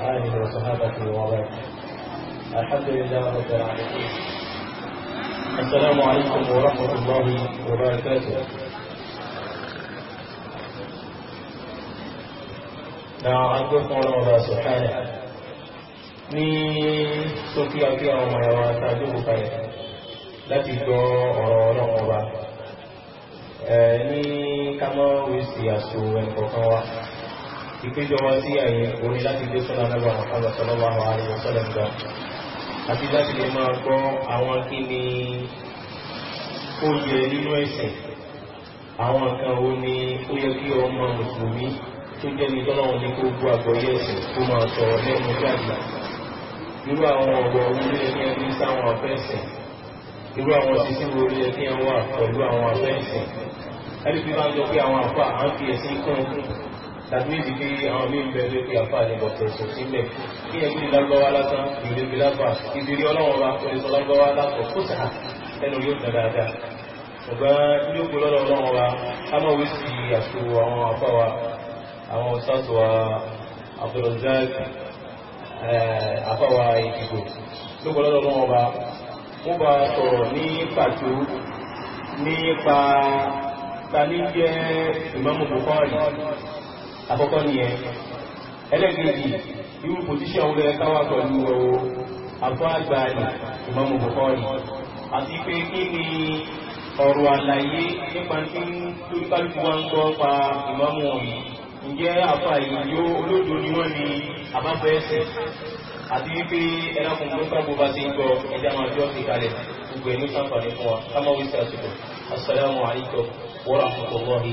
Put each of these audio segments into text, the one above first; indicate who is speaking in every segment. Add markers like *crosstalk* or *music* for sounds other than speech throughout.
Speaker 1: آله وصحابته وبارك الحمد لله رب العالمين السلام عليكم ورحمة الله وبركاته نعرفكم الله سبحانه ní sókí ọjọ́ àwọn ọmọ ẹ̀wọ̀n àtàjòkò kalẹ̀ láti gbọ́ ọ̀rọ̀ ọlọ́run ọba ní kámọ́ wíṣì àṣò ẹ̀kọ̀ọ̀kan wa ìpéjọ wọn sí àyè orí láti dé sọ́nà àgbà ọ̀pọ̀lọpọ̀ sọ́lọ́wọ́ àwọn àríwọ̀ sọ́lẹ̀ ń gbà àti láti lè máa gbọ́ àwọn kí ni ó yẹ nínú ẹ̀sìn àwọn nǹkan wo ni ó yẹ kí ọmọ mùsùlùmí tó jẹ́ ní tọ́lọ́wọ́n ní kó gbọ́ àgbọ̀yé ẹ̀sìn kó máa sọ̀rọ̀ lẹ́nu gbàgbà irú àwọn ọ̀rọ̀ orí ẹni ẹni sáwọn afẹ́sìn irú àwọn òṣìṣẹ́ orí ẹni ẹni wà pẹ̀lú àwọn afẹ́sìn ẹni fi máa ń jọ pé àwọn àpá à fi ẹ̀sìn kún un tàbí ìdí pé àwọn mí bẹ̀rẹ̀ lórí àfáà ní bọ̀tẹ̀sọ̀ sílẹ̀ kí ẹgbẹ́ ìlágbọ́wá lásán ìlú ìlágbà ìdírí ọlọ́run bá pẹ̀lú ìsọlágbọ́wá látọ̀ kó tà ẹnu yóò tẹ̀ dáadáa ṣùgbọ́n ní òkú lọ́dọ̀ ọlọ́run wa a máa wí sí àṣù àwọn afáwa àwọn ọ̀sáṣùwà Abdulrazak afáwa ìdìbò tó kọ́ lọ́dọ̀ ọlọ́run wa ó bá sọ̀rọ̀ ní pàtó nípa ta ní jẹ́ Imam Bukhari àkọ́kọ́ ni ẹ ẹlẹ́gbẹ̀ẹ́gì irú pòtíṣẹ́ ọ̀rọ̀ ẹ̀káwà pẹ̀lú àbọ́ àgbààrí Imam Bukhari àti pé kí ni ọ̀rọ̀ àlàyé nípa tí túrípàlùkù wá ń gbọ́ pa Imam wọ̀nyí ǹjẹ́ àfà ìyó olóòdó ni wọ́n ni àbábọ̀ ẹ̀sẹ̀ àti wípé ẹlẹ́kùn lókà bó bá ti ń gbọ́ ẹjá máa jọ́ sí kalẹ̀ gbogbo Assalamu alaikum wa rahmatullahi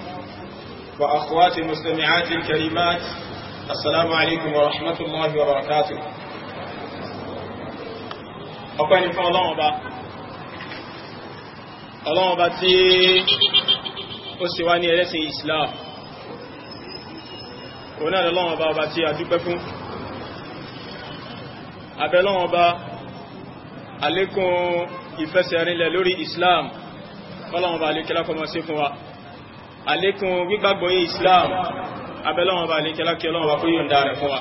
Speaker 2: وأخواتي المستمعات الكريمات
Speaker 1: السلام عليكم ورحمة الله وبركاته أقول ni fún ọlọ́run ọba ọlọ́run ọba tí ó sì wá ní ẹlẹ́sìn Islam òun
Speaker 2: náà lọ́run ọba ọba tí a dúpẹ́ fún abẹ́lọ́run ọba àlékún ìfẹsẹ̀rinlẹ̀ lórí Islam ọlọ́run ọba àlékẹ́lá kọmọ sí fún wa àlékún gbígbàgbọ́ islam abẹ́lọ́wọ́n bá lè kẹlákí ọlọ́wọ́ kó yíò ń dáre fún wa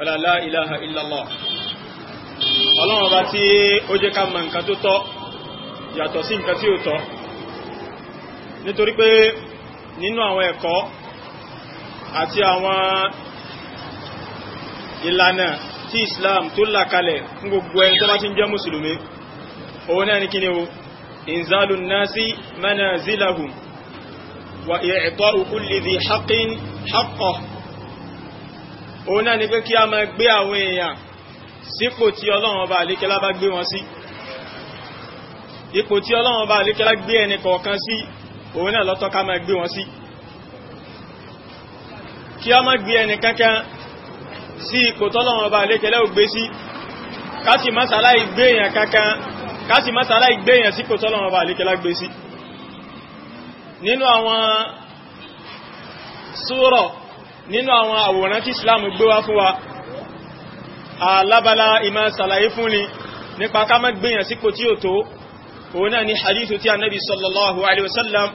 Speaker 2: ọlọ́lá ilaha illallah ọlọ́wọ́n bá tí ó jẹ́ ká mọ̀ nǹkan tó tọ́ yàtọ̀ sí nǹkan tí ó tọ́ nítorí pé nínú àwọn ẹ̀kọ́ àti àwọn ìlànà tí islam tó là kalẹ̀ fún gbogbo ẹni tó bá ti ń jẹ́ mùsùlùmí òun náà ní kí o inzalun nasi manazilahum وإعطاء كل ذي حق حقه òun náà ni pé kí a máa gbé àwọn èèyàn sípò tí ọlọ́run ọba àlékẹ́lá bá gbé wọn sí ipò tí ọlọ́run ọba àlékẹ́lá gbé ẹni kọ̀ọ̀kan sí òun náà lọ́tọ́ ká máa gbé wọn sí kí a máa gbé ẹni kankan sí ipò tọ́lọ́run ọba àlékẹ́lá ò gbé sí kásì mọ́sálá ìgbé èèyàn kankan kásì mọ́sálá ìgbé èèyàn sípò tọ́lọ́run ọba àlékẹ́lá gbé sí nínú àwọn súrọ̀ nínú àwọn àwòrán tí islam gbé wá fún wa alábala ìmá sàlàyé fún ni nípa ká má gbìyàn sípò tí ó tó òun náà ni hadithu tí annabi sallallahu alaihi wasallam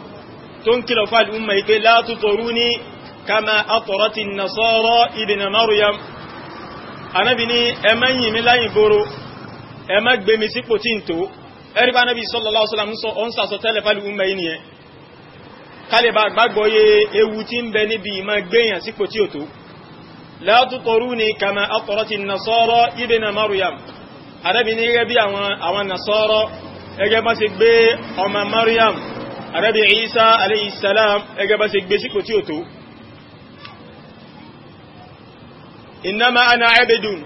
Speaker 2: tó ń kìlọ̀ fún al'umma ipé la tutoruni kama atorati nasara ibn maryam anabi ni ẹmẹ́ yìí mi láyìn bóró ẹmẹ́ gbé mi sípò tí ń tó ẹ̀rí bá anabi sallallahu alaihi wasallam ń sàsọ tẹ́lẹ̀ fún al'umma yìí nìyẹn kálẹ̀bà gbàgbọ́yé ewu tí ń bẹ níbi ìmọ̀ gbéyàn sípò tí ó tó látútọrú ni kàmà ọ̀tọ̀rọ̀ ti nasọ́rọ̀ ibn Maryam àrẹ́bì ní gẹ́gẹ́ bí àwọn nasọ́rọ̀ ẹgẹ́ bá ṣe gbé ọmọ Maryam àrẹ́bì Isa alayhi salam ẹgẹ́ bá ṣe gbé sípò tí ó tó innama ana abidun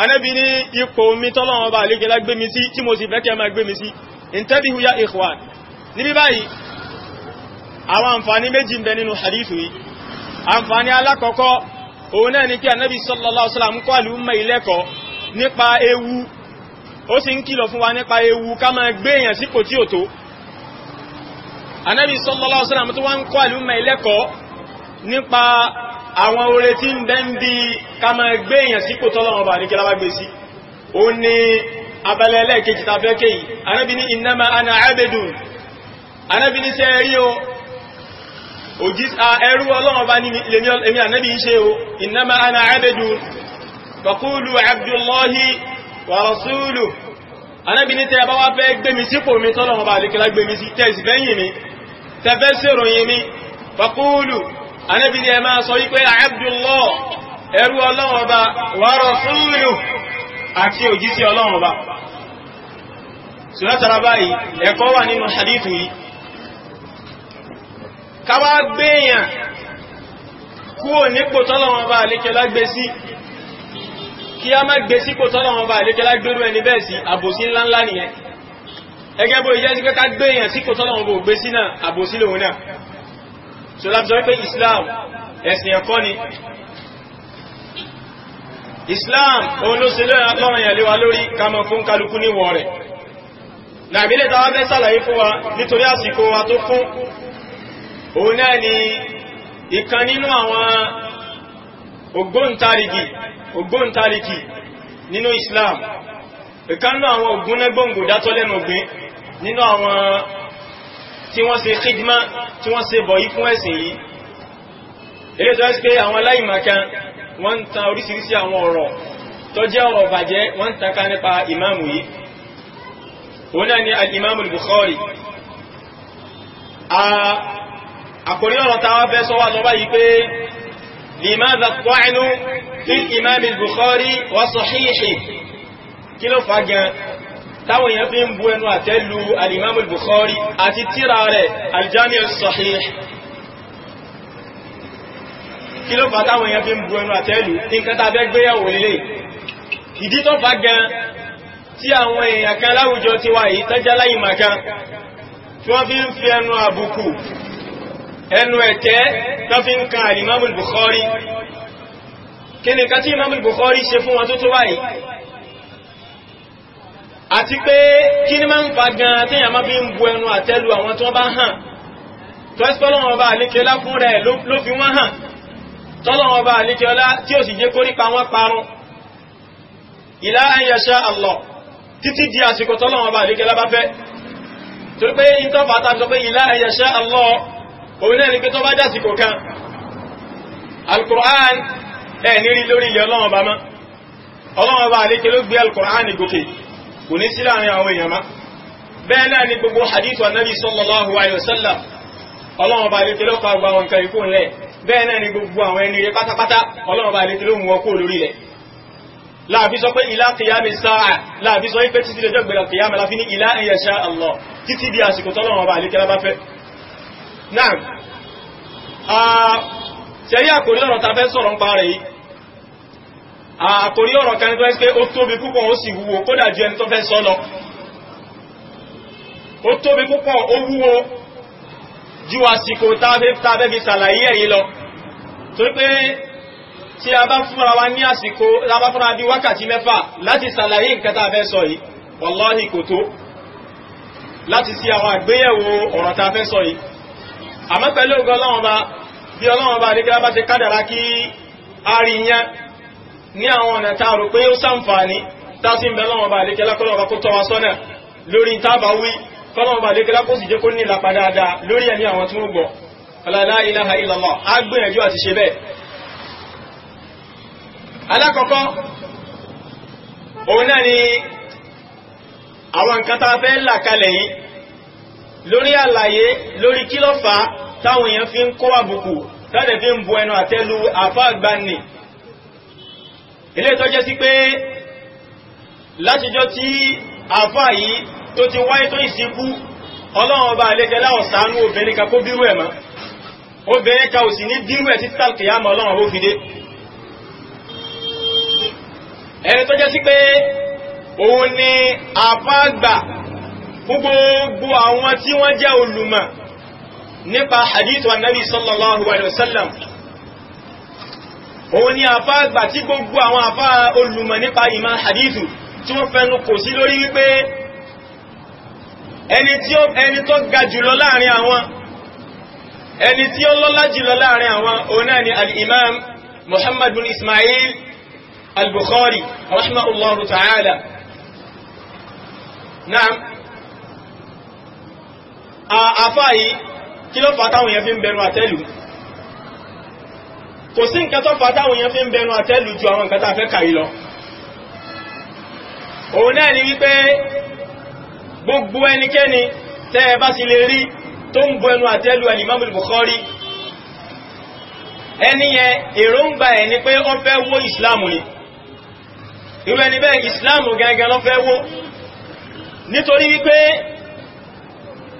Speaker 2: àrẹ́bì ní ipò mi tọ́lọ́wọ́ bá àwọn àǹfààní méjì ń bẹ nínú hadithu yìí àǹfààní alákọ̀ọ́kọ́ òun náà ni kí anábi sallallahu alaihi wasallam kọ́ àlùmọ̀ ilẹ́kọ̀ nípa ewu ó sì ń kìlọ̀ fún wa nípa ewu ká máa gbé èèyàn sípò tí ò tó anábi sallallahu alaihi wasallam tó wá ń kọ́ àlùmọ̀ ilẹ́kọ̀ nípa àwọn oore tí ń bẹ ń ẹrú ọlọ́run bá ní èmi ànábì ṣe o innama ana abdu faqulu abdullahi wa rasuluhu ànábì ní tẹ́ bá wá fẹ́ gbé mi sípò mi tọ́lọ́run bá lékelá gbé mi sí tẹ́sì fẹ́yìn mi tẹ́fẹ́ sèròyìn mi faqulu ànábì ní ẹ máa sọ wípé abdullah ẹrú ọlọ́run bá ẹ̀kọ́ wà nínú hadithu yìí káwá gbéyàn kúrò nípò tọ́lọ̀wọ̀n bá àlékẹ́ lágbé sí kí a má gbé sípò tọ́lọ̀wọ̀n bá àlékẹ́ lágbérú ẹni bẹ́ẹ̀ sí àbòsí ńláńlá nìyẹn ẹgẹ́ bó ìjẹ́ sí pé ká gbéyàn sípò tọ́lọ̀wọ̀n bó gbé sí Islam ẹ̀sìn Islam òun ló ṣe lọ́rọ̀ yẹn lé wa lórí ká mọ fún kálukú níwọ̀ rẹ̀ òun náà ni ìkan nínú àwọn ògbóǹtarìgì ògbóǹtarìgì nínú Islam ìkan nínú àwọn ògúnnẹ́gbòǹgò dátọ́lẹ́nugbìn nínú àwọn tí wọ́n ṣe khidma tí wọ́n ṣe bọ̀yí fún ẹ̀sìn yìí eré tó ẹ́sì pé àwọn aláìmọ̀kan wọ́n ń ta oríṣiríṣi àwọn ọ̀rọ̀ tó jẹ́ ọ̀rọ̀ bàjẹ́ wọ́n taka nípa ìmáàmù yìí òun náà ni al-Imam al-Bukhari àkòrí ọ̀rọ̀ táwa fẹ́ sọ wá sọ báyìí pé limadha ta'nu fi imam al-bukhari wa sahihi kí ló fà gan táwọn èèyàn fi ń bu ẹnu àtẹ́lu al-imam al-bukhari àti tíra rẹ̀ al-jami' as-sahih kí ló fà táwọn èèyàn fi ń bu ẹnu àtẹ́lu ẹnu ẹ̀tẹ́ tọ́fí ń kan Imam al-Bukhari kí ni kan tí Imam al-Bukhari ṣe fún wọn tó tó báyìí àti pé kí ni máa ń fa gan tíyàn máa fi ń bu ẹnu àtẹ́lu àwọn tó bá hàn tọ́sípọ́lọ́wọ́n bá àlékeọlá fún rẹ̀ ló fi wọ́n hàn tọ́lọ́wọ́n bá àlékeọlá òun náà ni pé tó bá dásìkò kan alkùrán ẹ̀ nírí lórí ilẹ̀ ọlọ́wọ́n bá mọ́ ọlọ́wọ́n bá àlékè ló gbé alkùrán gòkè kò ní sí láàrin àwọn èèyàn má bẹ́ẹ̀ náà ni gbogbo hadith anabi sallallahu náà ṣẹ̀rí àkórí ọ̀rọ̀ ta fẹ́ sọ̀rọ̀ ń pa rẹ̀ yìí àkórí ọ̀rọ̀ kan tó ẹ́ pé ó tóbi púpọ̀ ó sì wúwo kódà ju ẹni tó fẹ́ sọ lọ ó tóbi púpọ̀ ó wúwo ju àsìkò tàbẹ́ fi sàlàyé èyí lọ torí pé tí a bá fúnra wa ní àsìkò lábá fúnra bí wákàtí mẹ́fà láti sàlàyé nǹkan tá a fẹ́ sọ yìí wàláhì kò tó láti sí àwọn àgbéyẹ̀wò ọ̀rọ̀ tá a fẹ́ sọ yìí àmọ́ pẹ̀lú ògo ọlọ́wọ́n bá bí ọlọ́wọ́n bá àdékẹ́lá bá ti kádàrá kí a rí yẹn ní àwọn ọ̀nà tá a rò pé ó sàǹfààní tá sí ń bẹ lọ́wọ́n bá àdékẹ́lá kọ́lọ́wọ́n bá kó tọ́ wa sọ́nà lórí tábà wí kọ́lọ́wọ́n bá àdékẹ́lá alákọ̀ọ́kọ́ òun náà ni àwọn nǹkan tá a kalẹ̀ yìí lórí àlàyé lórí kí ló fà táwọn èèyàn fi ń kó àbùkù tọ́dẹ̀ fi ń bu ẹnu àtẹ́lu àfá àgbàni ilé tó jẹ́ sí pé látijọ́ tí àfá yìí tó ti wáyé tó ìsìnkú ọlọ́run ọba àlejẹ́ láwọn ṣàánú obìnrin kan kó bírú ẹ̀ mọ́ obìnrin kan ò sì ní bírú ẹ̀ títí tàkìyàmọ́ ọlọ́run ó fi dé ẹni tó jẹ́ sí pé òun ni àfá àgbà gbogbo àwọn tí wọ́n jẹ́ olùmọ̀ nípa hadith wa nabi sallallahu alaihi wasallam òun ni àfá àgbà tí gbogbo àwọn àfá olùmọ̀ nípa ìmọ̀ hadithu tí wọ́n fẹ́nu kò sí lórí wípé ẹni tí ó ẹni tó ga jùlọ láàrin àwọn ẹni tí ó lọ́lá jùlọ láàrin àwọn òun náà ni al-imam muhammad bin ismail al-bukhari rahimahullahu ta'ala na'am àfá yìí kí ló fàtàwọn èèyàn fi ń bẹnu àtẹ́lù kò sí nǹkan tó fàtàwọn èèyàn fi ń bẹnu àtẹ́lù ju àwọn nǹkan tá fẹ́ kàí lọ òun náà ni wípé gbogbo ẹnikẹ́ni tẹ́ ẹ bá ti lè rí tó ń bu ẹnu àtẹ́lù ẹni yẹn ni pé ni irú ẹni bẹ́ẹ̀ ìsìláàmù gẹ́gẹ́ ló fẹ́ nítorí wípé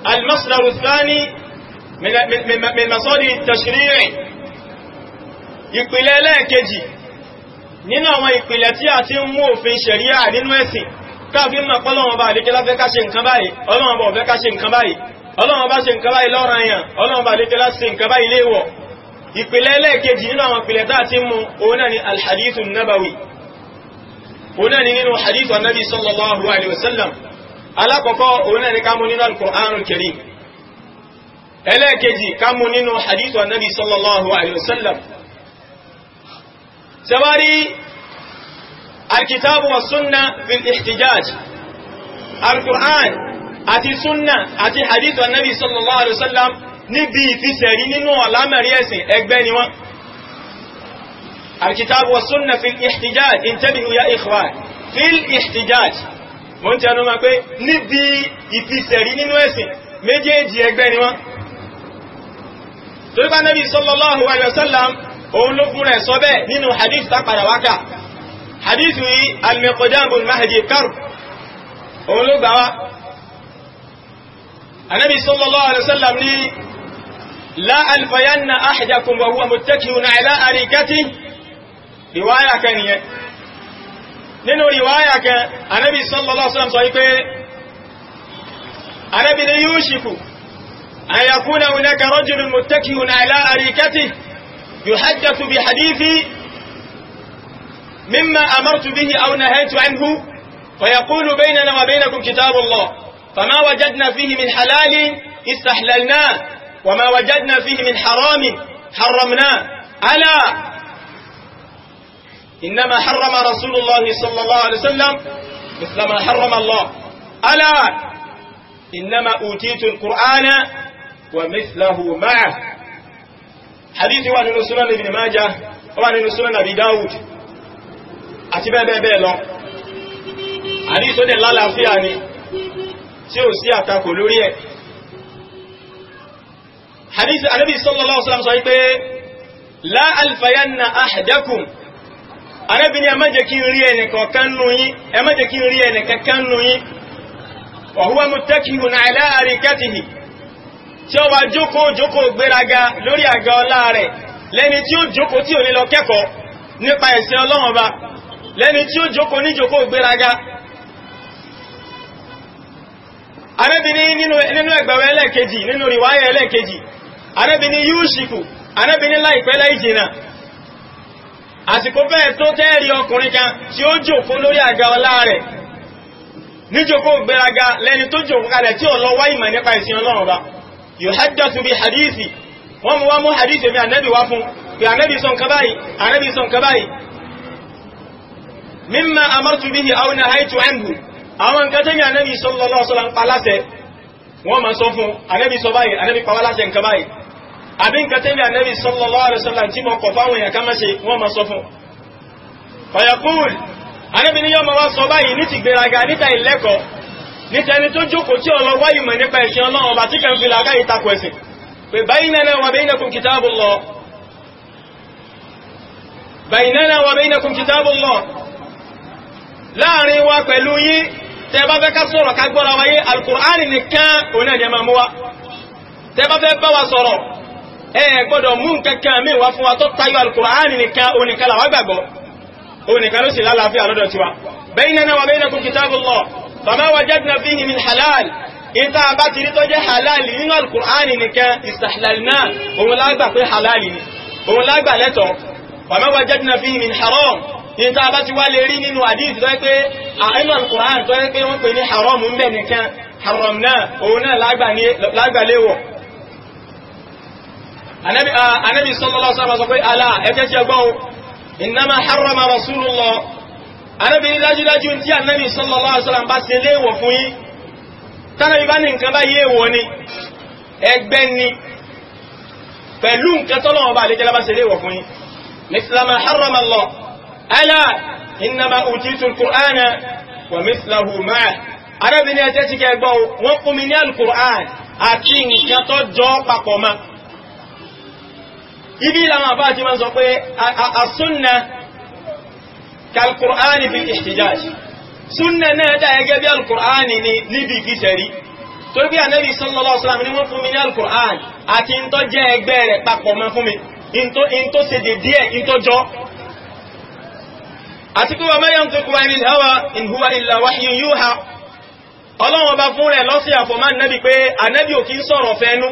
Speaker 2: المصدر الثاني من من مصادر التشريع ìpìlẹ̀ ẹlẹ́ẹ̀kejì nínú àwọn ìpìlẹ̀ tí a ti ń mú òfin ṣẹ̀ríà nínú ẹ̀sìn káàfí mọ̀ pọ́lọ́wọ́n bá àdíkẹ́ láfẹ́ ká ṣe nǹkan báyìí ọlọ́wọ́n bá ọ̀fẹ́ ká ṣe nǹkan báyìí ọlọ́wọ́n bá ṣe nǹkan báyìí lọ́ranyàn ọlọ́wọ́n bá àdíkẹ́ láṣe nǹkan báyìí léèwọ̀ ìpìlẹ̀ ẹlẹ́ẹ̀kejì nínú àwọn ìpìlẹ̀ tá a ti ń mú òun náà ni alhadithu nabawi òun náà ni nínú hadithu annabi sallallahu alaihi wasallam alákọ̀ọ́kọ́ òun náà ni ká mú nínú al-Qur'anul Karim ẹlẹ́ẹ̀kejì ká mú nínú hadithu annabi sallallahu alayhi wa sallam sẹwárí alkitabu wa sunna fil ihtijaj al-Qur'an àti sunna àti hadithu annabi sallallahu alayhi wa sallam níbi ìfisẹ̀rí nínú alámẹ̀rí ẹ̀sìn ẹgbẹ́ ni wọ́n alkitabu wa sunna fil ihtijaj intabihu ya ikhwan fil ihtijaj mọ́ tí a nọ́ ma pé níbi ìfisẹ̀rí nínú ẹ̀sìn méjèèjì ẹgbẹ́ ni wọ́n torípa nẹ́bí sallallahu alayhi wa sallam òun ló fún rẹ̀ sọ bẹ́ẹ̀ nínú hadith tápàdà wákà hadith yìí al-Miqdamul Mahdi karb òun ló gbà wá anẹ́bí sallallahu alayhi wa sallam ní nínú riwaya ke anábi sallallahu alaihi wasallam sọ wípé anábi ne yushiku ayakuna an yakuna hunaka rajulun muttaki'un ala arikati yuhaddathu bi hadithi mimma amartu bihi aw nahaytu anhu wa ويقول بيننا وبينكم كتاب الله فما وجدنا فيه من حلال استحللناه وما wajadna fihi min حرام harramna ala إنما حرم رسول الله صلى الله عليه وسلم مثل ما حرم الله ألا إنما أوتيت القرآن ومثله معه حديث وعن السنن ابن ماجه وعن السنن أبي داود أتبع بيبيلو حديث ودي الله لعفياني سيو سياتا كولوريه حديث النبي صلى الله عليه وسلم صحيح لا ألفين أحدكم arábìnrin ẹ má jẹ́ kí n rí ẹnìkan kan nù yín ẹ má jẹ́ kí n rí ẹnìkan kan nù yín ọ̀húwá mú tẹ́kìhù náà aláàrí kẹ́tìhì tí ó wá jókòó jókòó gbéraga lórí àga ọlá rẹ̀ lẹ́ni tí ó jókòó tí ò ní lọ kẹ́kọ̀ọ́ nípa ẹ̀sìn Ọlọ́run Ọba lẹ́ni tí ó jókòó ní jókòó gbéraga arábìnrin nínú ẹgbẹ̀wẹ̀ àsìkò bẹ́ẹ̀ tó tẹ́ẹ̀rí ọkùnrin kan tí ó jòkó lórí àga ọlá rẹ̀ níjòkó gbéraga lẹ́ni tó jòkó kalẹ̀ tí ó lọ wá ìmọ̀ nípa ìsìn ọlọ́run bá yuhaddathu bi hadithi wọ́n mú wá mú hadithi mi ànẹ́bì wá fún pé ànẹ́bì sọ nǹkan báyìí sọ nǹkan àbí nǹkan tẹ́lẹ̀ ànábì sallallahu alaihi wasallam tí mo kọ̀ fáwọn èèyàn ká má ṣe wọ́n ma sọ fún fàyàkúùl ànábì níyàn ma wá sọ báyìí ní ti gbéraga níta ìlẹ́kọ̀ọ́ níta ẹni tó jókòó tí ọlọ wáyìí mọ̀ nípa ẹ̀sìn ọlọ́run ọba tí kàn fi làákà yìí takò ẹ̀sìn pé baynana wa baynakum kitabullah baynana wa baynakum kitabullah láàrin wa pẹ̀lú ẹ gbọ́dọ̀ mú nǹkankan mí wá fún wa tó tayọ alkùránì nìkan oníkàlà wá gbàgbọ́ oníkàlà ó sì lálàáfíà lọ́dọ̀ tiwa baynana wa baynakum kitabullah fama wajadna fihi min halal ìta bá ti rí tó jẹ́ halal nínú alkùránì nìkan istahlalna òun lágbà pé halal ni òun lágbà lẹ́tọ̀ fama wajadna fihi min haram ìta bá ti wá lè rí nínú àdíjì tó pé àìmọ̀ alkùránì tó pé pè ní haram ń haram náà òun náà lágbà Ah, Ànábì sallallahu alaihi wasallam sọ pé alá ẹjẹ́ jẹ gbọ́n innama harrama rasulullah Ànábì dájúdájú tí Ànábì sallallahu alaihi wasallam bá ṣe léèwọ̀ fún yín tánàbí bá ní nǹkan bá yéèwọ̀ ni ẹgbẹ́ ni pẹ̀lú nǹkan tọ́lọ́wọ́ bá àlékẹ́lá bá ṣe léèwọ̀ fún yín harrama Allah alá innama utitu al-Qur'ana wa mislahu ma'ah Ànábì ní ẹjẹ́ ti wọ́n fún ní al àti nǹkan tó papọ̀ máa ibi làwọn àbá àti máa sọ pé àsúnnà kalkùránì fi ìṣtìjáj súnnà náà dá ẹgẹ́ bí alkùránì ni níbi ìkìsẹ̀rí torí bí ànábì sallallahu alaihi wasallam ni wọ́n fún mi ní alkùránì àti in tó jẹ́ ẹgbẹ́ rẹ̀ papọ̀ mọ́ fún mi in tó ṣe dè díẹ̀ in tó jọ àti pé wọ́n mẹ́yàn tó kúwà bá fún rẹ̀ lọ́sí àfọ̀má ànábì pé ànábì ò kí ń sọ̀rọ̀ fẹ́nu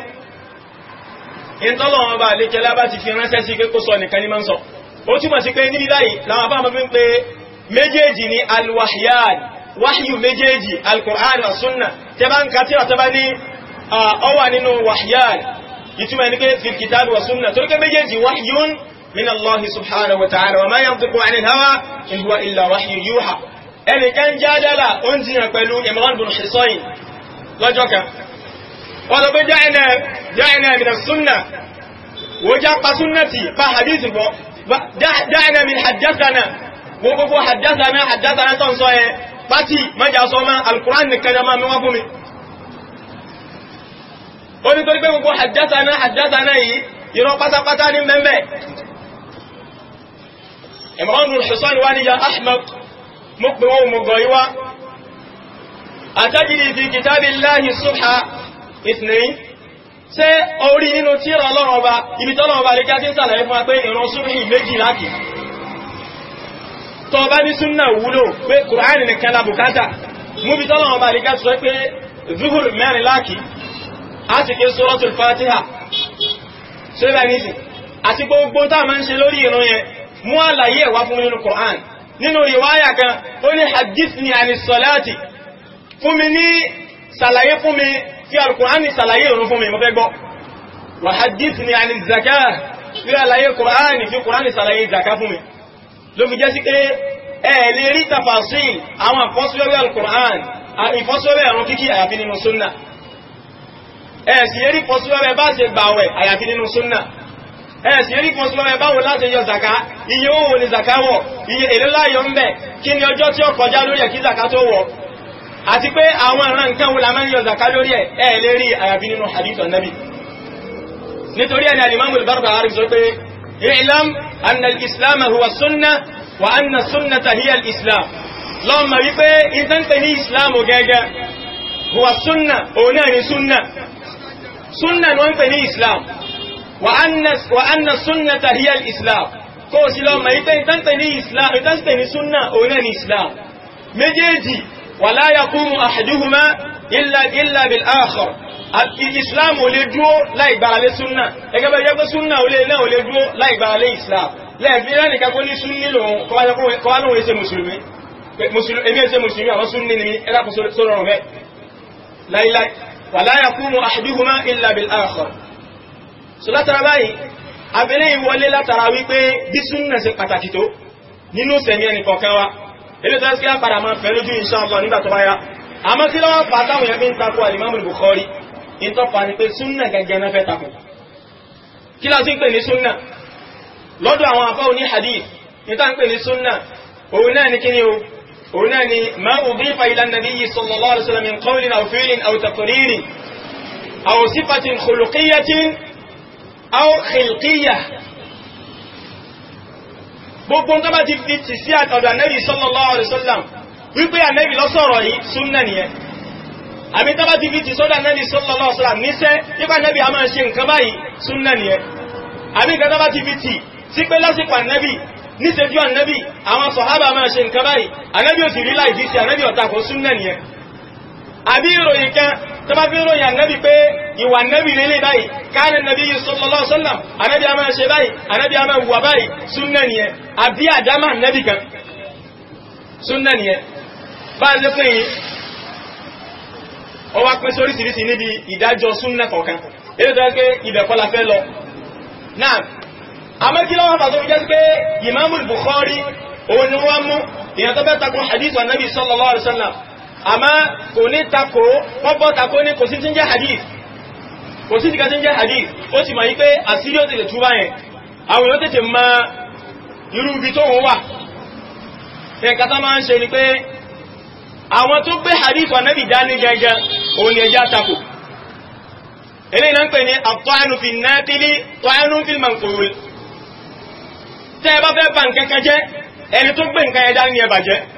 Speaker 2: ìtọ́lọ̀wọ́n bá lè kẹ lábá ti fi ránṣẹ́ sí pé kó sọ nìkan ní máa ń sọ ó túnmọ̀ sí pé níbi báyìí láwọn bá mọ́ fi ń pe méjèèjì ní alwahyan wahyu méjèèjì alkùnrin àsúnnà tẹ lọ́jọ́ kan wọ́n sọ pé jáìnà min súnnà wó jápa súnnàtì bá hadithu bọ́ jáìnà min hajjásánà wó gbogbo hajjásánà hajjásánà tán sọ ẹ pàtí mẹ́jà sọ mọ́ alkùrán nìkan jama mẹ́wà fún mi ó ní torí pé gbogbo hajjásánà hajjásánà yìí ìrọ pátápátá ní mẹ́mẹ́ Imran al kìtàbí láhì súnhà ìtìlẹ́yìn ṣé orí nínú tíra ọlọ́run ọba ibi tọ́lọ́run ọba lè ká tí ń sàlàyé fún wa pé ìran súnmí méjì láti tọ́ bá ní súnnà wúlò pé kùránì nìkan la bùkátà mú bí tọ́lọ́run ọba lè ká sọ pé zuhur mẹ́rin láti àti ké suratul fatiha ṣé bá nísìn àti gbogbo tá a máa ń ṣe lórí ìran yẹn mú àlàyé ẹ̀wá fún nínú kùránì nínú ìwáyà kan ó ní hadith ni àni sọláàtì fún mi ní ṣàlàyé fún mi kí alkùránì ṣàlàyé ìrun fún mi mo fẹ́ gbọ́ wà hadith ni àni zaka tí àlàyé kùránì fi kùránì ṣàlàyé zaka fún mi ló fi jẹ́ sí pé ẹ̀ lè rí tafasil àwọn ìfọ́síwẹ́wẹ́ alkùránì ìfọ́síwẹ́wẹ́ ẹ̀rùn kíkí àyàfi nínú súnnà ẹ̀ sì yẹ́rí fọ́síwẹ́wẹ́ bá ṣe gbàwẹ̀ báwo láti yọ zaka iye owó ni zaka wọ̀ iye èlé láyọ̀ ń bẹ̀ kí ni ọjọ́ tí ó kọjá lórí ẹ̀kí zaka tó wọ̀ àti pé àwọn ìran nǹkan wo la máa ń yọ zaka lórí ẹ̀ ẹ̀ lérí àyàfi nínú hadith annabi nítorí ẹni al-imam al-Barbahari sọ pé i'lam anna al-islam huwa sunna wa anna sunnata hiya al-islam lọ́mọ wípé ìtànkẹ́ ní islam gẹ́gẹ́ huwa sunna òun náà ni sunna sunna ni wọ́n pè ní islam wa anna wa anna islam kó o lọ́mọ wípé ìtànkẹ́ ní sunna òun ni islam méjèèjì wala yaqumu ahaduhuma illa illa bil akhar islam ò lè dúró láì gbáralé súnnà ẹgbẹ́ bẹ́ẹ̀ jẹ́ pé súnnà ò lè náà ò lè dúró láì gbáralé islam lẹ́ẹ̀fí lẹ́nìkan kó ní súnni lòun kọ́wá lóun ẹsẹ mùsùlùmí èmi ẹsẹ mùsùlùmí àwọn súnni ni ẹlàkùn sọ́rọ̀ rẹ̀ láìláì wala yaqumu ahaduhuma illa bil akhar so ilé tó ń sílá padà máa fẹ́ lójú insha Allah nígbà tó bá yá àmọ́ kí lọ́wọ́ fà táwọn yẹn fi ń takò alimami Bukhari in tó fà ní pé súnà gẹ́gẹ́ náà fẹ́ takò kí láti ń pè ní súnà lọ́dọ̀ àwọn afọ́ oní hadith ní tá ń pè ní súnà òun náà ní kíni gbogbo nǹkan bá ti fi tì sí àtọ̀dọ̀ ànẹ́bì sallallahu alaihi wasallam wípé ànẹ́bì lọ́sọ̀rọ̀ yìí súnnà nìyẹn àbí tó bá ti fi tì sọ́dọ̀ ànẹ́bì sallallahu alaihi wasallam níṣẹ́ nípa ànẹ́bì a máa ti fi tì sí pé àbí ìròyìn kan tó bá fi ròyìn ànábì pé ìwà ànábì lélẹ̀ báyìí káàrin nàbí sallallahu alaihi wasallam ànábì a máa ṣe báyìí ànábì a máa wà báyìí súnnà nìyẹn àbí àdámà ànábì kan súnnà nìyẹn bá ń lékún yìí ó wá pín sóríṣiríṣi níbi ìdájọ́ súnnà kọ̀ọ̀kan èyí tó yẹ pé ibẹ̀ kọ́ la fẹ́ lọ náà àmọ́ kí lọ́wọ́ pàtó pé Imamul Bukhari òun ni wọ́n mú ìyẹn tó bẹ́ takun hadith wa àmá kò ní takò pọ́pọ́ takò ní kò sí tí ń jẹ́ hadith kò sí tí ń jẹ́ hadith ó ti mọ̀ yí pé àsírí ó tètè túbá yẹn àwọn èèyàn tètè ma irú ibi tó wọ́n wà ẹ̀kàtà máa ń ṣe ni pé àwọn tó gbé hadith ànábì dání gẹ́gẹ́ òun ni ẹjá takò eléyìí náà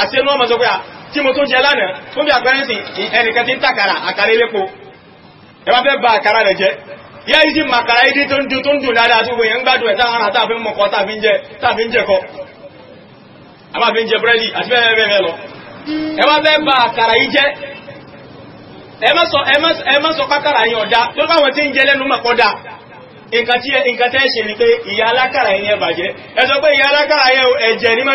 Speaker 2: àti ẹnu ọmọ sọ pé tí mo tó jẹ lánàá fún bí àpẹẹrẹ sí ẹnìkan tí ń tàkàrà àkàrà ilépo ẹ bá fẹ́ ba àkàrà rẹ̀ jẹ́ yẹ́ yìí sí màkàrà ìdí tó ń dùn tó ń dùn dáadáa tó gbòyàn ń gbádùn ẹ̀ táwọn ará táàfin mọ̀kọ́ táàfin jẹ táàfin jẹkọ a jẹ búrẹ́dì àti bẹ́ẹ̀ bẹ́ẹ̀ lọ nǹkan tẹ́ ṣe ni pé ìyá alákàrà yẹn bàjẹ́ ẹ pé ìyá alákàrà yẹn ẹ̀jẹ̀ ní má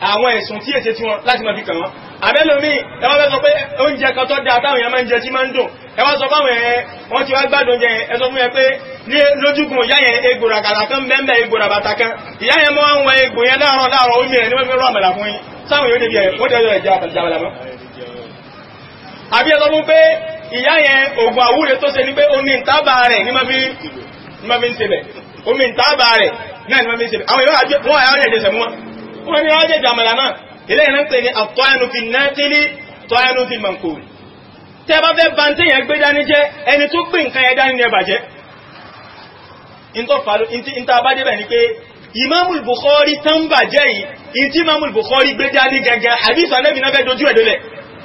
Speaker 2: àwọn ẹ̀sùn tí èsè tí wọn láti máa fi kàn wọ́n àbẹ́lómi ẹwà fẹ́ sọ pé oúnjẹ kan tó dáa táwọn èèyàn máa ń jẹ tí máa ń dùn ẹwà sọ fáwọn ẹ̀ wọ́n ti wá gbádùn jẹ ẹ fún ẹ pé ní lójúkun ìyá yẹn kan bẹ́ẹ̀ egbò kan ìyá yẹn ń wọ egbò láàárọ̀ láàárọ̀ wọ́n ní wọ́n jẹ́jọ àmàlà náà ilé ìran pè ní àtọ́ẹnu fi nátìlì tọ́ẹnu fi mọ̀kòrò tẹ́ bá fẹ́ bá ń tẹ́yàn gbé dání jẹ́ ẹni tó gbé nǹkan yẹn dání ní ẹbàjẹ́ ìta bá débẹ̀ ni pé ìmáàmù Bukhari tán bàjẹ́ yìí ìtí ìmáàmù Bukhari gbé dání gẹ́gẹ́ hadith Ànábì náà fẹ́ dojú ẹ̀dọ́lẹ̀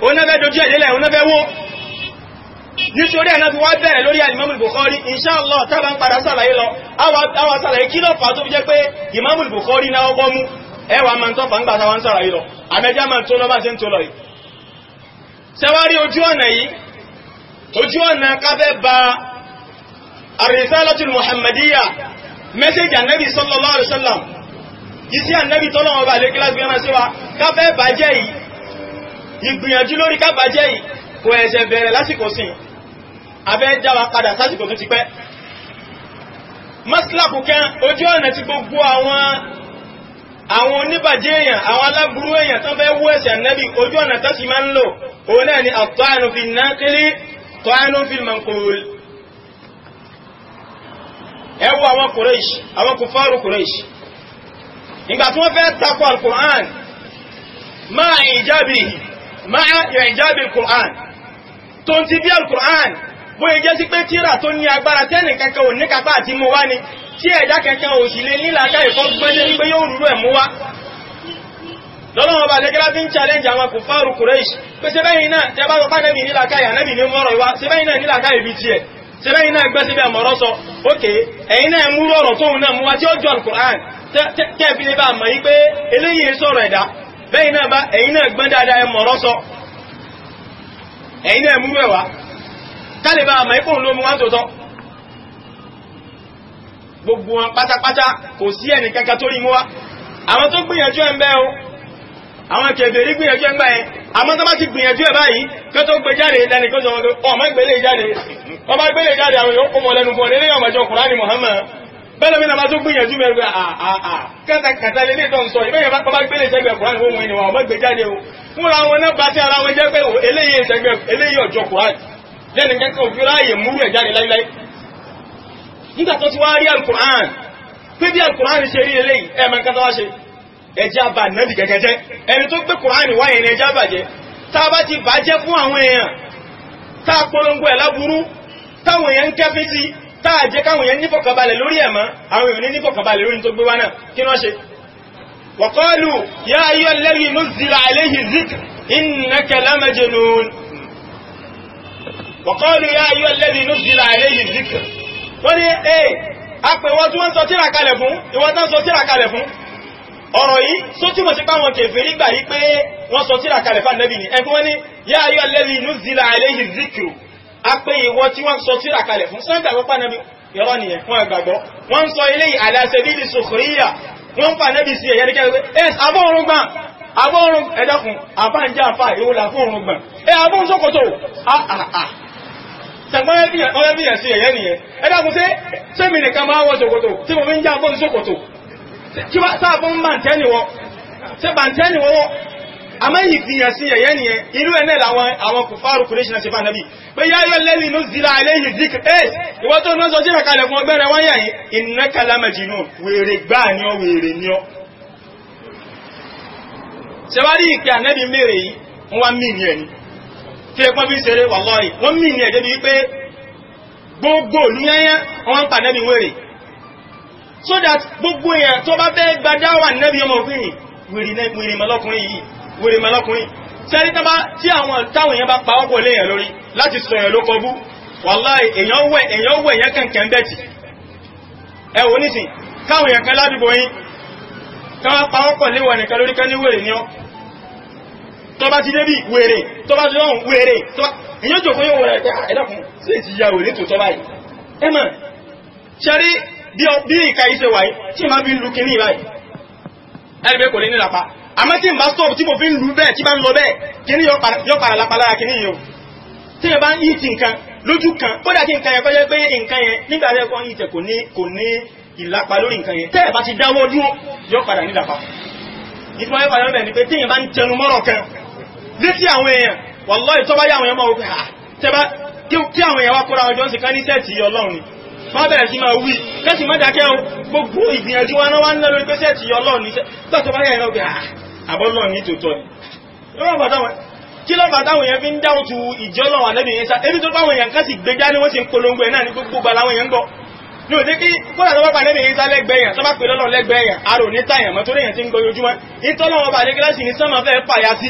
Speaker 2: onáfẹ́ dojú ẹ̀dọ́lẹ̀ onáfẹ́ wó nítorí ẹ̀nà fi wá bẹ̀rẹ̀ lórí Imamul Bukhari inṣáàlọ́ tàbí ń padà sàlàyé lọ àwọn sàlàyé kí ló tó fi jẹ́ pé Imamul Bukhari náà ọgbọ́mú ẹwà máa ń tọ́fà ń gbàtà wọn sọ̀rọ̀ yìí lọ àmẹ́já máa tó lọ́bá ṣe ń tó lọ yìí ṣẹwárí ojú ọ̀nà yìí ojú ọ̀nà káfẹ́ ba àrísálọ́tún muhammadiyya mẹ́sẹ̀jì ànábì sallallahu alaihi wasallam ìsí ànábì tọ́lọ́wọ́ bá lékílá gbéra sí wa káfẹ́ bàjẹ́ yìí ìgbìyànjú lórí kábàjẹ́ yìí kò ẹ̀ṣẹ̀ bẹ̀rẹ̀ lásìkò sí abẹ́ jáwa padà sásìkò tó ti pẹ́ maslaku kan ojú ọ̀nà ti gbogbo àwọn àwọn oníbàjẹ́ èèyàn àwọn aláburú èèyàn tó fẹ́ wú ẹ̀sẹ̀ ànábì ojú ọ̀nà tó sì máa ń lò òun náà ni at-ta'nu fi kufaru Quraysh ìgbà tí wọ́n fẹ́ al-Qur'an ma'a ijabihi ma'a ijabil Qur'an tó al-Qur'an bóyá jẹ́ sí pé tíra tó ní agbára tẹ́nì kankan ò ní kápá àti mú wá ni tí ẹ̀dá kankan ò sì lè nílàáká ìfọ́ gbẹ́lẹ́ wípé yóò rúrú ẹ̀ mú wá lọ́lọ́wọ́ bá lẹ́gẹ́lá bí ń challenge àwọn kò fárú Quraysh pé sẹ́bẹ́yìn náà tẹ́ bá rọpá nẹ́bì nílàáká ìyànẹ́bì ní mọ́rọ̀ ìwá sẹ́bẹ́yìn náà nílàáká ìbí ti ẹ̀ sẹ́bẹ́yìn náà gbẹ́ síbẹ̀ mọ̀rọ̀ sọ ókè ẹ̀yìn náà mú rọrọ̀ tóun náà mú tí ó jọ lè bá mọ̀ yí kálẹ̀bá àmà ipò ló mú wá tòótọ́ gbogbo wọn pátápátá kò sí ẹni kankan tó rí mú wá àwọn tó gbìyànjú ẹ̀ ń bẹ́ o àwọn kèfèrí gbìyànjú ẹ̀ ń gbà ẹ̀ àmọ́ tó bá ti gbìyànjú ẹ̀ báyìí kẹ́ tó gbé jáde lẹ́ni kó sọ wọn pé ọmọ ìgbélé jáde ọba ìgbélé jáde àwọn yóò kó mọ lẹ́nu fún ọdẹ́lẹ́ ọmọjọ Kùránì Muhammad bẹ́ẹ̀ lómi náà tó gbìyànjú mẹ́rin pé àà kẹtàkẹtà lẹ́nu kẹ́kọ̀ọ́ ojú ráyè múrú ẹ̀ jáde láíláí nígbà tó ti wá rí alkùnrán pé bí alkùnrán ṣe rí eléyìí ẹ̀mọ nǹkan tó wá ṣe ẹjá bà nẹ́bì kẹ́kẹ́ jẹ́ ẹni tó gbé kùnrán wá ẹ̀rẹ́ ẹjá bàjẹ́ tá bá ti bàjẹ́ fún àwọn èèyàn tá polongo ẹ̀ وقالوا يا أيها الذي نزل عليه الذكر wọ́n ní ẹ̀ apẹ̀ wọ́n tí wọ́n sọ tíra kalẹ̀ fún ìwọ́n tán sọ tíra kalẹ̀ fún ọ̀rọ̀ yìí só túnmọ̀ sí páwọn kèfèé nígbà yí pé wọ́n sọ tíra kalẹ̀ fún Ànábì ni ẹgbẹ́ wọ́n ní يا أيها الذي نزل عليه الذكر apẹ̀ ìwọ́n tí wọ́n sọ tíra kalẹ̀ fún sọ́gbàgbọ́ pàdánẹ́bì yọrọ nìyẹn fún àgbàgbọ́ wọ́n sọ eléyìí ala sabili sukhriya wọ́n fà Ànábì sí ẹ̀yẹ́ nígbà eh, ẹ̀ abọ́ ọ̀run gbà abọ́ ọ̀run ẹ̀dọ́kùn àbá ń jẹ́ àfà ìwòlà fún ọ̀run gbà ẹ̀ eh, abọ́ ń sọ́kòtò àà ah, ah, ah ọ̀rẹ́ bí ẹ̀sìn ẹ̀yẹ́ nìyẹn ẹ̀dàkùn sí sẹ́mì nìkan máa wọ ṣòkòtò tí mo fi ń jábọ́ ṣòkòtò kí wá sáàbọ́n bàǹtẹ́ni wọ ṣe bàǹtẹ́ni wọ́wọ́ àmẹ́yì fi ẹ̀sìn ẹ̀yẹ́ nìyẹn irú ẹ̀ náà làwọn àwọn kùfàrù kùrẹ́ṣì náà ṣe fà nàbí pé yá yọ lẹ́lì ló zira ẹlẹ́yìn zik ẹ́s ìwọ́ tó náà sọ sí ìrẹ̀kalẹ̀ fún ọgbẹ́rẹ̀ wọ́n yà ànẹ́bí mèrè yìí wọ́n wá mí ẹni tí bí ṣeré wallahi wọ́n mì ní ẹ̀dẹ́ bí pé gbogbo olúyẹ́yẹ́ wọ́n pa nẹ́bí wèrè so that gbogbo èèyàn tó bá fẹ́ gbadáwà nẹ́bí ọmọ òfin wèrè mọ́lọ́kùnrin yìí wèrè mọ́lọ́kùnrin sẹ́rí tí àwọn táwọn èèyàn bá pa ọkọ̀ léèyàn lórí láti sọ èèyàn ló kọbú wallahi èèyàn tó bá ti débì wèrè tó bá ti lọ́hùn wèrè èyàn jòkó yóò wọ̀rẹ̀ pé ah, ẹ̀dàkùn sí èsì ya wèrè tó tọ́bá yìí ẹmọ̀ ṣẹ́rí bí ìka iṣẹ́ wà yìí tí ma fi ń lu kìíní báyìí ẹgbẹ́ kò lè ní lápá àmọ́ tí n bá stop tí mo fi ń lu bẹ́ẹ̀ tí bá ń lọ bẹ́ẹ̀ kìíní yọ para lápá lára kìíní yìí o tí yẹn bá ń yí ti nǹkan lójú kan ó dà kí nǹkan yẹn kọjá pé nǹkan yẹn nígbà tẹ́ kọ́ yìí tẹ̀ kò ní kò lórí nǹkan yẹn tẹ́ bá ti dáwọ́ kan létí àwọn èèyàn wallahi tó bá yá àwọn èèyàn máa wọ́pẹ́ à ah, tẹ́bá kí àwọn èèyàn wá kóra ọjọ́ sí ká ní sẹ́ẹ̀tì yọ ọlọ́run ni má bẹ̀rẹ̀ sí máa wí kẹ́sì má dákẹ́ ohun gbogbo ìgbìyànjú wọn wá ń lọ lórí pé sẹ́ẹ̀tì yọ ọlọ́run ni gbà tó bá yá ìrọ̀ pé ah, àbọ́lọ́ ní tòótọ́ ni kí ló bá táwọn èèyàn fi ń dáhùn tu ìjọ lọ́wọ́ àlẹ́bìn yẹn sá ebi tó báwọn èèyàn kásì gbẹjá ni wọ́n ti ń polongo ẹ̀ náà ní gbogbo gbala wọn yẹn ń gbọ́ ní òde kí kódà tó bá bá lẹ́bìn yẹn sá lẹ́gbẹ̀ẹ́ yẹn tó bá pè lọ́lọ́ lẹ́gbẹ̀ẹ́ yẹn arò ní táyà mọ́tò lẹ́yìn tí ń gbọ́ yojúmọ́ ìtọ́lọ́wọ́ bá lẹ́gbẹ̀ẹ́ láti ní sánmà fẹ́ pàyà sí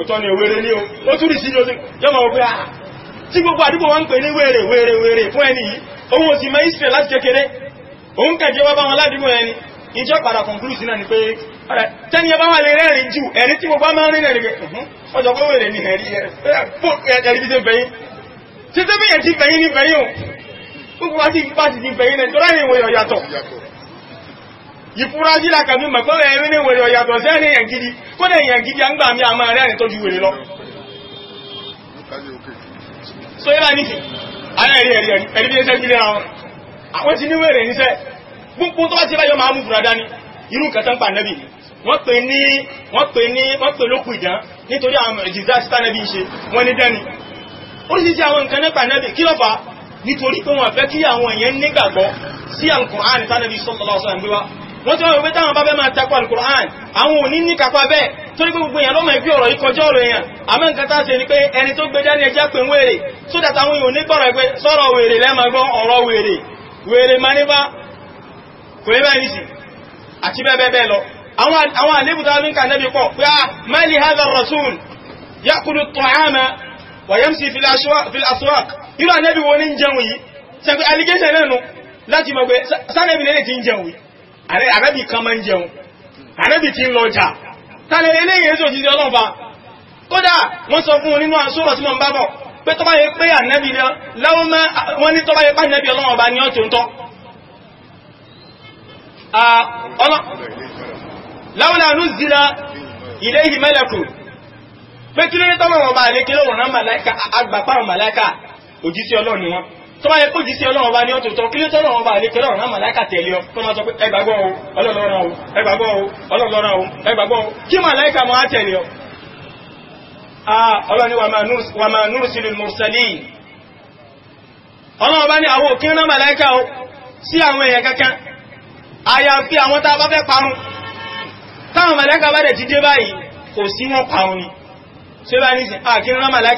Speaker 2: òtọ́ ni wèrè ní o tún rí sí lóṣù yọ́mọ̀ ọgbẹ́ àà tí gbogbo àdúgbò wọ́n ń pè ní wèrè wèrè wèrè fún ẹni yìí òun ò sì mọ̀ ìsìn láti kékeré òun kẹjẹ wá bá wọn ládùúgbò ẹni ìjọ padà conclusion náà ni pé tẹ́ni ẹ bá wà lè rẹ́rìn jù ẹ̀rí tí gbogbo máa ń ni ẹ̀rí ẹ̀rí bí ṣe bẹ̀yìn títí bí ẹ̀ ti bẹ̀yìn ní bẹ̀yìn o gbogbo wa ti bá ti ìfúrájílà kàbí mọ̀kọ́rẹ̀ ẹ̀rí ní wèrè ọ̀yàtọ̀ sí ẹ̀rí èyàn gidi ya dẹ̀ èyàn gidi àgbà ya àmà rẹ̀ rẹ̀ tó ju a lọ so yíra nífi ara ẹ̀rí ẹ̀rí ẹ̀rí bí ẹsẹ́ gílé àwọn àwọn ti ní wèrè níṣẹ́ gbogbo tó bá ti báyọ máa mú fúra dání irú kẹtàn pa Iru wọ́n pè ní wọ́n pè ní wọ́n pè n'itori ìdán nítorí àwọn ìjìzá síta nẹ́bì ṣe wọ́n si wọ́n tí wọ́n wípé táwọn bá bẹ́ máa takọ alukur'an àwọn òní ní kápá bẹ́ẹ̀ torí gbogbo èèyàn lọ́mọ ìbí ọ̀rọ̀ ìkọjọ́ ọ̀rọ̀ èèyàn àmọ́ nǹkan tá ṣe ni pé ẹni tó gbé dání pé ń wèrè so that gbọ́rọ̀ ẹgbẹ́ sọ̀rọ̀ wèrè lẹ́mọ̀ ànábì kan máa ń jẹun ànábì tí ń lọ jà tàlẹ̀ eléyìí èso ti di ọlọ́ọ̀bá kódà wọ́n sọ fún nínú àṣọ́rọ̀ tí wọ́n bá bọ̀ pé tọ́bá yẹ pé ànábì lọ́wọ́ wọ́n ní tọ́bá yẹ pé ànábì ọlọ́ọ̀bá ní ọ̀tún tọ́ láwọn àánú zira ilé ìmẹ́lẹ̀kù pé kí lórí tọ́wọ́ wọn bá lé kí agbàpá màláìka òjísí ọlọ́ọ̀ ni tó bá yẹ kó jí sí ọlọ́run bá ní ọ̀tọ̀tọ̀ kí ló tọ́ ọlọ́run náà tẹ̀lé ọ tó máa sọ pé ẹgbàgbọ́ o ọlọ́lọ́run o ẹgbàgbọ́ o ọlọ́lọ́run o ẹgbàgbọ́ o kí máa tẹ̀lé ọ. máa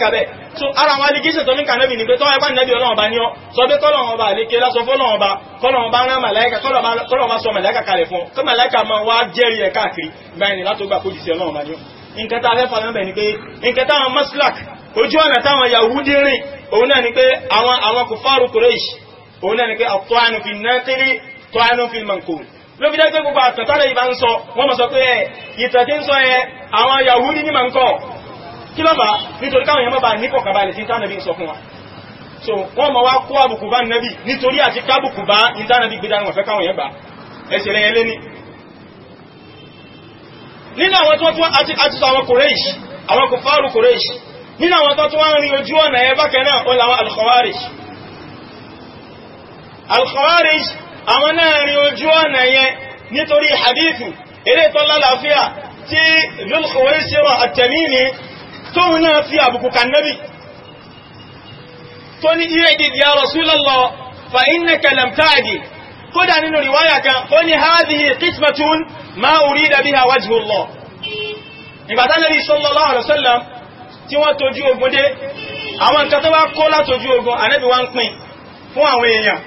Speaker 2: ọlọ́run ní so ara àwọn allegation tó ní kànẹ́bì ní pé tọ́wọ́ ẹgbà nẹ́bì ọlọ́run ọba ní ọ sọ pé kọ́lọ́run ọba àlékè lásọ fọ́lọ́run ọba kọ́lọ́run ọba rán màláìka kọ́lọ́run ọba sọ màláìka kalẹ̀ fún kọ́ màláìka máa wá jẹ́rìí ẹ̀ káàkiri gbáyìí látó gbà kójì sí ọlọ́run ọba ní ọ nǹkan tá a fẹ́ kureish òun náà ni pé àtọ́ àánú fi nẹ́tìrì tọ́ àánú fi mọ̀nkò ló fi dájú pé gbogbo àtọ̀tálẹ̀ ìbá ń sọ kí ló bá nítorí káwọn èèyàn bá ní kọ̀kàbà ilẹ̀ sí ìtànàbí sọ fún wa so wọ́n ma wá kó àbùkù bá nẹ́bí nítorí àti kábùkù bá ìtànàbí gbé dánu ọ̀fẹ́ káwọn èèyàn bá ẹsẹ̀ lẹ́yẹ lé ní nínú àwọn tó tún àti àtúntò àwọn kòrèṣì àwọn kò fáàrù kòrèṣì nínú àwọn tó tún wá rin ojú ọ̀nà ẹ bákan náà ó làwọn alkhawarij alkhawarij àwọn náà rin ojú ọ̀nà yẹn nítorí hadithu eré tó lálàáfíà tí lulkhawarij ṣe wọn àtẹ̀mí ni tóun náà fi àbùkù kan nábì tó ní ìrẹ́dìdì ya Rasulullah fa innaka lam ta'dil kódà nínú riwaya kan ó ní hadhihi qismatun ma urida biha wajhullah ìgbàtà Nabi sallallahu alaihi wasallam tí wọ́n tójú ogun dé àwọn nǹkan tó bá kó látójú ogun Ànábì wá ń pín fún àwọn èèyàn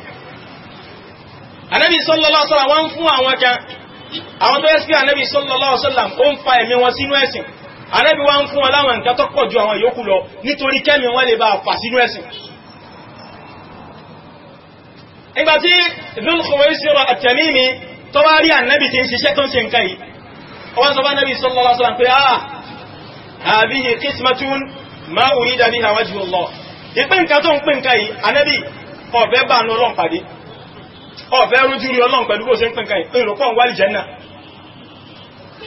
Speaker 2: Ànábì sallallahu alaihi wasallam wọ́n fún àwọn Ànábì wá ń fún wọn láwọn nǹkan tó pọ̀ ju àwọn ìyókù lọ nítorí kẹ́mi wọ́n lè bá fà sínú ẹ̀sìn ìgbàtí Dhul-Khuwaysira at-Tamimi tó wá rí Ànábì sallallahu alaihi wasallam pé ah hadhihi qismatun ma Allah ìpín nǹkan tó ń pín nǹkan yìí Ànábì ọ̀fẹ́ bá ọlọ́run pàdé ọ̀fẹ́ rújú rí ọlọ́run pẹ̀lú bó ṣe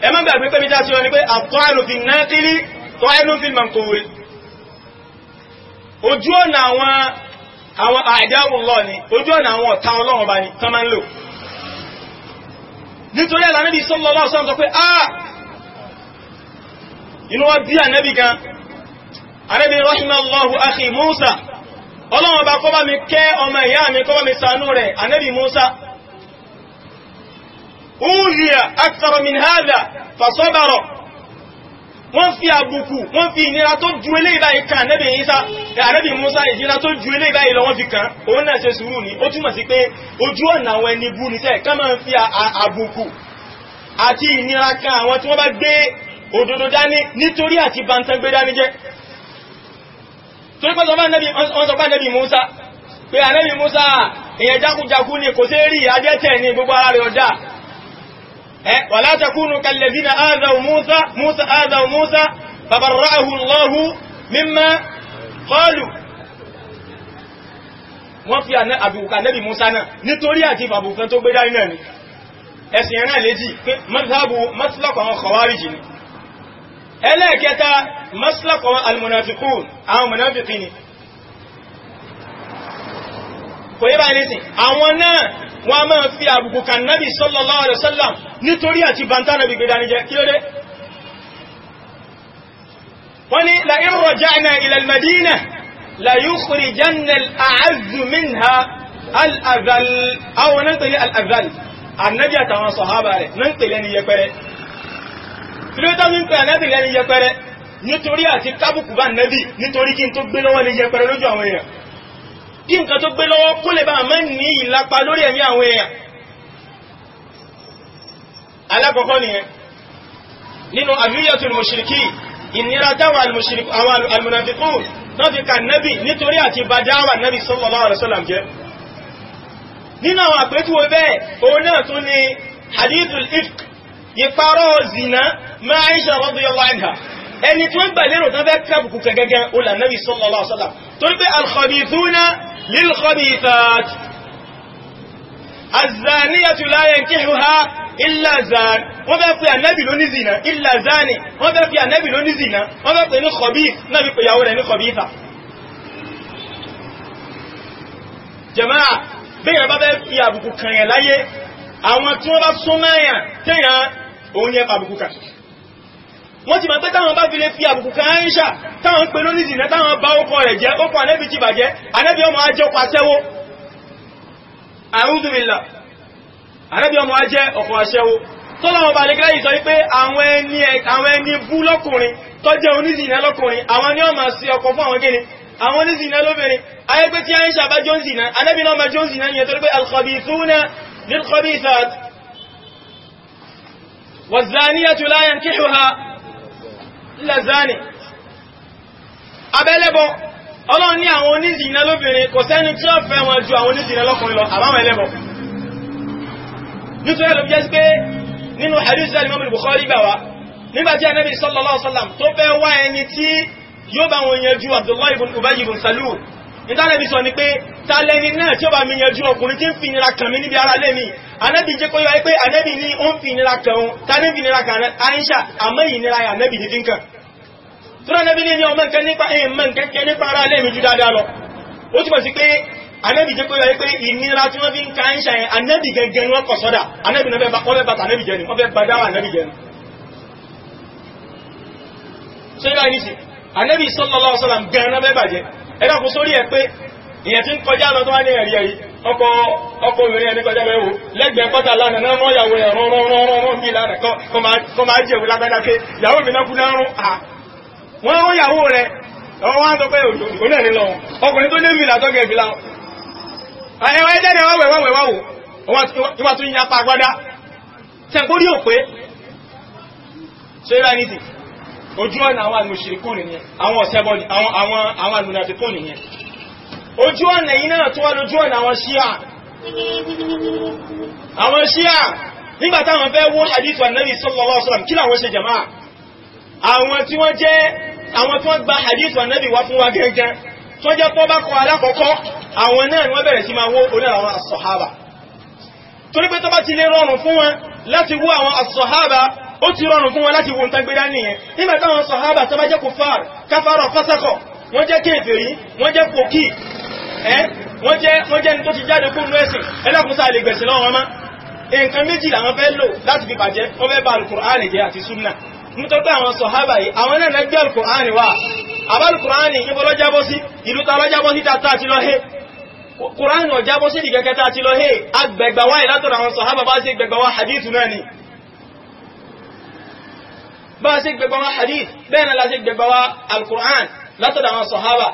Speaker 2: ẹ má gbàgbé pé bíjá sí wọn ni pé àtọ́ ẹnufin náà tílí tọ́ ẹnufin mankowil ojú ọ̀nà àwọn àwọn àìdáwò lọ ni ojú ọ̀nà àwọn ọ̀tá ọlọ́run bá ní tán máa ń lò nítorí ẹ̀lá níbi sallallahu alaihi wasallam ah inú wọ́n bí ànẹ́bì kan ànẹ́bì akhi Musa ọlọ́run bá kọ́ bá mi kẹ́ ọmọ Musa أوذي أكثر من هذا فصبر wọ́n fi àbùkù wọ́n fi ìnira tó ju eléyìí kan ànábì Ìsá ànábì Mùsá ìnira tó ju eléyìí lọ wọ́n fi kan òun náà ṣe sùúrù ní ó túmọ̀ sí pé ojú ọ̀nà àwọn ẹni fi àbùkù àti ìnira kan àwọn tí wọ́n bá gbé òdodo dání ولا تكونوا كالذين آذوا موسى موسى آذوا موسى فبرأه الله مما قالوا wọ́n fi àbùkà nẹ́bì Musa náà nítorí àti àbùkàn tó gbé dání náà ni ẹ̀sìn ẹ̀rẹ́ léjì pé mazhabu maslakọ̀ àwọn khawarij ni ẹlẹ́ẹ̀kẹta maslakọ̀ àwọn almunafiqun àwọn munafiqin kò yí báyìí nísìn àwọn náà wọ́n máa fi àbùkù kan nábì sallallahu alaihi wasallam nítorí àti bàntá nábì gbé dání jẹ kí ló dé wọ́n ni la in raja'na ila al-madina la yukhrijanna al-a'azzu minha al-adhall àwọn náà tẹ̀lé al-adhall ànábì àtàwọn sọ̀hábà rẹ̀ náà tẹ̀lé ni nítorí àti kábùkù bá nábì nítorí kí n tó gbé lọ́wọ́ ni yẹpẹrẹ lójú àwọn èèyàn kí nǹkan tó gbé lọ́wọ́ kó lè bá mọ́ ní ìlapa lórí ẹ̀mí àwọn èèyàn alákọ̀ọ́kọ́ nìyẹn nínú àdúyàtò al-mushriki ìnira táwọn al-munafiqun náà fi ka nẹ́bì nítorí àti bá dáwà nẹ́bì sallallahu alaihi wasallam jẹ́ nínú àwọn àpéjúwe bẹ́ẹ̀ òun náà tún ni hadithul ifk ìparọ́ zina máa Aisha ẹni tó ń gbà lérò tán fẹ́ kẹ́bùkù kẹ́gẹ́gẹ́ ó là torí pé al-khabithuna للخبيثات الزانية لا ينكحها إلا زان wọ́n fẹ́ pé ànábì ló ní zina إلا زاني wọ́n fẹ́ pé ànábì ló ní zina wọ́n fẹ́ pé ní khabith náà fi pè yàwó rẹ̀ ní khabitha jàmáà bẹ́yàn bá bẹ́ fi àbùkù kàn yẹn láyé àwọn tí wọ́n bá súnmọ́ yàn tẹ́yàn òun yẹn àbùkù kàn wọ́n ti máa pé táwọn bá fi lè fi àbùkù kan Àìṣà táwọn pè lórí ìsìnà táwọn bá ọkọ̀ rẹ̀ jẹ́ ọkọ̀ anẹ́bì ti bàjẹ́ anẹ́bì ọmọ ajẹ́ ọkọ̀ aṣẹ́wó àrùdùmìlà anẹ́bì ọmọ ajẹ́ ọkọ̀ aṣẹ́wó tó lọ́wọ́ bá lẹ́gbẹ́ ìsọ wípé àwọn ẹni bú lọ́kùnrin tó jẹ́ oníṣìnà lọ́kùnrin àwọn ni ó máa sí ọkọ̀ fún àwọn gẹ́ni àwọn oníṣìnà lóbìnrin ayẹ́gbẹ́ tí Àìṣà bá jọ́nsìnà anẹ́bì náà máa jọ́nsìnà illa zani abẹ́lẹ́bọ̀ ọlọ́run ní àwọn onízìnà lóbìnrin kò sẹ́ni tí ó fẹ́ wọn ju àwọn onízìnà lọ́kùnrin lọ àbáwọn ẹlẹ́bọ̀ nítorí ló jẹ́ pé nínú hadith Imam Bukhari sallallahu alaihi wasallam tó fẹ́ wá ẹni tí yóò bá wọn yanjú Abdullahi ibn ìtàlẹ́bí sọ ni pé tàlẹ́ni náà tí ó bá mi yanjú ọkùnrin tí ń fi ìnira kàn mí níbi ara lé mi anẹ́bì jẹ́ kó yọ pé anẹ́bì ní ó ń fi ìnira kàn òun tàbí fi ìnira kàn àìṣà àmọ́ ìnira yà anẹ́bì ní dínkàn tó rẹ̀ anẹ́bì ní ọmọ nǹkan nípa èèmọ̀ nǹkan kẹ́ nípa ara lé mi ju dáadáa lọ ó túnbọ̀ sí pé anẹ́bì jẹ́ kó yọ pé ìnira tí wọ́n fi ẹ̀dàkùn sórí ẹ̀ pé ìyẹn tí ń kọjá lọ tó wá ní ẹ̀rí ẹ̀rí ọkọ̀ obìnrin ẹni kọjá mẹ́wò lẹ́gbẹ̀ẹ́ pátá lánàá náà mọ́ ìyàwó ẹ̀rọ rọ́rọ́rọ́rọ́ bí lánàá kọ máa jẹ́ ìwòlá gbádá pé ìyàwó mi náà kú náà rún à wọ́n rún ìyàwó rẹ̀ ọwọ́ wá ń sọ pé òjò náà nílọ ọkùnrin tó ní mìlà tọ́gẹ̀ ìfìlà ẹwà ẹjẹ́ ni wọ́n wẹ̀wọ́ wẹ̀wọ́ wò ìwà tún yapa gbádá tẹ̀kórí òpé ṣe rá nítì ojú ọ̀nà àwọn àlùmọ̀ṣirikù nìyẹn àwọn ọ̀sẹ̀bọ̀ àwọn àwọn àlùmọ̀nàfikù nìyẹn ojú ọ̀nà yìí náà tó wá lójú ọ̀nà àwọn ṣíà àwọn ṣíà nígbà táwọn fẹ́ wó hadith annabi sallallahu jama'a àwọn tí wọ́n jẹ́ àwọn tí wọ́n gba hadith annabi wá fún wa gẹ́gẹ́ tó jẹ́ pọ́ bá kọ alákọ̀ọ́kọ́ àwọn náà ni wọ́n bẹ̀rẹ̀ sí ó ti rọrùn fún wọn láti wo nǹkan gbéra nìyẹn nígbà táwọn sàhábà tó bá jẹ́ kò fáàr káfàárọ̀ fásákọ̀ wọ́n jẹ́ kéèfèrí wọ́n jẹ́ pòkì ẹ́ wọ́n jẹ́ wọ́n jẹ́ ní tó ti jáde kó lọ́ẹ̀sìn ẹlẹ́kùnsá lè gbẹ̀sìn lọ́wọ́ ọmọ nǹkan méjì làwọn fẹ́ lò láti fi bàjẹ́ wọ́n fẹ́ ba alukur'ani jẹ́ àti sunna nítorí àwọn sọ̀hábà yìí àwọn náà lẹ́gbẹ́ alukur'ani wà sí ìlú tàbá jábọ́ sí tàtà àti lọ́hẹ́ àwọn sọ̀hábà bá sí gbẹ̀gbàwá hadithu náà ni bá ṣe gbẹgbà wá hadith bẹ́ẹ̀ náà láti gbẹgbà wá alkùrán látọ̀dọ̀ àwọn sọ̀hábà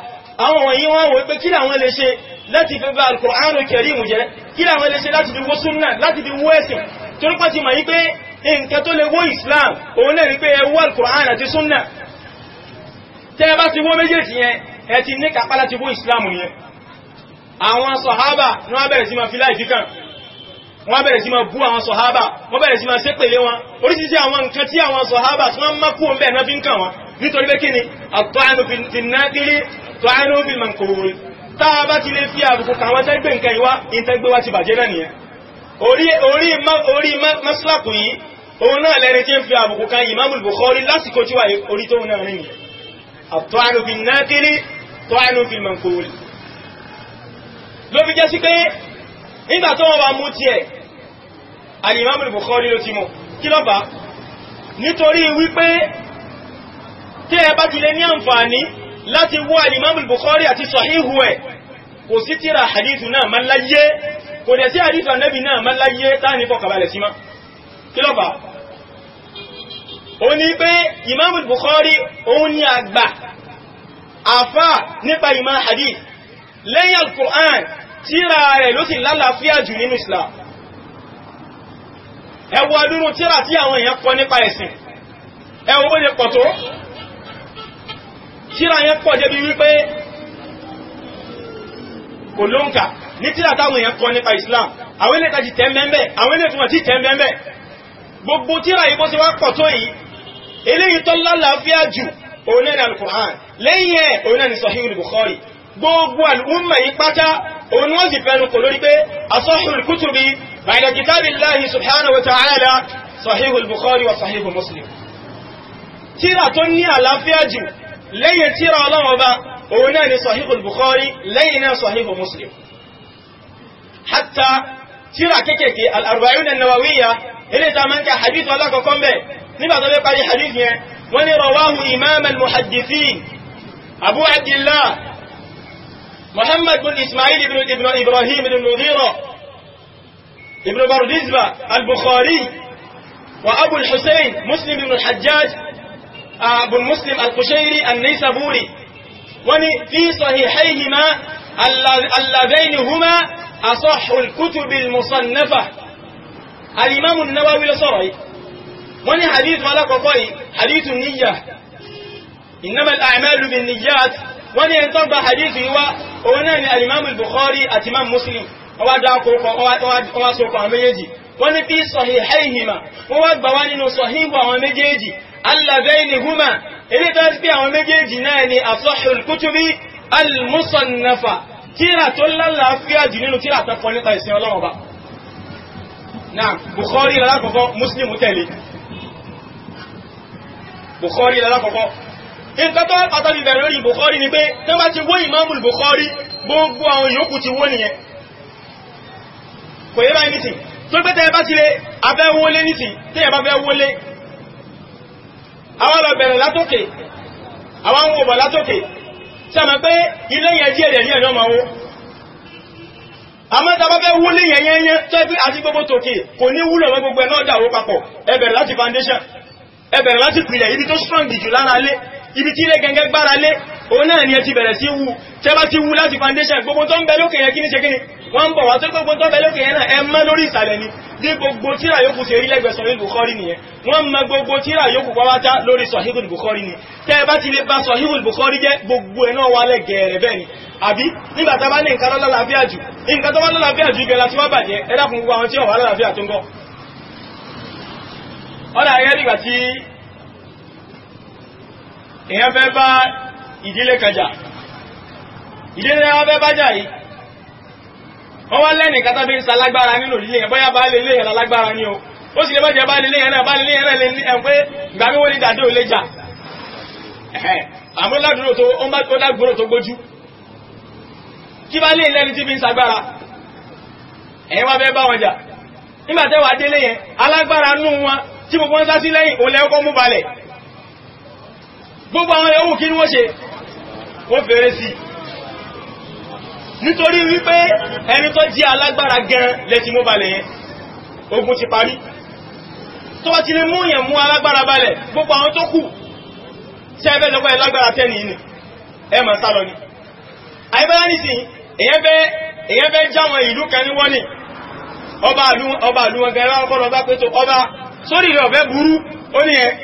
Speaker 2: àwọn wọ̀nyí wọ́n wọ́n pé kí làwọn lè ṣe láti fẹ́ bá alkùránù kẹrìmù jẹ́ kí làwọn lè ṣe láti fi wó súnnà láti fi wó ẹ̀sìn torí pàtí mà yí pé nǹkan tó lè wó islam òun náà rí pé ẹ wó wọ́n bẹ̀rẹ̀ sí máa bú àwọn sọ̀hábà wọ́n bẹ̀rẹ̀ sí máa ṣépèlé wọn oríṣiríṣi àwọn nǹkan tí àwọn sọ̀hábà tí wọ́n má kú ń bẹ̀ náà fi ń kàn wọ́n nítorí pé kí ni àtọ́ánú fi náàkiri tọ́ánú fi mà ń kòrò tá a bá ti lè fi àbùkù kàwọn tẹ́gbẹ̀ nǹkan ìwá ìtẹ́gbẹ́ wá ti bàjẹ́ náà nìyẹn orí maslaku yìí òun náà lẹ́ni tí ń jẹ́ sí pé nígbà tó wọ́n bá mú tí ẹ̀ alìmọ́mù Bukhari ló ti mú kí ló bá nítorí wípé tí ẹ bá ti ní àǹfààní láti wò alìmọ́mù Bukhari àti sọ̀híhù ẹ̀ kò sí tíra hadithu náà má láyé kò dẹ̀ sí hadithu annabi náà má láyé táàní ní Bukhari òun ni àgbà àfá nípa hadith lẹ́yìn al-Qur'an tíra rẹ̀ ló ti lálàáfíà jù nínú islam ẹwọ ọdúnrún tíra tí àwọn èèyàn kọ nípa ẹ̀sìn ẹwọ ó lè pọ̀ tó tíra yẹn pọ̀ débi wípé kò ló ń kà ní tíra táwọn èèyàn kọ nípa islam àwọn ilé tàbí tẹ́ mẹ́mẹ́ àwọn ilé tàbí tẹ́ mẹ́mẹ́ gbogbo tíra yìí bó ti wá pọ̀ tó yìí eléyìí tó lálàáfíà jù òun náà ni alukur'an lẹ́yìn ẹ̀ òun náà ni sahihul bukhari gbogbo al'umma yí pátá òun wọ́n sì fẹ́nu kò lórí pé asahul kutubi ba'da kitabillahi subhanahu wa ta'ala sahihul bukhari wa sahihul muslim tíra tó ní àlàáfíà jù lẹ́yìn tíra ọlọ́run ọba òun náà ni sahihul bukhari lẹ́yìn náà sahihul muslim hatta tíra kékèké al-arba'un an-nawawiyya ilé ta abu abdillah محمد بن إسماعيل بن ابن إبراهيم بن المغيرة ابن بردزبة البخاري وأبو الحسين مسلم بن الحجاج آه، أبو المسلم القشيري النيسابوري وني في صحيحيهما اللذين هما أصح الكتب المصنفة الإمام النووي لصرعي وني حديث ملاك وقوي حديث النية إنما الأعمال بالنيات wọ́n ní ẹ̀ntọ́ gba hadith yìí wá òun náà ni alimami bukhari àti imam muslim wọ́n wá dáko wọ́n wá sopọ̀ àwọn méjèèjì wọ́n ní fi sahihayhima wọ́n wá gbà wá nínú sahihu àwọn méjèèjì allabaynihuma èyí tó ti pé àwọn méjèèjì náà ni asahul kutubi almusannafa tíra tó lálàáfíà jù nínú tíra bukhari lálákọ̀ọ́kọ́ muslim tẹ̀lé bukhari lálákọ̀ọ́kọ́ nǹkan tó pàtàkì bẹ̀rẹ̀ lórí Bukhari ni pé tó bá ti wó ìmáàmù Bukhari gbogbo àwọn yòókù ti wó nìyẹn kò yẹ báyìí nìsìn tó pé tẹ́ẹ̀ bá ti lé abẹ́ wólé nìsìn tẹ́ẹ̀ bá fẹ́ wólé àwọn lọ bẹ̀rẹ̀ látòkè àwọn ohun ọ̀bọ̀ látòkè sẹ́mọ̀ pé ilé yẹn díẹ̀ rẹ̀ ní ẹ̀nà ọmọ foundation ẹ bẹ̀rẹ̀ láti pìlẹ̀ ibi tó strong jù lára lé ibi tí ilẹ̀ gẹ̀ngẹ̀ gbára lé òun náà ni ẹ ti bẹ̀rẹ̀ sí wú tẹ́bá ti wú láti foundation gbogbo tó ń bẹ lókè yẹn kí ní ṣe kíní wọ́n bọ̀ wá tó gbogbo tó ń bẹ lókè yẹn náà ẹ mọ́ lórí ìsàlẹ̀ ni dé gbogbo tíra yóò kù sí orí lẹ́gbẹ̀ẹ́ Sahih Bukhari nìyẹn wọ́n mọ gbogbo tíra yóò kù pàwátá lórí Sahih Bukhari ni tẹ́ bá ti lè ba Sahih Bukhari jẹ́ gbogbo ẹ̀ náà wà lẹ́gẹ̀ẹ́rẹ̀ bẹ́ẹ̀ ni àbí nígbà tá bá ní nǹkan lọ́lọ́láfíà jù nǹkan tó wá lọ́lọ́láfíà jù gẹ̀ẹ́lá tí wọ́n bàjẹ́ ẹ dákun gbogbo àwọn tí ò wá tó ń bọ̀ ọ̀rọ̀ ayé tí èyàn fẹ́ bá ìdílé kẹjà ìdílé wọn fẹ́ bá jà yìí wọ́n wá lẹ́nì kátà bí ń sa lágbára nínú ìdílé yẹn bóyá bá lè lè yẹn lágbára ní o ó sì lè bá jẹ bá lè lè yẹn náà bá lè lè yẹn náà lè ní ẹ̀ pé ìgbà mi wọ́n ní dàdé ò lè jà àmọ́ ládùúrò tó ó má tó dágbòrò tó gbójú kí bá lè lẹ́ni gbogbo àwọn yòówù kí ni wọ́n ṣe wọ́n fèrè sí nítorí wípé ẹni tó jí alágbára gan lẹ́tí mú balẹ̀ yẹn ogun ti parí tó wá ti lè mú yẹn mú alágbára balẹ̀ gbogbo àwọn tó kù tí ẹbẹ́ lọ́pọ̀ ẹlágbára tẹ́ni ni ẹ ma sálọ ni àìbẹ́lá ní sí èyàn bẹ́ jáwọn ìlú kan ní wọ́n ni ọba àlú wọn gẹ̀rẹ́ ọkọ̀lọ́gbá pẹ́tò ọba sórí rẹ̀ ọ̀bẹ́ burú ó ní ẹ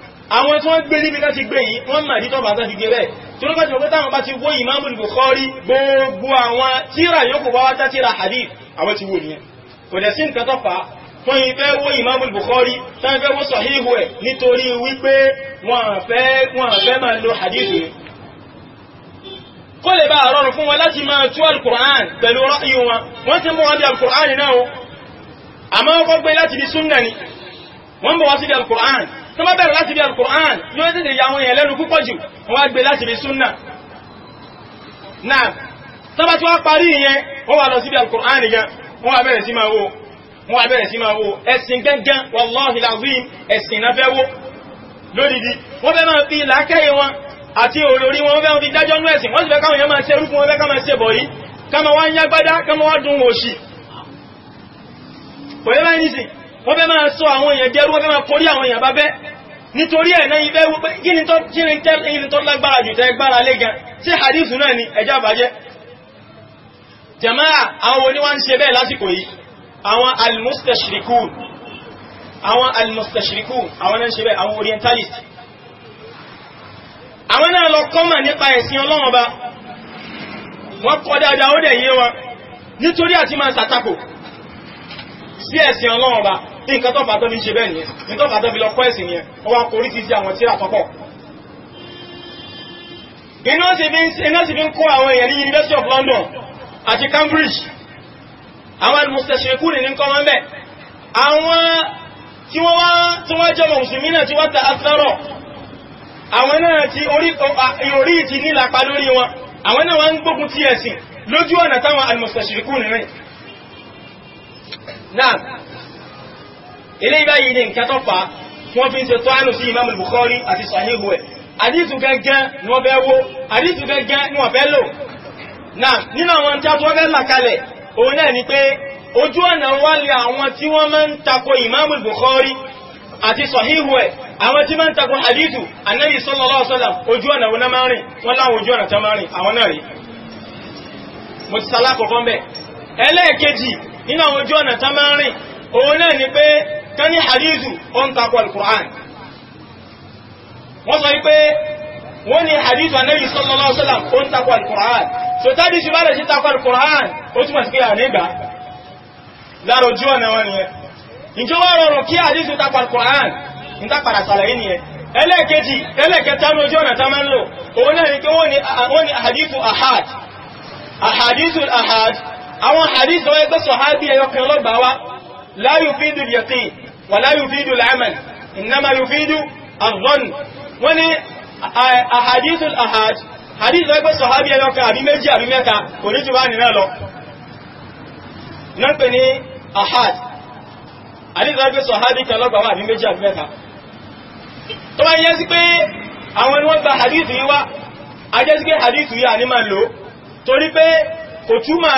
Speaker 2: àwọn tí wọ́n gbé níbi láti gbé yìí wọ́n mà nítọ́ bàtà fi gbé bẹ́ẹ̀ tí ó gbẹ́jọ pé táwọn bá ti wó Imam Bukhari gbogbo àwọn tíra yóò kò bá wá tátira hadith àwọn ti wó nìyẹn kò dẹ̀ sí nǹkan tọ́fà wọ́n yìí fẹ́ wó Imam Bukhari tán fẹ́ wó Sahihu ẹ̀ nítorí wípé wọ́n fẹ́ máa lo hadith quran pẹ̀lú ra'ayi wọn wọ́n ti al-Qur'an náà àmọ́ wọ́n gbé láti bí súnnà ni al-Qur'an tó bá bẹ̀rẹ̀ láti bí al-Qur'an yóò tètè ya àwọn èèyàn lẹ́nu púpọ̀ jù wọ́n gbé láti bí súnnà náà tó bá tí wọ́n parí ìyẹn wọ́n wà lọ sí bí al-Qur'an yẹn wọ́n wà bẹ̀rẹ̀ sí máa wo wọ́n wà bẹ̀rẹ̀ sí máa wo ẹ̀sìn gẹ́gẹ́ wallahi al-azim ẹ̀sìn náà fẹ́ wo lódìdí wọ́n fẹ́ máa fi làákẹ́yẹ wọn àti olórí wọn fẹ́ fi dájọ́ nú ẹ̀sìn wọ́n wọ́n fẹ́ máa sọ àwọn èèyàn jẹ́rú wọ́n fẹ́ máa kórí àwọn èèyàn bábẹ́ nítorí ẹ̀ náà ibẹ́ wípé kí ni tó kí ni tẹ́ ilé tó lágbára jù tẹ́ gbára lé gan sí hadith náà ni ẹjá bàjẹ́ jama'a àwọn oníwà ń ṣe bẹ́ẹ̀ lásìkò yìí àwọn almustashirikun àwọn almustashirikun orientalist àwọn náà lọ kọ́mà nípa ẹ̀sìn ọlọ́wọ́n ba wọ́n kọ́ dáadáa ó dẹ̀ yé wọn nítorí àti sí ẹ̀sìn ọlọ́wọ́n nǹkan tó fàtọ́ fi ṣe bẹ́ẹ̀ nìyẹn ní tó fàtọ́ fi lọ kọ́ ẹ̀sìn yẹn wọ́n wá korí títí àwọn tíra tọ́pọ̀ iná sì fi ń kọ́ àwọn èèyàn ní University of London àti Cambridge àwọn alùmùsẹ̀ṣẹ̀kú ní nǹkan wọn bẹ́ẹ̀ àwọn tí wọ́n wá tí wọ́n jẹ́ mùsùlùmí náà tí wọ́n ta afẹ́rọ̀ àwọn náà ti orí ti nílapa lórí wọn àwọn náà wọ́n ń gbógun ti ẹ̀sìn lójú ọ̀nà táwọn alùmùsẹ̀ṣẹ̀kú nìyẹn eléyìí báyìí ní nǹkan tó fà á tí wọ́n fi ń ṣe tọ́ánù sí Imam Bukhari àti sahihu ẹ̀ àdísù gẹ́gẹ́ ni wọ́n fẹ́ wó àdísù gẹ́gẹ́ ni wọ́n fẹ́ lò náà nínú àwọn tí a tó fẹ́ làkalẹ̀ òun náà ni pé ojú ọ̀nà wà àwọn tí wọ́n máa ń tako Imam Bukhari àti sahihu ẹ̀ àwọn tí máa ń tako àdísù Ànábì sallallahu alaihi wasallam ojú ọ̀nà wọn máa rìn wọ́n láwọn ojú ọ̀nà tó máa rìn àwọn náà rí mo ti sàlákọ̀ọ́kọ́ mẹ́ ẹlẹ́ẹ̀kejì kan ní hadithu ó ń takò al-Qur'an wọ́n sọ wípé wọ́n ní hadithu anabi sallallahu alaihi wasallam ó ń takò al-Qur'an so tàbí sí bára sí takò al-Qur'an ó túnmọ̀ sí pé ànígbà lára ojú ọ̀nà wọn nìyẹn ìjọ wá rọrùn kí hadithu takò al-Qur'an ń tàpàdà sàlàyé nìyẹn ẹlẹ́ẹ̀kejì ẹlẹ́ẹ̀kẹta ní ojú ọ̀nà tá máa ń lò òun náà ni pé wọ́n ní hadithu ahad ahadithul ahad àwọn hadith ẹgbẹ́ sọ̀hábí ẹyọkan lọ́gbàá wa la yufidu al wàlá yùfídù láàmàl ìnáma yùfídù àrùn wọ́n ni àhàdìsùl àhàd hadith lọ pẹ́ sọ̀hábí ẹlọ́ka àbí méjì àbí mẹ́ta kò ní jù bá nìna lọ náà pè ní àhàd hadith lọ pẹ́ sọ̀hábí kan lọ́gbàwà àbí méjì àbí mẹ́ta tó bá yẹ́ sí pé àwọn ni wọ́n gba hadith yìí wá a jẹ́ sí pé hadith yìí à ní máa lò torí pé kò túmọ̀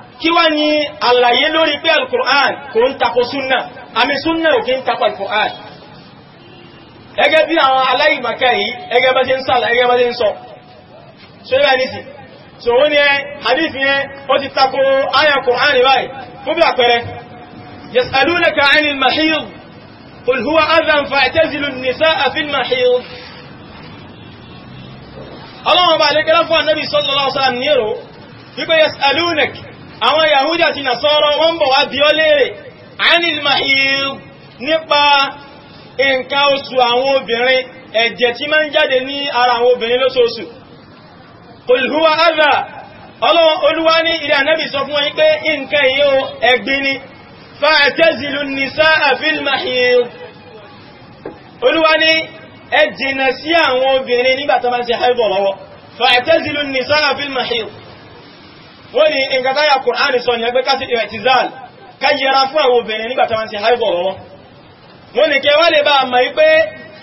Speaker 2: kí wá ní àlàyé lórí pé al-Qur'an kò ń takò súnnà àmì súnnà ò ń takò al-Qur'an ẹgẹ́ bí àwọn aláìmọ̀kẹ́ yìí ẹgẹ́ bá ti ń sàlà ẹgẹ́ bá ti ń sọ so yíra ní sí so wọ́n ni ẹ hadith yẹn ó ti takò aya Qur'an báyìí fún bí àpẹẹrẹ yasalunaka anil mahid qul huwa adhan fa'tazilu an ní èrò wípé yasalunaka àwọn Yahudi àti Nasọ́rọ̀ wọ́n bọ̀ wá bí ó léèrè anil mahir nípa nǹkan oṣù àwọn obìnrin ẹ̀jẹ̀ tí máa ń jáde ní ara àwọn obìnrin lóṣooṣù qul huwa adha ọlọ́wọ́ olúwa ní ilẹ̀ ànábì sọ fún wọn pé nǹkan yìí ó ni fa'tazilu nisaa fil olúwa ní ẹ sí àwọn obìnrin nígbà haibọ̀ lọ́wọ́ fa'tazilu nisaa fil wọ́n ni nǹkan táyà kùránì sọ ni ẹgbẹ́ kásì ìrẹ̀tìzáàl ká yẹra fún àwọn obìnrin nígbà tí wọ́n ti haibọ̀ lọ́wọ́ wọ́n ni kẹwàá lè bá àmà ipé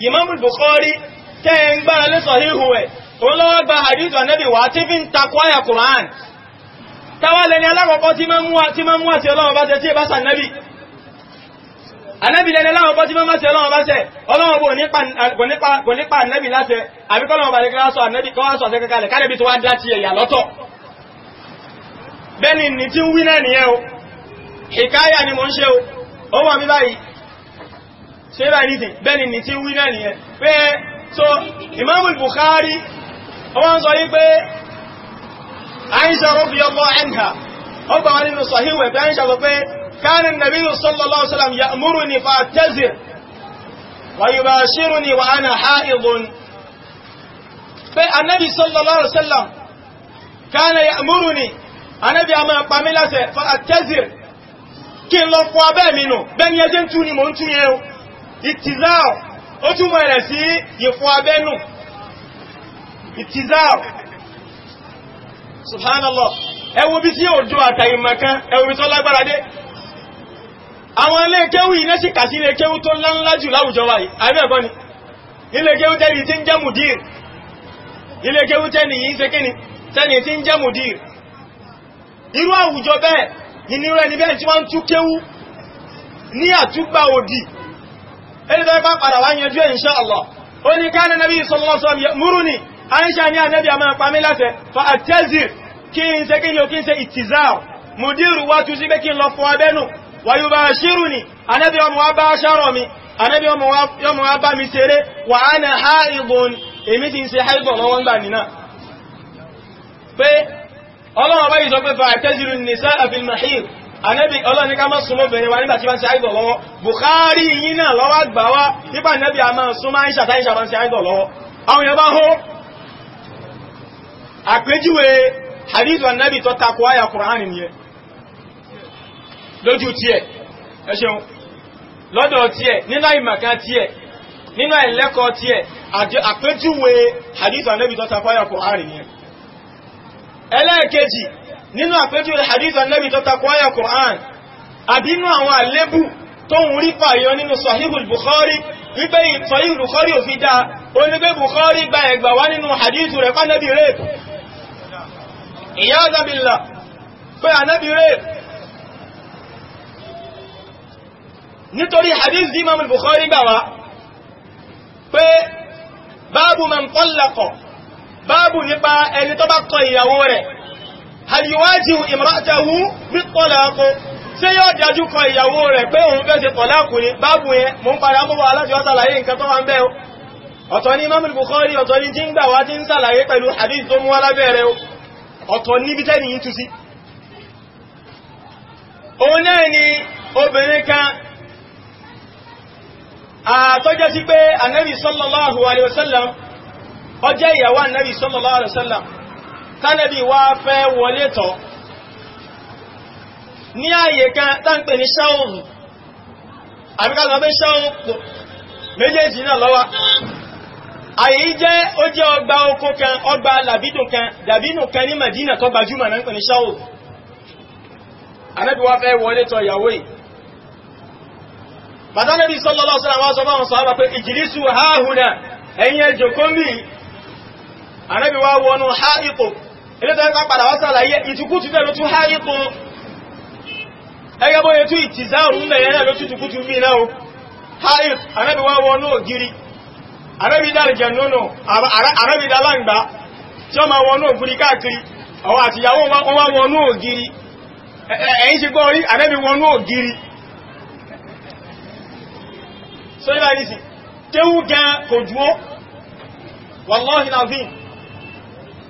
Speaker 2: Imam Bukhari tẹ́ ń gbá lẹ́sọ̀ híhù ẹ̀ olówó gba hadith anabi wa tí fi ń takọ àyà kùrán táwa lẹni alákọ̀ọ́kọ́ tí máa ń wá sí ọlọ́wọ́ bá tẹ tí ìbá sànẹ́bì anabi lẹni alákọ̀ọ́kọ́ tí máa ń wá sí ọlọ́wọ́ bá tẹ ọlọ́wọ́ bò nípa anabi bẹ́ni ní tí ń wí náà nìyẹn o hikaya ni mo ń ṣe o ó wà mí báyìí ṣe bá ní tìí bẹ́ni ní tí ń wí náà nìyẹn pé so Imamul Bukhari ó wá ń sọ wípé Aisha radiyallahu anha ó gbà wá nínú sọ̀híwẹ̀ pé Aisha sọ pé kana nabiyyu sallallahu alaihi يأمرني ya'muruni fa'tazir wa yubashiruni wa ana ha'idun pé annabi sallallahu alaihi wasallam anẹ́bí a máa pàmí lásẹ̀ àtẹ́zìr kí n lọ fọ abẹ́ mi nù bẹ́ni ẹjẹ́ ń tú ni mò ń tú yẹn o ìtìzáò ó túnmọ̀ rẹ̀ sí ìfọ abẹ́ nù ìtìzáò subhanallah ẹwọ bí sí òjò àtàìmọ̀kan ẹwọ bí tó lágbára dé àwọn iléekéwù iná sì kà sí iléekéwù tó ńláńlá jù láwùjọ wáyé àbẹ́ ẹ̀kọ́ ni iléekéwù tẹ́ni tí ń jẹ́ mùdír iléekéwù tẹ́ni yìí ń ṣe tẹ́ni tí ń jẹ́ mùdír irú àwùjọ bẹ́ẹ̀ nínú ẹni bẹ́ẹ̀ tí wọ́n ń tú kéwú ní àtúgbà òdì ẹni tó bá padà wá yanjú ẹ̀ insha Allah ó ní káàna nàbí sallallahu alaihi wasallam ya'muruni àìṣà ní ànẹ́bí àmọ́ pa mí láṣẹ fa àtẹ́zì kí n ṣe kí n yóò kí n ṣe ìtìzáà mùdírù wá tú sí pé kí n lọ fún abẹ́nu wa ọmọ wa bá mi ànẹ́bí ọmọ wa bá mi ṣeré èmi ti ń ṣe haibọ̀ lọ́wọ́ ń gbà nínà pé ọlọ́run báyìí sọ pé fa àtẹ́jìrì nìsá àfil mahir anẹ́bì ọlọ́run ká máa súnmọ́ obìnrin wa nígbàtí wá ń ṣe àìdọ̀ lọ́wọ́ Bukhari yìí náà lọ́wọ́ àgbà wá nípa nẹ́bì àmà súnmọ́ àìṣà táìṣà máa ń ṣe àìdọ̀ lọ́wọ́ àwọn yẹn bá hó àpéjúwe hadith wa nẹ́bì tó takò àyà Kùránì nìyẹn lójú tiẹ̀ ẹ ṣeun lọ́dọ̀ tiẹ̀ ẹlẹ́ẹ̀kejì nínú àpéjú hadith annabi tó takọ ayà Qur'an àbínú àwọn àlébù tó ń rí fàyọ nínú sahihul Bukhari wípé sahihul Bukhari ò fi dá onígbé Bukhari gba ẹgbà wá nínú hadith rẹ̀ fánàbí rẹ̀ ìyá ọ̀dàbìlà pé ànábì rẹ̀ nítorí hadith imam Bukhari gbà wá pé báàbù man báàbù nípa ẹni tó bá kọ ìyàwó rẹ̀ haliwájú ìmọ̀tàwú bí tọ́láàkó tí yóò dájú kọ ìyàwó rẹ̀ pé òun fẹ́ ṣe tọ́láàkù ní báàbù yẹn mú padà mú wà láti ọ́sàlàyé nǹkan tó wà ń bẹ́ o ọ̀tọ̀ ní Imam Bukhari ọ̀tọ̀ ní jíǹgbà wá ó jẹ́ ìyàwó ànábì sallallahu alaihi wasallam tánàbí wá fẹ́ wọlé tọ̀ ní ààyè kan táǹpẹ̀ ní ṣáòrù àbíkàlọ́ pé ṣáòrù méjèèjì náà lọ́wọ́ àyè jẹ́ ó jẹ́ ọgbà oko kan ọgbà làbídùn kan dàbínù kan ní Madina tó gbajúmọ̀ náà ń pè ní ṣáòrù ànábì wá fẹ́ wọlé tọ̀ ìyàwó yìí bàtánàbí sallallahu alaihi wasallam ànábì wá wọnú háìtò ilé tó ẹ́kọ́ padà wá sàlàyé ìtukútù náà ló tún háìtò ẹgbẹ́ bóyẹ tún ìtìzáàrùn mẹ́rin náà ló tún tukútù mí náà háìtò ànábì wá wọnú ògiri ànábì dá àlùjànnú ànábì dá láǹgbá tí ó máa wọnú ògiri wọn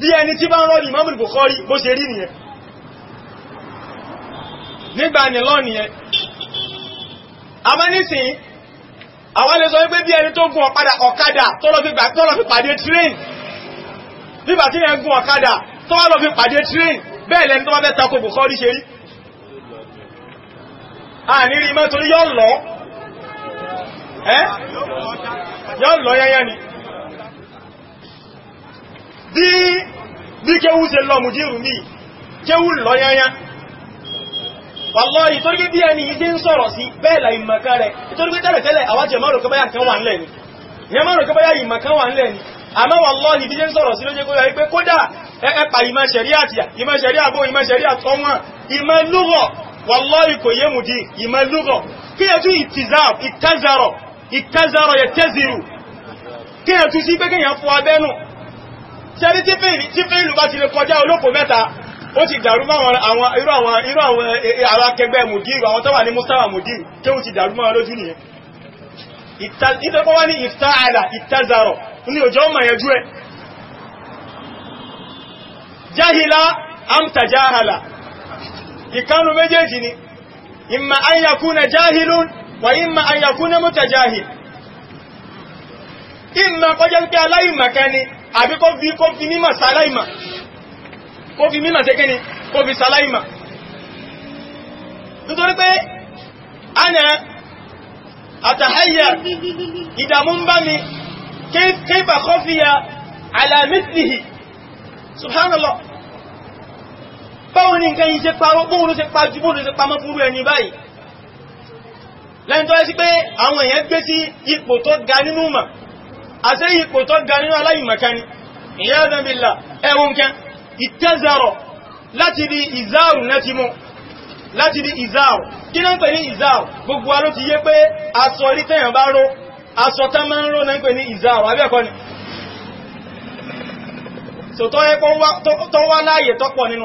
Speaker 2: bí ẹni tí bá ń rọ́ Imam Bukhari bó ṣe rí nìyẹn nígbà nílọ nìyẹn amẹ́nìsìn àwọn lè sọ wípé bí ẹni tó gun ọ̀kadà ọ̀kadà tọ́lọ fi pàdé train nígbà tí ẹ gun ọ̀kadà tọ́lọ fi pàdé train bẹ́ẹ̀ lẹ́ni tó bá fẹ́ tako Bukhari ṣe rí àníri mọ́ torí yọ́ lọ yọ́ lọ yẹ́yẹ́ ni bí kéwú ṣe lọ mùdírù ní kéwú lọ yányá wàlọ́yìn torí bí ẹni ìdí ń sọ̀rọ̀ sí bẹ́ẹ̀lá ìmọ̀ká rẹ̀ torí pé tẹ́lẹ̀tẹ́lẹ̀ àwájẹ̀ márùn kọbáyà kan wà nílẹ̀ ni ìyẹn márùn kọbáyà ìmọ̀ kan wà nílẹ̀ ni àmọ́ wàlọ́yìn ìdí ń sọ̀rọ̀ sí ló jẹ́ kó yẹ pé kódà ẹ̀ẹ́pà ìmọ̀ ṣẹ̀ríà àti ìmọ̀ ṣẹ̀ríà àbó ìmọ̀ ṣẹ̀ríà àtọ́wọ̀n ìmọ̀ lúgọ̀ kí ẹ tún ìtẹ́zàrọ̀ yẹ kí ẹ sí pé kíyàn fún abẹ́nu ṣẹ́rí tí fíìlù bá ti lè kọjá olóko mẹ́ta ó ti dàrú máwọn àwọn irú àwọn irú àwọn e, e, alákẹgbẹ́ mùdírù àwọn tó wà ní mustawa mùdírù tí ó ti dàrú máwọn lójú nìyẹn ìtẹ́kọ́ wá ní ìftáàlà ìtẹ́zàrọ̀ ní òjò ọmọ ẹ̀jú ẹ̀ jahila amta jahala ìkanu méjèèjì ni imma an yakuna jahilun wa ń pẹ́ aláìmọ̀kẹ́ ni àbí kó fi mímọ̀ sàláìmà kó fi mímọ̀ sẹ́kẹ́ ni kó fi sàláìmà nítorí pé ana àtàhàyà ìdàmú ń bá mi kéfà kọfíyà alamitihi subhanallah báwọn ní nǹkan yìí ṣe parọ́ bóòrùn ṣe pa jù bóòrùn ṣe pa mọ́ fúrú ẹni báyìí lẹ́yìn tó ẹ́ sí pé àwọn èèyàn gbé sí ipò tó ga nínú mọ̀ àṣẹ ipò tó ga nínú aláìmọ̀kání ìyádan billah ẹwùn kẹ ìtẹ́zàrọ̀ láti di ìzáàrù láti mú láti di ìzáàrù kí náà ń pè ní ìzáàrù gbogbo aló ti yé pé aṣọ rí tẹ́yàn bá ró aṣọ tá máa ń ró náà ń pè ní ìzáàrù abẹ́ẹ̀kọ́ ni so tó yẹ tó wá láàyè tọ́pọ̀ nínú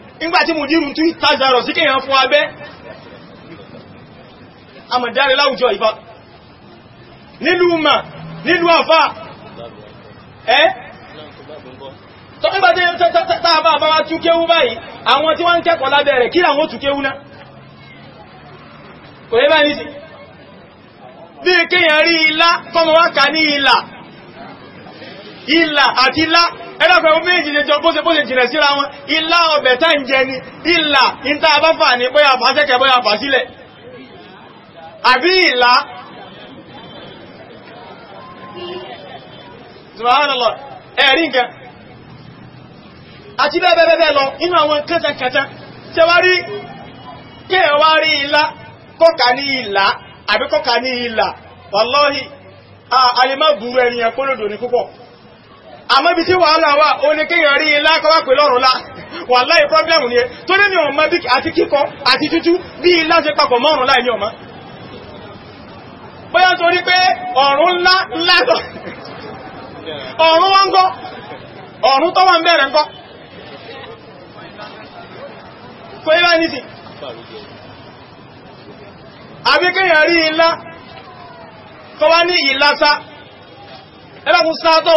Speaker 2: nígbàtí mo dírun tún ìtàzàrọ̀ sí kéèyàn fún abẹ́ àmàdáre láwùjọ ìfà nílùú mà nílùú àfà ẹ́ tó nígbàtí tàbà bá wá túnkéwú báyìí àwọn tí wọ́n ń kẹ́kọ̀ọ́ lábẹ́ rẹ̀ kí làwọn túnkéwú náà kò yẹ báyìí sí bí kéèyàn rí ilá ilà àti ilá ẹlọ́pẹ̀ omi ìjìnlẹ̀ jọ bóse bóse jìnlẹ̀ síra wọn ilá ọbẹ̀ tá ń jẹ ni ilà ìta àbáfà ní bóyá fàásẹ́kẹ̀ bóyá fà sílẹ̀ àbí ilá subhanallah ẹ̀rí nǹkan àti bẹ́ẹ̀bẹ́ẹ̀bẹ́ lọ inú àwọn kẹtàkẹta tẹwárí kẹwàárí ilá kọ́kà ní ilà àbí kọ́kà ní ilà wallahi a alẹ́ má burú ẹni ẹ̀kọ́lódò ní púpọ̀ àmọ́ ibi tí wàhálà wà ó ní kíyàn rí ilá kọ́wà pè lọ́rùn lá wàláhì problem ni tó ní mi ò mọ̀ bí àti kíkọ àti tútú bí ilá ṣe papọ̀ mọ́rùn láì ní ọmọ bóyá torí pé ọ̀run ńlá ńlá tọ́ ọ̀run wọ́n gọ́ ọ̀run tó wà bẹ̀rẹ̀ gọ́ kò yíra ní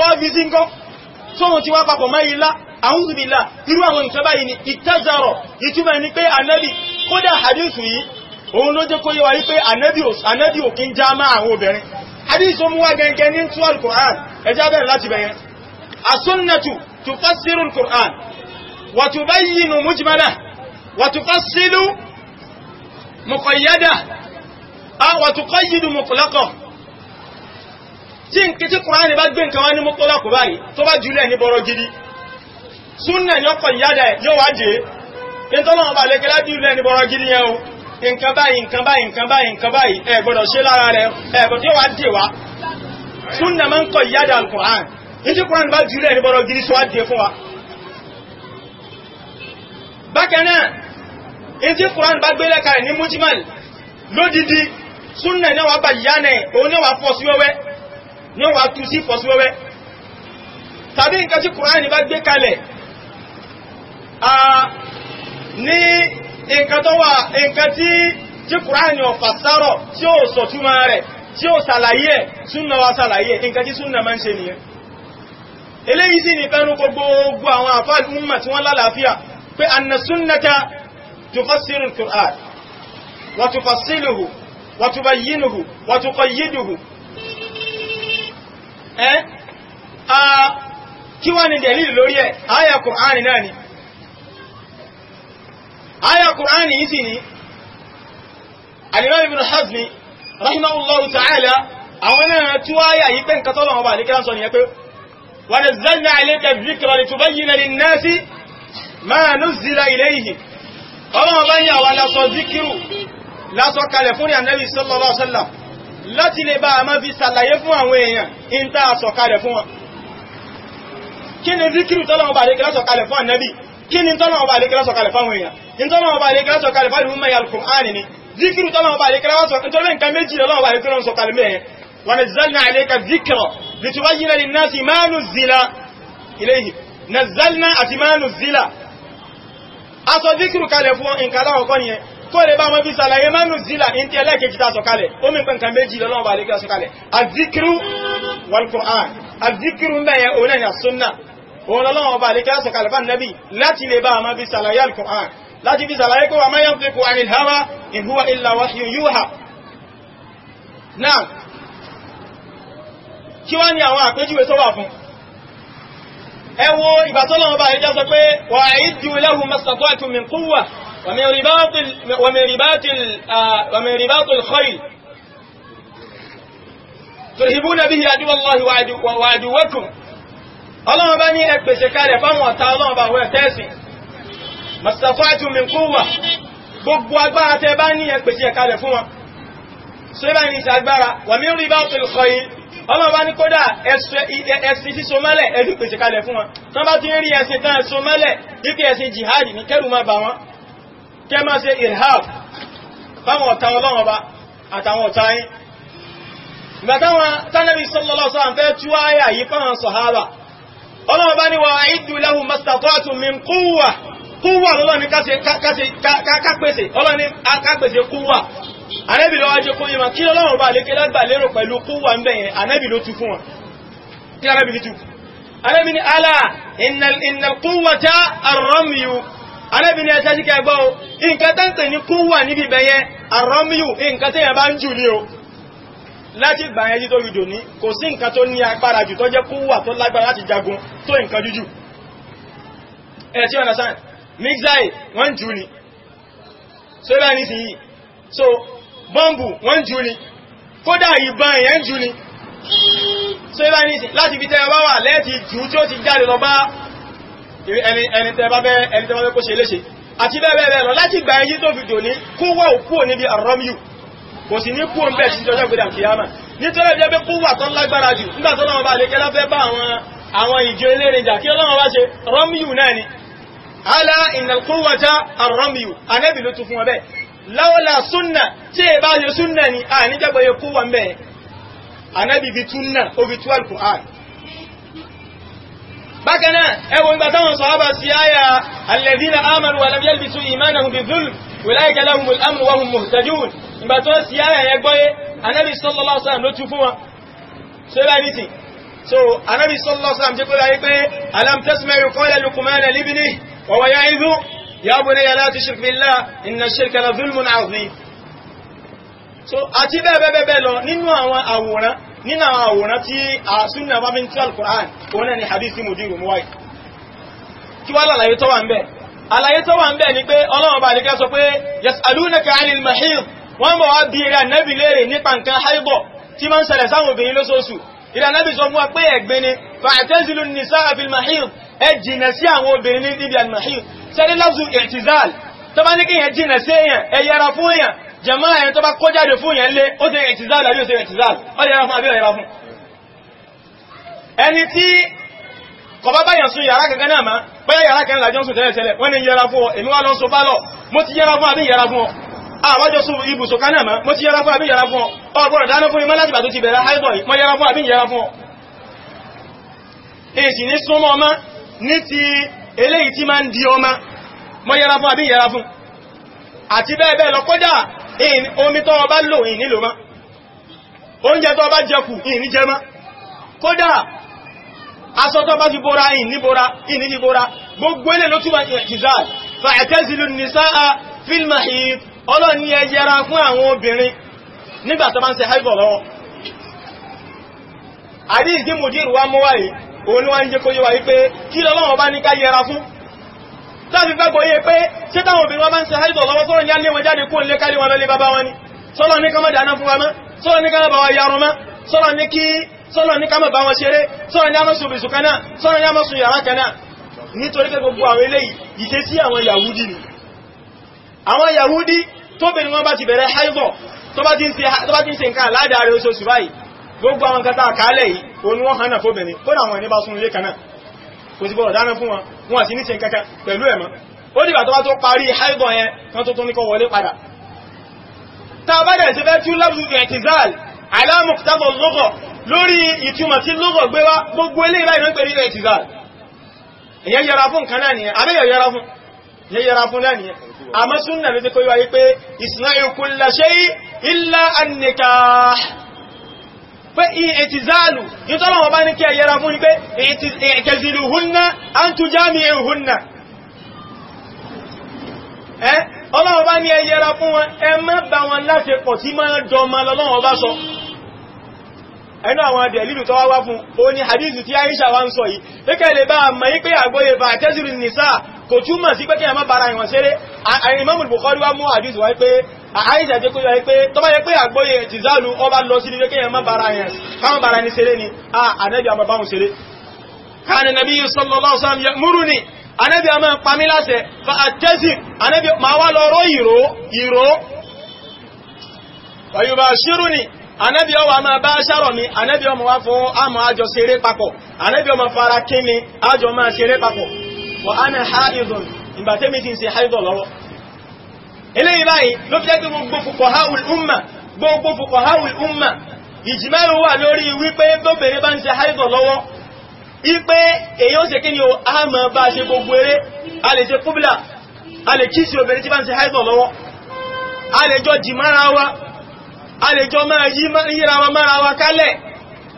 Speaker 2: wá fi sí ń sóhun ti wá papọ̀ máa ilá àúzùbìlá irú àwọn nǹkan báyìí ni ìtẹ́jọrọ̀ ìtumọ̀ ní pé ànábì kódà hadith yìí òun ló jẹ́ kó yíwa yí pé ànábì ò já máa àwọn obìnrin hadith ó mú wá gẹ́gẹ́ ní tú quran ẹjá bẹ̀rẹ̀ láti bẹ̀rẹ̀ as-sunnatu tufassiru al-Qur'an wa tubayyinu mujmalahu wa tufassilu muqayyadahu wa tuqayyidu tí n kí tí kùránì bá gbé nǹkan wá ní mọ́tọ́lá kò báyìí tó bá jùlẹ̀ ní bọ́rọ̀ gidi súnnà ni ọkọ̀ ìyádà yóò wá jẹ́ ìtọ́lọ́wọ́ bá lẹ́gẹ́lá jùlẹ̀ ní bọ́rọ̀ gidi yẹn o wa súnnà máa ń kọ ìyádà alkùrán ní tí kùránì bá jùlẹ̀ ní bọ́rọ̀ gidi sọ dé fún wa bákan náà ní tí kùránì bá gbélẹ̀ kalẹ̀ ní wà fọ́ sí wẹ́wẹ́ ní wà tú sí fọ́síwẹ́wẹ́ tàbí nǹkan tí kùránì bá gbé kalẹ̀ ní nǹkan tó wà nǹkan tí tí kùránì ọ̀fà sárọ̀ tí ó sọ túmọ̀ rẹ̀ tí ó sàlàyé ẹ̀ súnà wa sàlàyé nǹkan tí súnà máa ń ṣe nìyẹn eléyìí sí ní fẹ́nu gbogbo àwọn àfáàdì mọ̀ tí wọ́n lálàáfíà pé anna súnnata tufassirul qur'an wa tufassiluhu wa ẹ́ a kí wá ní dẹ̀lìlì lórí ẹ̀ àyà kùránì náà ni àyà kùránì yìí sì ní Al-Imam Ibn Hazm rahimahullahu ta'ala àwọn náà tí wá yà yí pé ọba àdíkẹ́ láti lè bá a máa fi sàlàyé fún àwọn èèyàn in tá a sọ̀kalẹ̀ fún wọn kí ni zikiru tọ́lọ́wọ́ bá lè kílá sọ̀kalẹ̀ fún ànábì kí ni tọ́lọ́wọ́ bá lè kílá sọ̀kalẹ̀ fún àwọn èèyàn in tọ́lọ́wọ́ bá lè kílá sọ̀kalẹ̀ fún àwọn èèyàn Al-Qur'ani ni zikiru tọ́lọ́wọ́ للناس ما نزل إليه نزلنا أتما نزل أصدقر كالفوان إن كلا وقال kó lè bá wọn fi sàlàyé mánú zila in ti ẹlẹ́kẹ̀ẹ́jì ta sọ̀kalẹ̀ ó mi pẹ̀ǹkan méjì lọ́wọ́ bá lè kí sọ̀kalẹ̀ azikiru walkur'an azikiru mẹ́yẹ onáyìn sunna òun lọ́wọ́ bá lè kí sọ̀kalẹ̀ bá nẹ́bí láti lè bá wọn fi sàlàyé alkur'an láti fi sàlàyé kó wà máa yàn fíkò àrìn hawa in huwa illa wà ومن رباط ال... ومن رباط ال... ومن رباط الخيل ترهبون به عدو الله وعدو... وعدوكم اللهم بني اكبس كاري فانوا تعالوا بهو تاسي ما استطعتم من قوة gbogbo agbára tẹ bá ní ẹgbẹ̀sí ẹ̀kalẹ̀ fún wọn ṣe bá ní ìṣàgbára wà mí rí bá pẹ̀lúkọ yìí ọmọ bá ní kódà ẹ̀sìn síso mẹ́lẹ̀ ẹ̀dùn pèsè kalẹ̀ fún wọn tán bá ti rí ẹ̀sìn tán ẹ̀sọ mẹ́lẹ̀ wípé ẹ̀sìn jihadi ní kẹrù má bà wọn kẹ máa ṣe irhab fáwọn ọ̀tá ọlọ́wọ́n bá àtàwọn ọ̀tá yín ìgbàtàwọn tánàbí sallallahu alaihi wasallam fẹ́ tú àyà yìí fáwọn sọ̀hábà ọlọ́wọ́n bá ní wa a'iddu lahum mastata'tum min quwwa kúwà lọ́lọ́ni kápèsè ọlọ́ni kápèsè kúwà anẹ́bì lọ́wọ́ jẹ́ kó yíma kí ọlọ́run bá lékẹ́ lágbà lérò pẹ̀lú kúwà ń bẹ̀yẹn anẹ́bì ló tú fún wọn kí anẹ́bì ló tú anẹ́bì ni alá innal arábìnrin ẹ̀ṣẹ́ sí kẹgbọ́ o nǹkan tẹ́ ń pè ní kún wà níbi bẹ̀yẹn àrọ́míyù nǹkan tẹ́yẹ bá ń jù ní o láti gbà ẹjí tó rìdò ní kò sí nǹkan tó ní agbára jù tó jẹ́ kún wà tó lágbára láti jagun tó nǹkan jújù ẹ̀ tí ọ̀nà sáà mixai wọ́n jù ní so bá ní sí yìí so bọ́ǹbù wọ́n jù ní kódà ìbọn èèyàn jù ní so bá ní láti fi tẹ́ wá wà lẹ́ẹ̀tì jù tí ó ti jáde lọ bá ẹni tẹ́bàbẹ́ kó ṣe léṣe àti bẹ́ẹ̀bẹ́ẹ̀ lọ láti gba ẹyí tó fìdò ní kó wà òkú níbi àrọ́míù kò sì ní kú ń bẹ̀ síjọ́ jọ́gbẹ̀dà kìyàmà nítorí ẹjẹ́ pé kó wà tán lágbára jù nígbàtọ́lọ́wọ́ bá lè kẹ́lá fẹ́ bá àwọn ìjọ elérìnjà kí ọlọ́wọ́ bá ṣe rọ́míù náà ni ala ìnàkúwàta àrọ́míù anẹ́bì ló tún fún ọbẹ̀ láwọ́lá súnnà tí è bá yẹ súnnà ni a níjẹ́gbẹ̀ yẹ kúwà mẹ́ anẹ́bì fi túnnà ó fi tú al-Qur'an bákanáà ẹwọ ìgbà táwọn sọ̀hábà sí ayà alladhina amanu wa lam yalbisu imanahum bizulm ulaika lahumul amnu wa hum muhtadun ìgbà tó sí ayà yẹ gbọ́yé anábì sallallahu alaihi wasallam ló tú fún wa ṣe bá ní ti so anábì sallallahu alaihi wasallam jẹ́ kọ́lá yí pé alam tasma'u qala luqmana libnihi wa huwa ya'idhu ya bunayya la tushrik billah inna ash-shirka la dhulmun 'azim àti bẹ́ẹ̀ bẹ́ẹ̀ bẹ́ẹ̀ lọ nínú àwọn àwòrán nínú àwọn àwòrán tí a súnà bá bíi tí al-Qur'an òun náà ni hadith mudiru muwai kí wá lálàyé tó wà ń bẹ̀ àlàyé tó wà ń bẹ̀ ni pé ọlọ́run bá dìkẹ́ sọ pé yas'alunaka 'anil mahid wọ́n bọ̀ wá bí rẹ̀ nẹ́bì léèrè nípa nǹkan haibọ̀ tí máa ń ṣẹlẹ̀ sáwọn obìnrin lóṣooṣù ìrànẹ́bì sọ fún wa pé jẹmọ́ ẹni tó bá kó jáde fún yẹn lé ó ti ẹ̀tìzáàlù àbí ó ti ẹ̀tìzáàlù ó lè yára fún àbí ọ̀yẹ́ra fún ẹni tí kọba báyàn sún yàrá kankan náà máa báyà yàrá kan lájọ́ sùn tẹ́lẹ̀ tẹ́lẹ̀ wọ́n ni yẹra fún ọ èmi wá lọ sọ bá lọ mo ti yẹra fún àbí yẹra fún ọ àwájọ́ sún ibùsùn kan náà máa mo ti yẹra fún àbí yẹra fún ọ ọgbọ̀rọ̀ dáná fún imọ́ láti bàtó ti bẹ̀rẹ̀ haibọ̀ yìí mo yẹra fún àbí yẹra fún ọ èsì ní súnmọ́ ọmọ ní ti eléyìí tí máa ń di ọmọ mo yẹra fún àbí yẹra fún àti bẹ́ẹ̀ bẹ́ẹ̀ lọ kódà omi tó ọba lò ìyìn nílò má oúnjẹ tó ọba jẹkù ìyìn ní jẹmá kódà aṣọ tó ọba ti bóra ìyìn ní bóra ìyìn ní bóra gbogbo ilé ló túnmà ìtìzáàl fa'tazilu nisaa fil mahid ọlọ́ni táàfi gbàgbọ́ yẹ pé ṣé táwọn obìnrin wọn bá ń ṣe haidọ̀ lọ́wọ́ sọ́rọ̀ ní alẹ́ wọn jáde kó lé kálé wọn lọ́lé bàbá wọn ni sọ́lọ́ ní kọ́mọ̀ dáná fún wa mọ́ sọ́lọ́ ní kọ́mọ̀ bá wa yarun mọ́ sọ́lọ́ ní kí sọ́lọ́ ní kọ́mọ̀ wọn ṣeré sọ́lọ́ ní amọ́sùn bìsù kaná sọ́lọ́ ní amọ́sùn yàrá kaná nítorí pé gbogbo àwọn eléyìí ìṣe sí àwọn yahudi ni àwọn yahudi tóbìnrin wọn bá ti bẹ̀rẹ̀ haidọ̀ tó bá ti ń ṣe nǹkan aládàá rẹ̀ oṣooṣù báyìí gbogbo àwọn nǹkan tá a kálẹ̀ yìí kò sí bọ́rọ̀ dáná fún wọn wọn àti níṣẹ́ kankan pẹ̀lú ẹ̀mọ́ ó dìgbà tó bá tó parí haidọ̀ yẹn kan tó tó ní kọ wọlé padà tá a bá dẹ̀ sí fẹ́ tí ó lábùsù ẹ̀tìzáàl aláàmùkútàbọ̀ lọ́gọ̀ lórí ìtumọ̀ tí lọ́gọ̀ gbé wá gbogbo eléyìí láì pẹ̀lú ẹ̀tìzáàl èyẹ yẹra pé ìtìzáàlù ezi bá ní kí ẹ̀yẹra fún pé ìkẹzìlù húnná an tó jámi húnná ẹ́ ọlọ́wọ̀ bá ní ẹ̀yẹra fún wọn ẹ má bá wọn láṣepọ̀ tí máa ma bá sọ ẹnu àwọn dẹ̀lìlù tó wá fún o ní hadithu tí Aisha wá ń sọ yìí pẹ́kẹ́ lè bá àmà yí pé àgbóyè bá tẹ́sìrì nìsá kò túmọ̀ sí pẹ́kẹ́ àmà bára ìwọ̀n ṣeré àìmọ́mù Bukhari wá mú hadithu wá pé Aisha jẹ́ kóyọ pé tó bá yẹ pé àgbóyè jìzálù ọba lọ sí ilé kéyàn má bára ẹni ṣeré ni a ànẹ́bí àmà báhùn ṣeré kan nabi sallallahu alaihi wasallam ya'muruni ànẹ́bí àmà pàmí láṣẹ fa àtẹ́sìr ànẹ́bí ma wá lọ rọ ìró ìró fa yubashiruni ànábì ọwà máa bá ṣàrọ̀ ní ànábì ọmọ wá fún àmọ́ àjọ ṣeré papọ̀ ànábì ọmọ fara kí ni àjọ máa ṣeré papọ̀ wọ́n á ní haidun ìgbàtẹ́mì ti ń ṣe haidun lọ́wọ́ eléyìí báyìí ló fi jẹ́ gbogbo umma umma ìjìmẹ́rù wà lórí wípé bá ń lọ́wọ́ o a bá ṣe gbogbo eré a lè ṣe kúbìlà a lè kí a lè jọ máa yíra wa mára wa kálẹ̀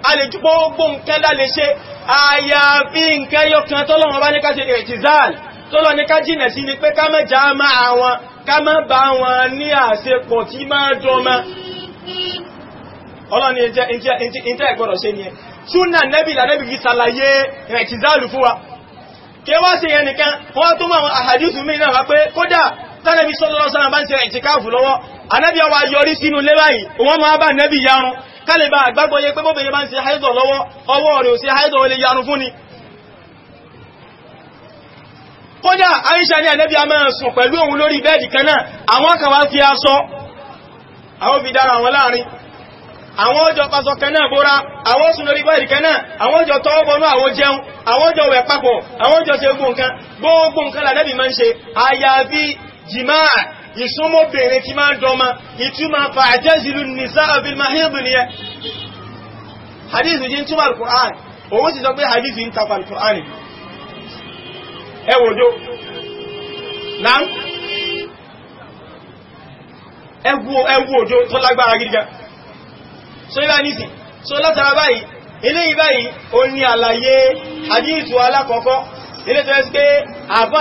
Speaker 2: a lè jù gbogbo nǹkan dá lè ṣe àyàfi nǹkan yọkan tọ́lọ́wọ́n bá ní ká ṣe ìtìzáàl tọ́lọ́ ní ká jìnà sí ni pé ká má já máa wọn ká má bá wọn ní àṣepọ̀ tí máa dọ́mà ọlọ́ni ìjẹ́ ẹ̀gbọ́dọ̀ ṣe ni ẹ ṣúnà nẹ́bì lànẹ́bì fi sàlàyé ìtìzáàlù fún wa kí wá sí ẹnìkan wọ́n tó máa àhàdìsù mí náà wá pé kódà tánàbí sọ́lọ́lọ́ sọ́nà bá ń ṣe ìtìkáàfù lọ́wọ́ anábí ọwà yọrí sínú lé báyìí wọ́n máa bá nẹ́bí yarun kálẹ̀bá àgbàgbọ́ yẹ pé bóbìnrin bá ń ṣe haidọ̀ lọ́wọ́ ọwọ́ rẹ̀ ò sí haidọ̀ olè yarun fún ni kódà Aisha ní ànẹ́bí a máa sùn pẹ̀lú òun lórí bẹ́ẹ̀dì kan náà àwọn kan wá fi aṣọ àwọn fi dára àwọn láàrin àwọn ọjọ́ pasọ kan náà bóra àwọn sùn lórí bẹ́ẹ̀dì kan náà àwọn ọjọ́ tọwọ́ bọnú àwọn jẹun àwọn ọjọ́ wẹ̀ papọ̀ àwọn ọjọ́ ṣe gbogbo nǹkan gbogbo nǹkan lànẹ́bí máa ń ṣe àyàfi jìmáà ìsúnmọ́bìnrin tí máa ń dọmọ ìtumà fa'tazilu nisaa bil mahid nìyẹn hadith yìí túnmà al-Qur'an òun sì sọ pé hadith ń tapa al-Qur'an ẹwòjó náà ẹwú òjò tó lágbára gíga so ilá nìsìn so látara báyìí ilé ìbáyìí ó ní àlàyé hadith alákọ̀ọ́kọ́ ilé tó ẹ́ sí pé àbá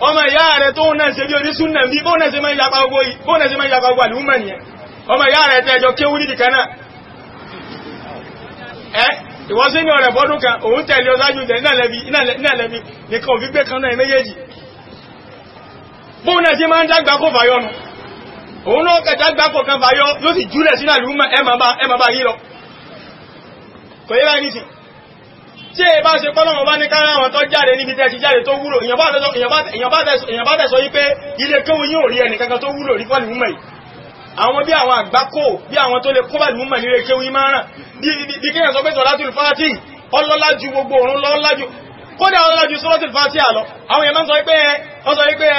Speaker 2: ọmọ ìyá rẹ̀ tó náà ṣe bí onísúnnà bí bóònà sí máa yapa ogbò alúmọ̀ nìyẹn ọmọ ìyá rẹ̀ tẹ́jọ kéwú ní dìkaná ẹ́ ìwọ́sí ní ọ̀rẹ̀ bọ́dún kan òun tẹ̀lé ọ̀sájú jẹ́ nílẹ̀lẹ́bí nìkan òfin gbé kan náà méjèèjì bóònà sí máa ń dágbà kó fàyọ nù òun náà kẹta gbà kó kan fàyọ ló sì júlẹ̀ sínú àlúmọ̀ ẹ tí ẹ bá ṣe pọ́lọ́wọ́ bá ní kára àwọn tó jáde níbi tẹ́ ti jáde tó wúlò èyàn bá tẹ́sọ wípé ilé kéwú yóò rí ẹnì kankan tó wúlò rí fọ́lù múmẹ̀ àwọn bí àwọn àgbákò bí àwọn tó lè kó bá múmẹ̀ nílé kéwú yí máa ràn bí kódà ọlọ́lá ju sọ́lọ́tì fàtíà lọ àwọn èèyàn sọ pé wọ́n sọ pé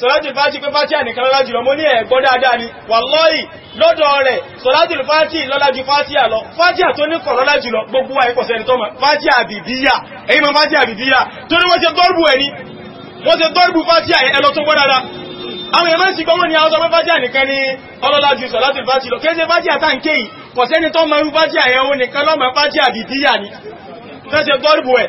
Speaker 2: sọ́lọ́tì fàtí pé fàtíà nìkan lọ́lá jùlọ mo ní ẹ̀gbọ́ dáadáa ni wàlọ́ì lọ́dọ̀ rẹ̀ sọ́lọ́tì fàtí lọ́lá ju fàtíà lọ fàtíà tó ní kọ̀ lọ́lá jùlọ gbogbo àìkọ̀sẹ̀ ní tọ́mà fàtíà bìbíyà èyí mọ fàtíà bìbíyà tó ní wọ́n ṣe dọ́rùbù ẹni wọ́n ṣe dọ́rùbù fàtíà ẹ lọ tó gbọ́ dáadáa àwọn èèyàn sì gbọ́mọ́ ni àwọn ọmọ fàtíà nìkan ni ọlọ́lá ju sọ́lọ́tì fàtí lọ kéèṣe fàtíà tá ń kéyì kọ̀sẹ́ni tó mọ irú fàtíà ẹ̀ òun nìkan lọ́mọ fàtíà bìbíyà ni tó ṣe dọ́rùbù ẹ̀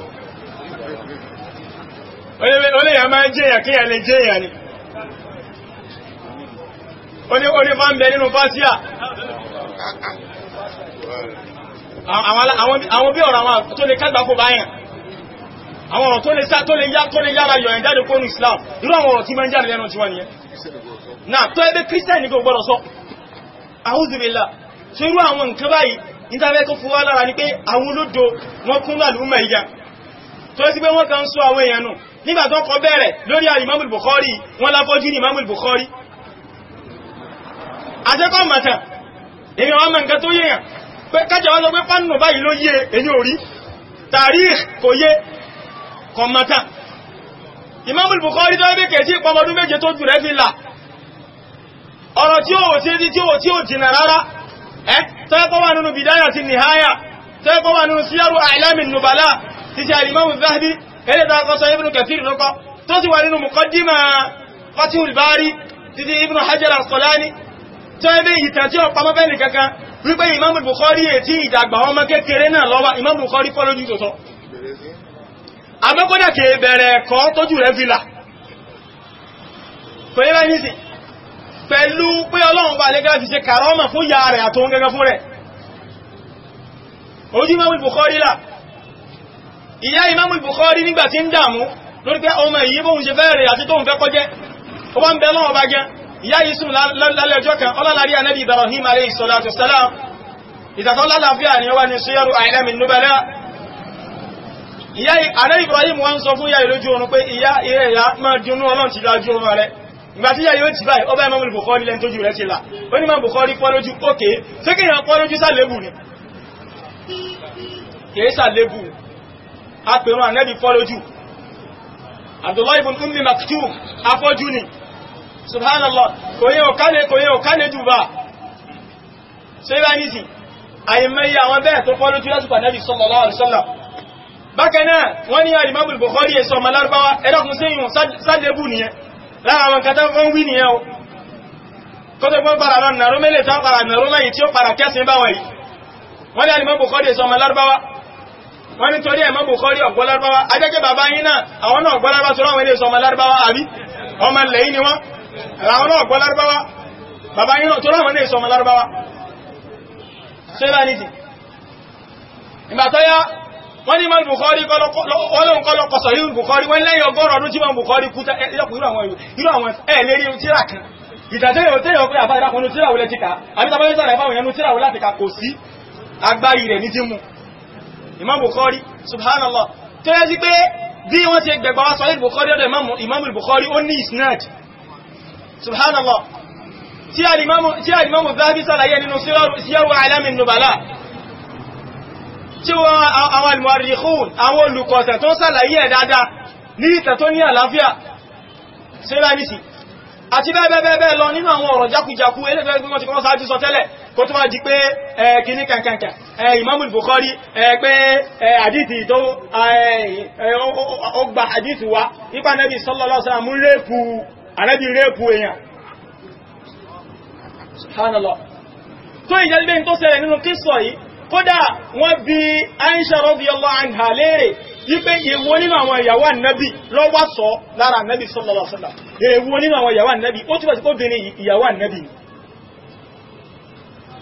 Speaker 2: oléyà máa jẹ́yà kí yà lè jẹ́yà ni oní máa ń bẹ nínú fásíà àwọn bí ọ̀rọ̀ àwọn tó lè kágbà kó báyàn àwọn ọ̀rọ̀ tó lè sá tó lè yá tó lè yára yọ̀yìn jáde kó ní Islam irú àwọn ọ̀rọ̀ tí máa ń jáde lẹ́nu tiwọn nìyẹn náà tó ẹgbẹ́ kírísítẹ́nì kò gbọ́dọ̀ sọ àhúzùbílà ṣe irú àwọn nǹkan báyìí nítorí tó fún wa lára ni pé àwọn olódo wọn kún lálùmọ̀ ìyá tó sí pé wọ́n kan sọ àwọn èèyàn nù nígbà tó kọ bẹ̀rẹ̀ lórí Imamul Bukhari wọ́n láfọ́jú ní Imamul Bukhari àjẹ́kọ́ màtà èmi àwọn mẹ́ǹkan tó yẹ̀yàn pé kájà wọ́n sọ pé pánù báyìí ló yé èyí orí tàríkh kò yé kọ màtà Imamul Bukhari tó ẹgbẹ́ ọ̀rọ̀ tí ó tí tí ó tí ó jìnà rárá ẹ́ tẹ́ẹ̀kọ́ wà nínú bidaya ti nìháyà tẹ́ẹ̀kọ́ wà nínú síyàrù a'lamin nubala títí alimamu zahdi ẹlẹ́ ta kọ́sọ ibn kathir lọ́kọ́ tó sì wà nínú muqaddima fatihul bari títí ibn hajar al-asqalani tó ẹbí ìtàn tí ó pamọ́ bẹ́ẹ̀ nìkankan wípé imam bukhari ètí ìdàgbà ọmọ kékeré náà lọ́wọ́ imam bukhari fọ́lójú tó sọ amẹ́kọ́dà kè bẹ̀rẹ̀ ẹ̀kọ́ tójú rẹ̀ fìlà pẹ̀lú bá nísì pẹ̀lú pé ìyá imamu Bukhari nígbà tí ń dàmú lórí pé ọmọ èyí bóhun ṣe fẹ́rẹ̀ àti tóhun fẹ́ kọjẹ́ ó bá ń bẹ lọ́wọ́ bá gẹ́ ìyá yìí sùn lálẹ́ ọjọ́ kan ọlọ́lárí anẹ́bí Ibrahim alayhi salatu wassalam ìtàkọ́ lálàáfíà ni ó wà ní Siyaru A'lamin Nubala ìyá anẹ́bí Ibrahim wọ́n sọ fún ìyá ìlójú oorun pé ìyá ìrẹ̀ ìyá máa dúnú ọlọ́run ti dájú oorun rẹ̀ ìgbàtí yà yóò ti báyìí ọba Imam Bukhari kìí sàlébù apẹ̀rún ànẹ́bì fọ́lójú Abdullahi ibn Ummi Maktum afọ́jú ni subhanallah kò yẹ òkálẹ̀ kò yẹ òkálẹ̀ jù bá ṣe bá ní sí àyẹ̀mẹ́yẹ àwọn bẹ́ẹ̀ tó fọ́lójú lásìkò ànẹ́bì sallallahu alaihi wasallam bákan náà wọ́n ní alimabul Bukhari ẹ̀sọ́ malárúbáwá ẹ̀dọ́kùn sí ìhùn sálẹ́bù nìyẹn lára àwọn kẹta fọ́n wí nìyẹn o tó tó gbọ́n para lọ́nà rómẹ́lẹ̀ tán para nà rómẹ́yìn tí ó para kẹsìn báwọn yìí wọ́n ní alimabul Bukhari ẹ̀sọ́ malárúbáwá wọ́n ní torí ẹ̀mọ́ Bukhari ọ̀gbọ́ lárúbáwá ajẹ́kẹ́ bàbá yín náà àwọn náà ọ̀gbọ́ lárúbá tó ráwọn ilé sọmọ lárúbáwá àbí ọmọ ilẹ̀ yìí ni wọ́n àwọn náà ọ̀gbọ́ lárúbáwá bàbá yín náà tó ráwọn ilé sọmọ lárúbáwá ṣe bá nìtì ìgbàtọ́yá wọ́n ní mọ́n Bukhari ọlọ́run kọ́lọ́ kọsọ̀ yìí Bukhari wọ́n lẹ́yìn ọgọ́rùn ọdún tí wọ́n Bukhari kú irú àwọn ẹ̀ lérí tíra kan ìdàtẹ́ yóò tẹ́yọ̀ pé àbájáde kan ní tíra wọlé tíka àbí tàbí tàbí tàbí tàbí tàbí tàbí tàbí tàbí Imam Bukhari subhanallah tó yẹ sí pé bí wọ́n ti gbẹ̀gbà wá sọ́lẹ̀ Bukhari ọ̀dọ̀ Imam Bukhari ó ní isnad subhanallah tí al-Imam Zahabi sàlàyé nínú síyàwó alamin nubala tí wọ́n àwọn al-mu'arrikhun àwọn olùkọ̀ọ̀sẹ̀ tó sàlàyé ẹ̀ dáadáa ní ìtẹ̀ tó ní àlàáfíà sí ránìsì àti bẹ́ẹ̀ bẹ́ẹ̀ lọ kó tó wá di pé kíní kankanka Imamul Bukhari pé àdìsí tó ó gba àdìsí wá nípa nẹ́bí sallallahu alaihi wasallam rẹ́pù ànẹ́bí rẹ́pù èèyàn subhanallah tó ìjẹ́lẹ́bẹ̀ tó ṣẹlẹ̀ nínú kíso yìí kódà wọ́n bi Aisha radiyallahu anha léèrè wípé èwo nínú àwọn ìyàwó ànábì lọ́wọ́ sọ lára ànábì sallallahu alaihi wasallam èwo nínú àwọn ìyàwó ànábì ó túnbọ̀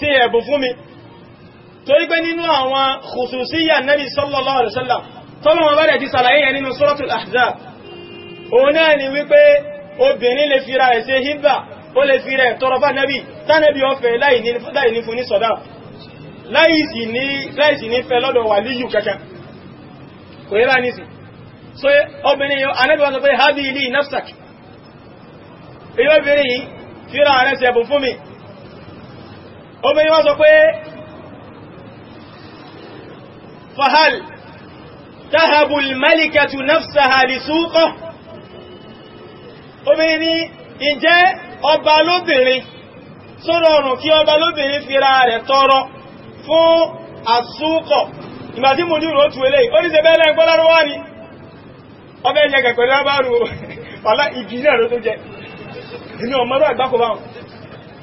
Speaker 2: ṣe ẹ̀bùn fún mi torí pé nínú àwọn khususiyya nabi sallallahu alaihi wasallam tọ́lọ́wọ́ bá rẹ̀ ti sàlàyé yẹn nínú suratul ahzab òun náà ni wípé obìnrin lè fi ra ẹ̀ ṣe hibba ó lè fi rẹ̀ tọrọ fún nabi tánàbí ọfẹ́ láì ní fún ní sọ̀dá láì sì ní fẹ́ lọ́dọ̀ wàlíyù kankan kò yẹ́ o wọ́n sọ pé fahal tahabul malikatu nafsaha li suqo obìnrin ni ìjẹ́ ọba lóbìnrin sọ́rọ̀ kí ọba lóbìnrin fira rẹ̀ tọrọ fún àsúkọ̀ ìgbàtí mú ní ìrò tù elé ọ ní ṣe bẹ́ẹ̀ lẹ́gbọ́n ọbẹ̀ tó jẹ inú ọmọdé báwọn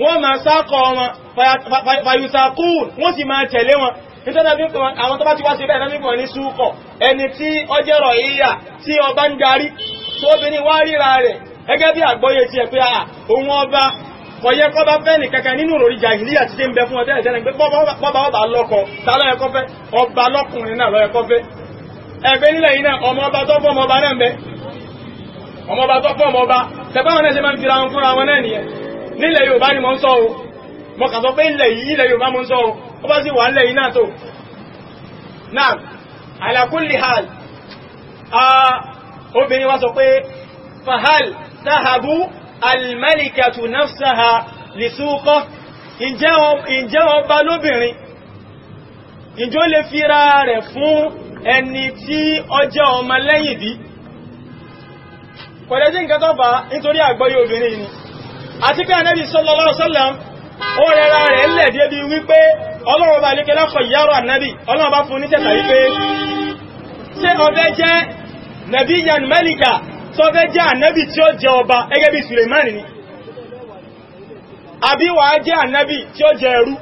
Speaker 2: wọ́n máa sákọ̀ wọn fàyùsàkún wọ́n sì máa tẹ̀lé wọn nítorí àwọn tó bá ti wá sí bẹ́ẹ̀ nígbà ní súkọ̀ ẹni tí ó ìyà tí ọba ń darí tó obìnrin wá ríra rẹ̀ gẹ́gẹ́ bí àgbọ́yé ti ọba nínú òròrí ti fún pé bọ́bá ọba lọ́kọ̀ ta lọ́yẹ̀kọ́ fẹ́ ọba lọ́kùnrin náà lọ́yẹ̀kọ́ fẹ́ ẹgbẹ́ nílẹ̀ yìí náà ọmọ nílẹ̀ Yorùbá ni mo ń sọ o mo kà sọ pé ilẹ̀ yìí ilẹ̀ Yorùbá mo ń sọ o ó bá sì wà nílẹ̀ yìí náà tó náà àlàkùnlé hàn obìnrin wá sọ pé fahal tahabu almalikatu nafsaha lisúkọ́ ǹjẹ́ ọba lóbìnrin ìjọ lè fira rẹ̀ fún ẹni tí ọjọ́ ọmọ lẹ́yìn bí kọ̀dẹ̀ nǹkan tó nítorí àgbọ́yé obìnrin ni àti pé Ànábì sallallahu alaihi wasallam
Speaker 3: ó rẹra rẹ̀ lẹ̀
Speaker 2: débi wípé Ọlọ́run bá lékẹ́ lọ́kọ̀ yàrọ̀ Ànábì Ọlọ́run bá fún ní tẹ́ta wípé ṣé ọbẹ̀ jẹ́ nabiyyan malika tó fẹ́ jẹ́ Ànábì tí ó jẹ ọba ẹgẹ́ bí Suleiman ni àbí wà á jẹ́ Ànábì tí ó jẹ ẹrú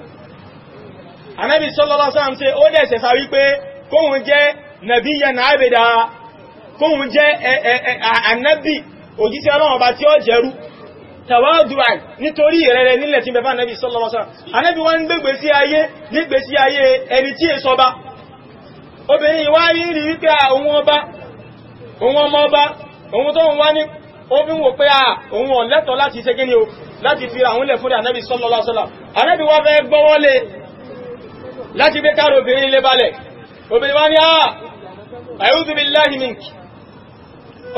Speaker 2: Ànábì sallallahu alaihi wasallam ṣe ó dẹ̀ ṣẹ̀ṣà wípé kóhun jẹ́ nabiyyan abida kóhun jẹ́ Ànábì òjíṣẹ́ Ọlọ́run tàwádùáì nítorí ìrẹrẹ nílẹ̀ tí bẹ̀fà nẹ́bí sọ́lọ́lọ́sọ́ anẹ́bí wọ́n ń gbégbé sí ayé nígbé sí ayé ẹni tí è sọba obìnrin ìwá rí rí wípé àwọn ọba òun ọmọ ọba òun tó ń wá ní omi wò pé òun ọ̀lẹ́tọ̀ láti ṣe gíní o láti fi àwọn ilẹ̀ fúnra anẹ́bí sọ́lọ́lọ́sọ́lá anẹ́bí wọ́n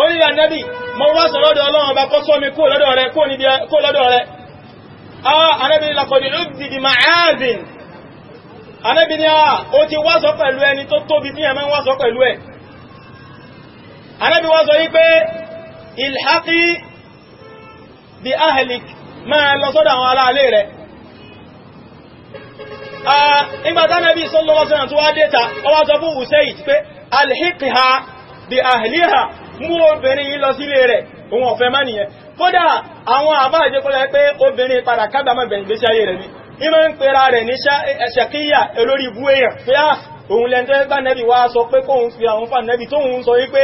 Speaker 2: orílẹ̀ ànẹ́bì mọ́ wá sọ lọ́dọ̀ ọlọ́run ọba kọ́ sọ́mi kó lọ́dọ̀ rẹ kó lọ́dọ̀ rẹ ànẹ́bì ni lakọ̀dì lóbìdì ma'azin ànẹ́bì ni a ó ti wá sọ pẹ̀lú ẹni tó tóbi tí ẹ̀mẹ́ wá sọ pẹ̀lú ẹ̀ ànẹ́bì wá sọ yí pé ilhaqi bi ahlik máa lọ sọ́dọ̀ àwọn aláàlé rẹ̀ ìgbàtánẹ́bì sọ́lọ́wọ́sọ́nà tó wá dẹ́ta mú obìnrin yìí lọ sílé rẹ̀ òun ọ̀fẹ́ má nìyẹn kódà àwọn àbá àjẹkọ́lẹ̀ pé obìnrin padà kábàámọ̀ ìgbésí ayé rẹ̀ ni ìmọ̀ ń pera rẹ̀ ní ṣàkíyà olórí ibú èèyàn pé á ah, òun lẹ́ntẹ́ bá nẹ́bì wá sọ pé kóhun fi àwọn fà nẹ́bì tóhun sọ wípé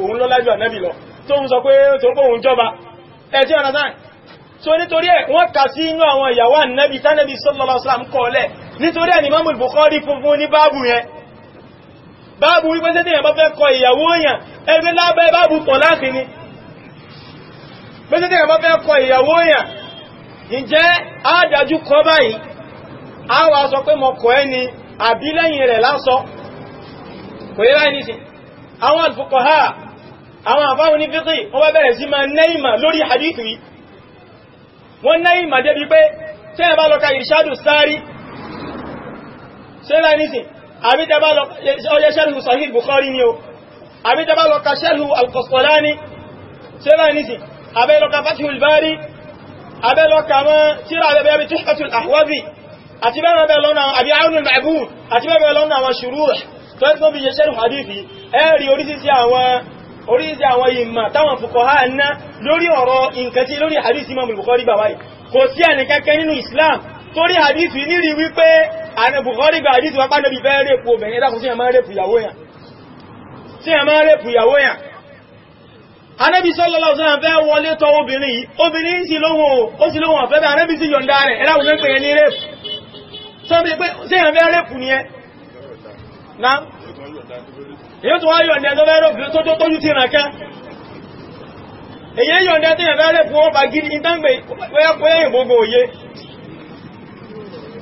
Speaker 2: òun lọ́lájú ànẹ́bì lọ tóhun sọ pé tóhun jọba ẹ̀tí ọ̀nà sáà so nítorí ẹ̀ wọ́n kà sí ni Imamul Bukhari báàbù wípé tẹ́tẹ́ yẹn bá fẹ́ kọ ìyàwó èèyàn ẹgbẹ́ lábẹ́ báàbù pọ̀ láti ni pẹ́tẹ́tẹ́ yẹn bá fẹ́ kọ ìyàwó èèyàn ǹjẹ́ ádájú kọ báyìí a wà sọ pé mọ kọ ẹni àbí lẹ́yìn rẹ̀ lásọ kò yẹ láì nísìn àwọn alfuqaha àwọn àfáwọn ní fíkì wọ́n bá bẹ̀rẹ̀ sí máa nẹ́ìmà lórí hadithu yìí wọ́n nẹ́ìmà débi pé tẹ́ẹ̀ bá lọ ka ìrìṣàdù sáárí ṣe láì nísìn àbí tẹ́ bá lọ ọyẹ́ sẹ́rù Sahih Bukhari ni o àbí tẹ́ bá lọ ka sẹ́rù Al-Qastalani ṣe bá nìsí àbẹ́ lọ ka Fathul Bari àbẹ́ lọ ka mọ́ tíra àbẹ́bẹ́ bí Tuhfatul Ahwazi àti bẹ́ẹ̀ lọ́nà àbí Aunul Ma'bud àti bẹ́ẹ̀ torí àdísì nírí wípé àrẹ̀bùkọ́rí gba àdísì wápá níbi fẹ́ rèpù obìnrin dákùn sí ẹ̀mọ́ rèpù ìyàwó yàn sí ẹ̀mọ́ rèpù ìyàwó yàn Ànábì sallallahu alaihi fẹ́ wọlé tọ̀ obìnrin yìí obìnrin sí lóhun ó sí lóhun ọ̀fẹ́ bẹ́ sí yọ̀ǹda rẹ̀ ẹ̀láwùn èyí gidi ìtàǹgbè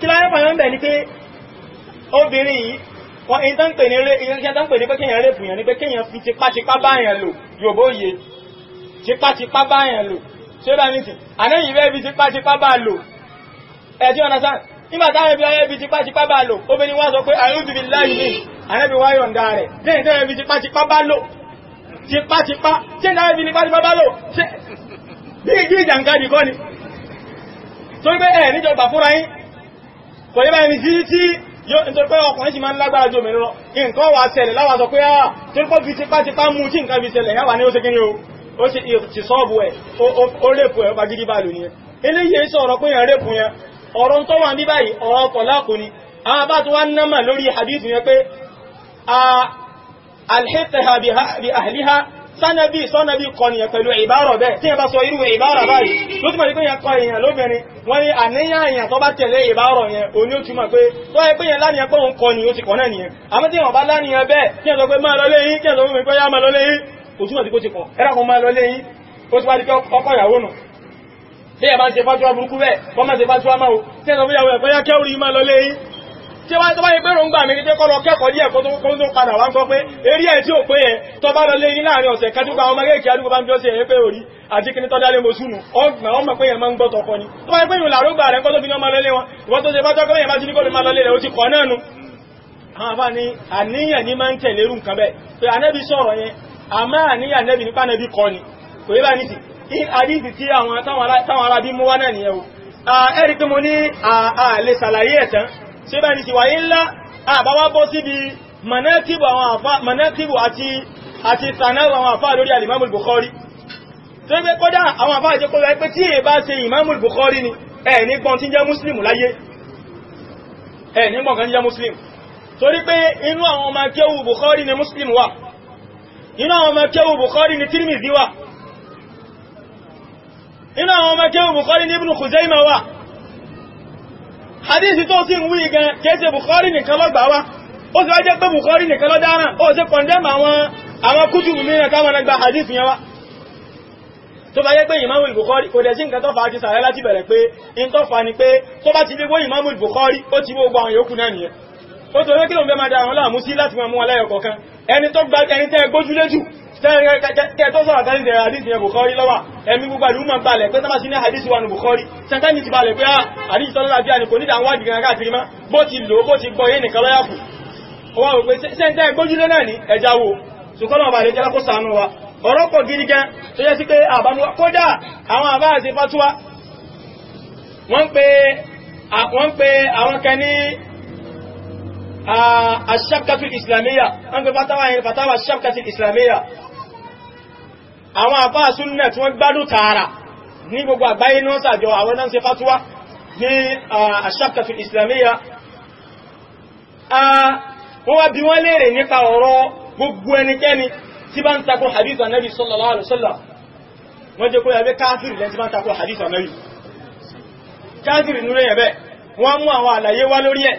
Speaker 2: kí láyé fàyọ́ ń bẹ̀ ni pé obìnrin yìí wọ́n in tán pè ní irinṣẹ́ tán pè ní pé kéèyàn rèpù yàn ni pé kéèyàn fi tipátipá báyàn lò yòbó yé tipátipá báyàn lò ṣé bá nìsín àlẹ́yìn rẹ̀ fi tipátipá bá lò ẹ̀tí ọ̀nà sáà nígbà táwọn ẹbí ọyẹ́ fi tipátipá bá lò obìnrin wọ́n sọ pé àrùbí bí láì ní àrẹ́bí wá yọ̀ǹda rẹ̀ lẹ́yìn tẹ́yẹ fi tipátipá bá lò tipátipá ṣé ẹ̀ níjọba fúnra yín kò yíba ẹni sí tí yóò nítorí pé ọkùnrin sì máa ń lágbára jù mí lọ nǹkan wà ṣẹlẹ̀ láwà sọ pé á tó pọ̀ fi tipátipá mú tí nǹkan fi ṣẹlẹ̀ yáwà ní ó ṣe kí ni o ó ṣe ti sọ́ọ̀bù ẹ̀ ó rèpù ẹ̀ ọba gidi bá lò nìyẹn eléyìí sánẹ́bí sọ́nẹ́bí kọniyàn pẹ̀lú ìbárọ̀ bẹ́ẹ̀ tí ẹ bá sọ irú ìbárọ̀ báyìí ló túnmọ̀ pé yẹn kọ èèyàn lóbìnrin wọ́n ní àníyàn èèyàn tó bá tẹ̀lé ìbárọ̀ yẹn o ní ó túnmọ̀ pé tó ẹ pé yẹn lánìyàn pé òun kọni ó ti kọ̀ náà nìyẹn àmọ́ tí wọ́n bá lánìyàn bẹ́ẹ̀ kí ẹ sọ pé máa lọ léyìn kí ẹ sọ pé yá máa lọ léyìn kò túnmọ̀ sí kó ti kọ̀ ẹ̀rà kan máa lọ léyìn ó ti wá di ọkọ̀ ìyàwó bá ṣe fásiwá burúkú bẹ́ẹ̀ wọ́n máa ṣe fásiwá máa o tí ẹ sọ pé ẹ̀kọ́ yá kẹ́rù yìí máa lọ léyìn tí wọ́n tó bá yẹ pé rọ̀ǹgbà mi ní pé kọ́lọ kẹ́kọ̀ọ́ díẹ̀ kó tó padà wá ń kọ́ pé eré ẹ̀ tí ò pé ẹ tó bá lọ lé yín láàrin ọ̀sẹ̀ kájúgbà ọmọ rẹ̀ kí adúgbò bá ń jọ́sẹ̀ ẹ̀ pé orí àti kí ní tọ́dá lé mosúnù ọgbà ọmọ pé yẹn máa ń ni tó bá yẹ pé ìrùn làrógbà rẹ̀ kọ́ tó fi ní ọmọ lẹ́lé wọn ìwọ́n tó ṣe bá tọ́kọ́ yẹn bá ti ní kó lè máa lọ lé rẹ̀ ó ti kọ́ náà nu àwọn afá ni àníyàn ní máa ń tẹ̀lé rú nǹkan bẹ́ẹ̀ pé anẹ́bí sọ̀rọ̀ ṣàlàyé ẹ̀tàn ṣe bá ní síwáyé ńlá àbáwá bọ́ síbi manakibu àti sanawu àwọn àfáà lórí alimamul bukhari tó gbé kọ́dá àwọn àfáà jẹ́ kọ́lá pé tí èbá ṣe imamul bukhari ni ẹ̀ ní gbọ́n tí jẹ́ muslim láyé ẹ̀ ní gbọ́n kan jẹ́ muslim torí pé inú àwọn ọmọ kéwù bukhari ni muslim wà inú àwọn ọmọ kéwù bukhari ni tirmidhi wà inú hadisi tó sì ń wí gan kéèsè Bukhari nìkan lọ́gbà wá ó sì wá jẹ́ pé Bukhari nìkan lọ dára ó sì kọ̀ndẹ́m àwọn àwọn kútù mìíràn káwọn ẹgbà hadisi yẹn wá tó bá jẹ́ pé Imamul Bukhari kò dẹ̀ sí nǹkan tó fa ti sàrẹ́ láti bẹ̀rẹ̀ pé in tó ni pé tó bá ti lé wó Imamul Bukhari ó ti wó gbọ́ àwọn yòókù náà nìyẹn ó tó rékí lòun fẹ́ máa da àwọn láàmú sí láti máa mú aláyọ̀ kọ̀ọ̀kan ẹni tó gba ẹni tẹ́ gbójúlé jù tẹ́ẹ̀tọ́ sọ̀rọ̀ tẹ́lẹ̀ tẹ́lẹ̀ hadith yẹn Bukhari lọ́wà ẹ̀mí wa ní Bukhari sẹ́tẹ́ni ti balẹ̀ pé á ah, hadith sọ́lọ́lá bí a ní kò nídà wájú gan káàkiri má bó ti lò bó ti gbọ́ yé nìkan lọ́yà kù ó wá rò pé sẹ́ntẹ́ gbójúlé náà ní ẹja wo ṣùkọ́lọ́ ọba àlejẹ́ lákó aṣẹ́kàtù islamiyya wọ́n pẹ̀ fatawa yẹn fatawa aṣẹ́kàtù islamiyya àwọn àbá súnnà tí wọ́n gbádùn tààrà ní gbogbo àgbáyé náà sàjọ àwọn náà ṣe fatuwa ní aṣẹ́kàtù islamiyya wọ́n wá bí wọ́n léèrè nípa ọ̀rọ̀ gbogbo ẹnikẹ́ni tí bá ń takò hadith anabi sallallahu alaihi wasallam wọ́n jẹ́ kó yàgbé káfìrì lẹ́n tí bá ń takò hadith anabi káfìrì nú lẹ́yẹ̀ bẹ́ẹ̀ wọ́n mú àwọn àlàyé wá lórí ẹ̀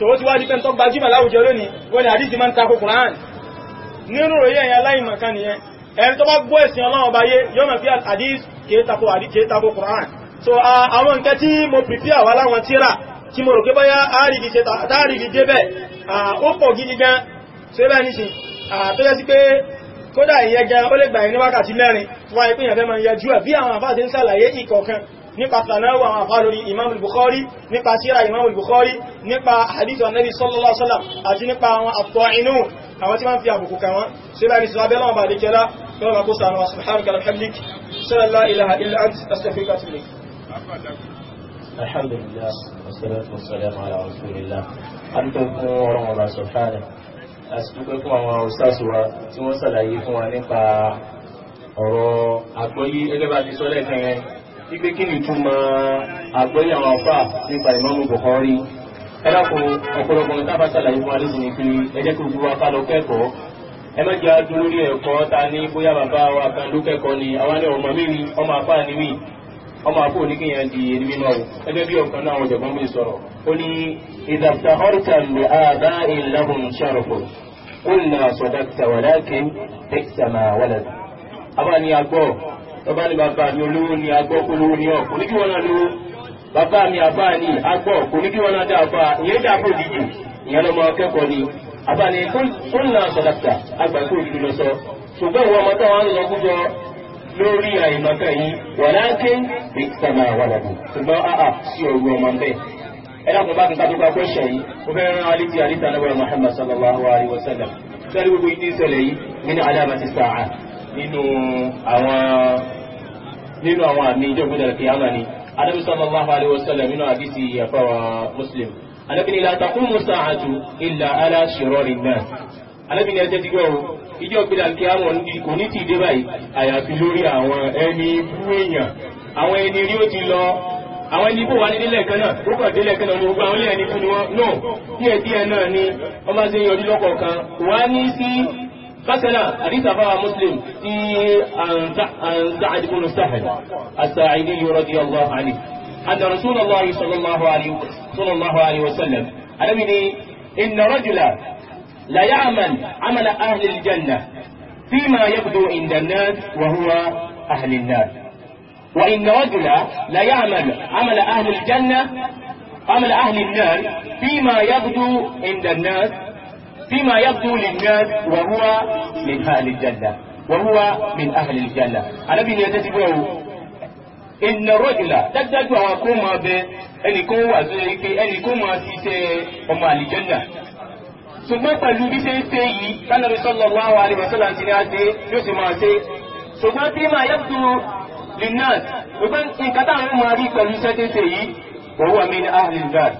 Speaker 2: so ó ti wá di pé tó gbajúmọ̀ láwùjọ lónìí ó ní àdíjì máa ń takò Qur'an nínú ròyìn ẹ̀yà aláìmọ̀kan nìyẹn ẹni tó bá gbọ́ ẹ̀sìn Ọlọ́run bá yé yóò mọ̀ pé àdíjì kìí takò àdíjì Qur'an so àwọn nǹkan tí mo prepare wá láwọn tíra tí mo rò pé bóyá àrígi ṣe tààrígi débẹ̀ ó pọ̀ gidi gan ṣe bẹ́ẹ̀ níṣin tó yẹ sí pé kódà ìyẹn gan ó lè gbà ní wákàtí mẹ́rin tó wáyé pé ìyẹn nípa sanawu àwọn àfá lórí imam bukhari nípa síra imam bukhari nípa hadithu annabi sallallahu alaihi wasallam àti nípa àwọn àtọ́inú àwọn tí wọ́n fi àbùkù kan wọn sí láàrin sí abẹ́lá wọn bá dé kẹ́lá tó wọ́n kó sànà wa subhanaka alhamdik sallallahu ilaha illa ant astaghfiruka wa atubu
Speaker 1: alhamdulillah ọ̀rọ̀ ọ̀rọ̀ ẹgbẹ́ bá ti sọ lẹ́ẹ̀kan wípé kí ni ìtumọ̀ àgbẹ̀yẹ àwọn afá nípa ìmọ̀mù Bukhari ẹ dákun ọ̀pọ̀lọpọ̀ nǹkan bá ṣàlàyé fún alẹ́ sínú pé ẹ jẹ́ kí gbogbo afá lọ kẹ́kọ̀ọ́ ẹ má jẹ́ adúró ní ẹ̀kọ́ ta ní bóyá bàbá wa kan ló kẹ́kọ̀ọ́ ni àwa ní ọmọ mi ọmọ afá ni mí ọmọ afọ oníkìyàn di ẹni mímọ́ o gẹ́gẹ́ bí ọ̀kan náà àwọn ọ̀jọ̀gbọ́n mi sọ̀rọ̀ ó ní ìdàpọ̀ ọ̀rùkà lè àbá ìlàhùn ṣàròpọ̀ kó nà sọ̀dọ̀ tàwálákì tẹ̀sán àwọlẹ̀. abáni agbọ́ lọ́ba ní bàbá mi olówó ni agbọ́ kó lówó ni ọ̀ kò ní kí wọ́n náà lówó bàbá mi àbá ni agbọ́ kò ní kí wọ́n náà dáàbà ìyẹn dàbò dìjì ìyẹn lọ́mọ akẹ́kọ̀ọ́ ni àbá ni kólà sọ̀dàkà àgbà kó ìlú lọ sọ ṣùgbọ́n ìwọ ọmọ táwọn ń lọ kújọ lórí àìmọ̀kà yìí wà láńké ìtàmà wà lọ́dù ṣùgbọ́n àà sí ọ̀rọ̀ ọmọ bẹ́ẹ̀ ẹlẹ́kùn bá ti ká tó ká kọ́ṣẹ̀ yìí ó fẹ́ rán alítí alítà náà wa nínú àwọn nínú àwọn àmì ìjọba ìdàlẹ̀ kìyàmà ni anabi sallallahu alayhi wa sallam nínú àdìsí àfọwà muslim anabi ni la taqumu sa'atu illa ala shirari nas anabi ni ẹjẹ ti gbọ́ o ìjọ ìdàlẹ̀ kìyàmà kò ní ti dé báyìí àyàfi lórí àwọn ẹni bú èèyàn àwọn ẹni rí ó ti lọ àwọn ẹni bó wà ní nílẹ̀ kan náà ó kàn délẹ̀ kan náà ní gbogbo àwọn ilé ẹni fún ni wọn náà díẹ̀ díẹ̀ náà ni wọ́n bá ṣe yọjú lọ́kọ̀ọ̀kan wà ní sí قتل حديث رواه مسلم في سعد بن سهل الساعدي رضي الله عنه أن رسول الله صلى الله عليه صلى الله عليه وسلم علمني إن رجلا لا يعمل عمل أهل الجنة فيما يبدو عند الناس وهو أهل النار وإن رجلا لا يعمل عمل أهل الجنة عمل أهل النار فيما يبدو عند الناس فيما يبدو للناس وهو من أهل الجنة وهو من أهل الجنة أنا بني أتسبعه إن الرجل تجد وقوم به أن يكون وزيك أن يكون سيسي وما الجنة ṣùgbọ́n pẹ̀lú bí ṣe ń ṣe yìí kánàbí sallallahu alaihi wasallam ti ní a ṣe yóò sì máa ṣe ṣùgbọ́n tí máa yabdu linnas ṣùgbọ́n nǹkan táwọn máa rí pẹ̀lú iṣẹ́ ṣe ṣe yìí wa min ahli al-nar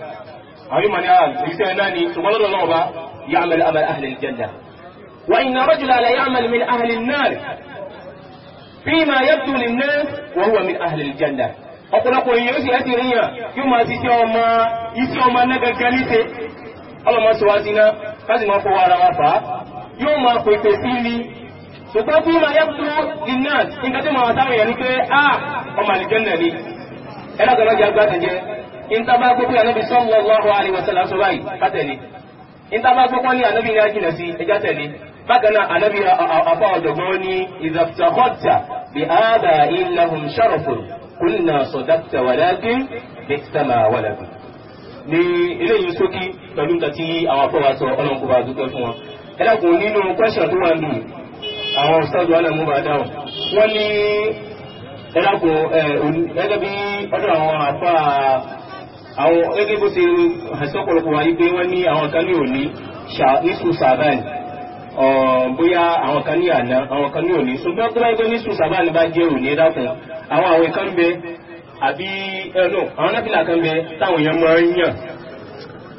Speaker 1: àwọn ìmọ̀ ní ààrùn ìṣẹ́ náà ni ṣùgbọ́n lọ́dọ̀ náà bá يعمل أمل أهل الجنة وإن رجلا ليعمل من أهل النار فيما يبدو للناس وهو من أهل الجنة ọ̀pọ̀lọpọ̀ èèyàn sì ẹ́sì ríyàn yóò máa sí iṣẹ́ ọmọ nẹ́gẹ̀gẹ́ níṣe ọlọ́mọsíwájú náà láti máa fọwọ́ ara wa fà á yóò máa pèpè sí ní ṣùgbọ́n bí ma yẹ́pù iná nígbà tí máa sáré yẹn ní pé á ọmọ àlìjẹ́nà ni ẹlọ́gbẹ̀lọ́gbẹ̀ agbátẹ̀jẹ́ ìntàbá gbogbo ẹ̀lẹ́bí sallallahu alaihi wasallam níta bá gbọ́ ní ànábì ní ajínà sí ẹjá tẹ̀lé bákan náà ànábì afọ ọ̀dọ̀gbọ́n ní ìzàfṣàkọ́tà bí ààbà ìlàhùn ṣàròfò kùnà sọ̀dàkùtà wàlákì bí sàmà wàlákì. ní ilé yìí sókí pẹ̀lú nǹkan tí àwọn afọ wa sọ ọlọ́run kò bá dúpẹ́ fún wọn. ẹ dákun nínú kwẹ́sàn tó wà nù àwọn ọ̀sán ìwà náà bá dáhùn. wọ́n ní ẹ dákun àwọn gẹ́gẹ́ bó ṣe àṣọ́pọ̀lọpọ̀ wáyé pé wọ́n ní àwọn kan ní òní nísù sàbáàn bóyá àwọn kan ní àná àwọn kan ní òní ṣùgbọ́n tó báyìí pé nísù sàbáàn bá jẹ́ òní dákun àwọn àwẹ̀ kan bẹ àbí ẹnu àwọn náfìlà kan bẹ táwọn èèyàn máa ń yàn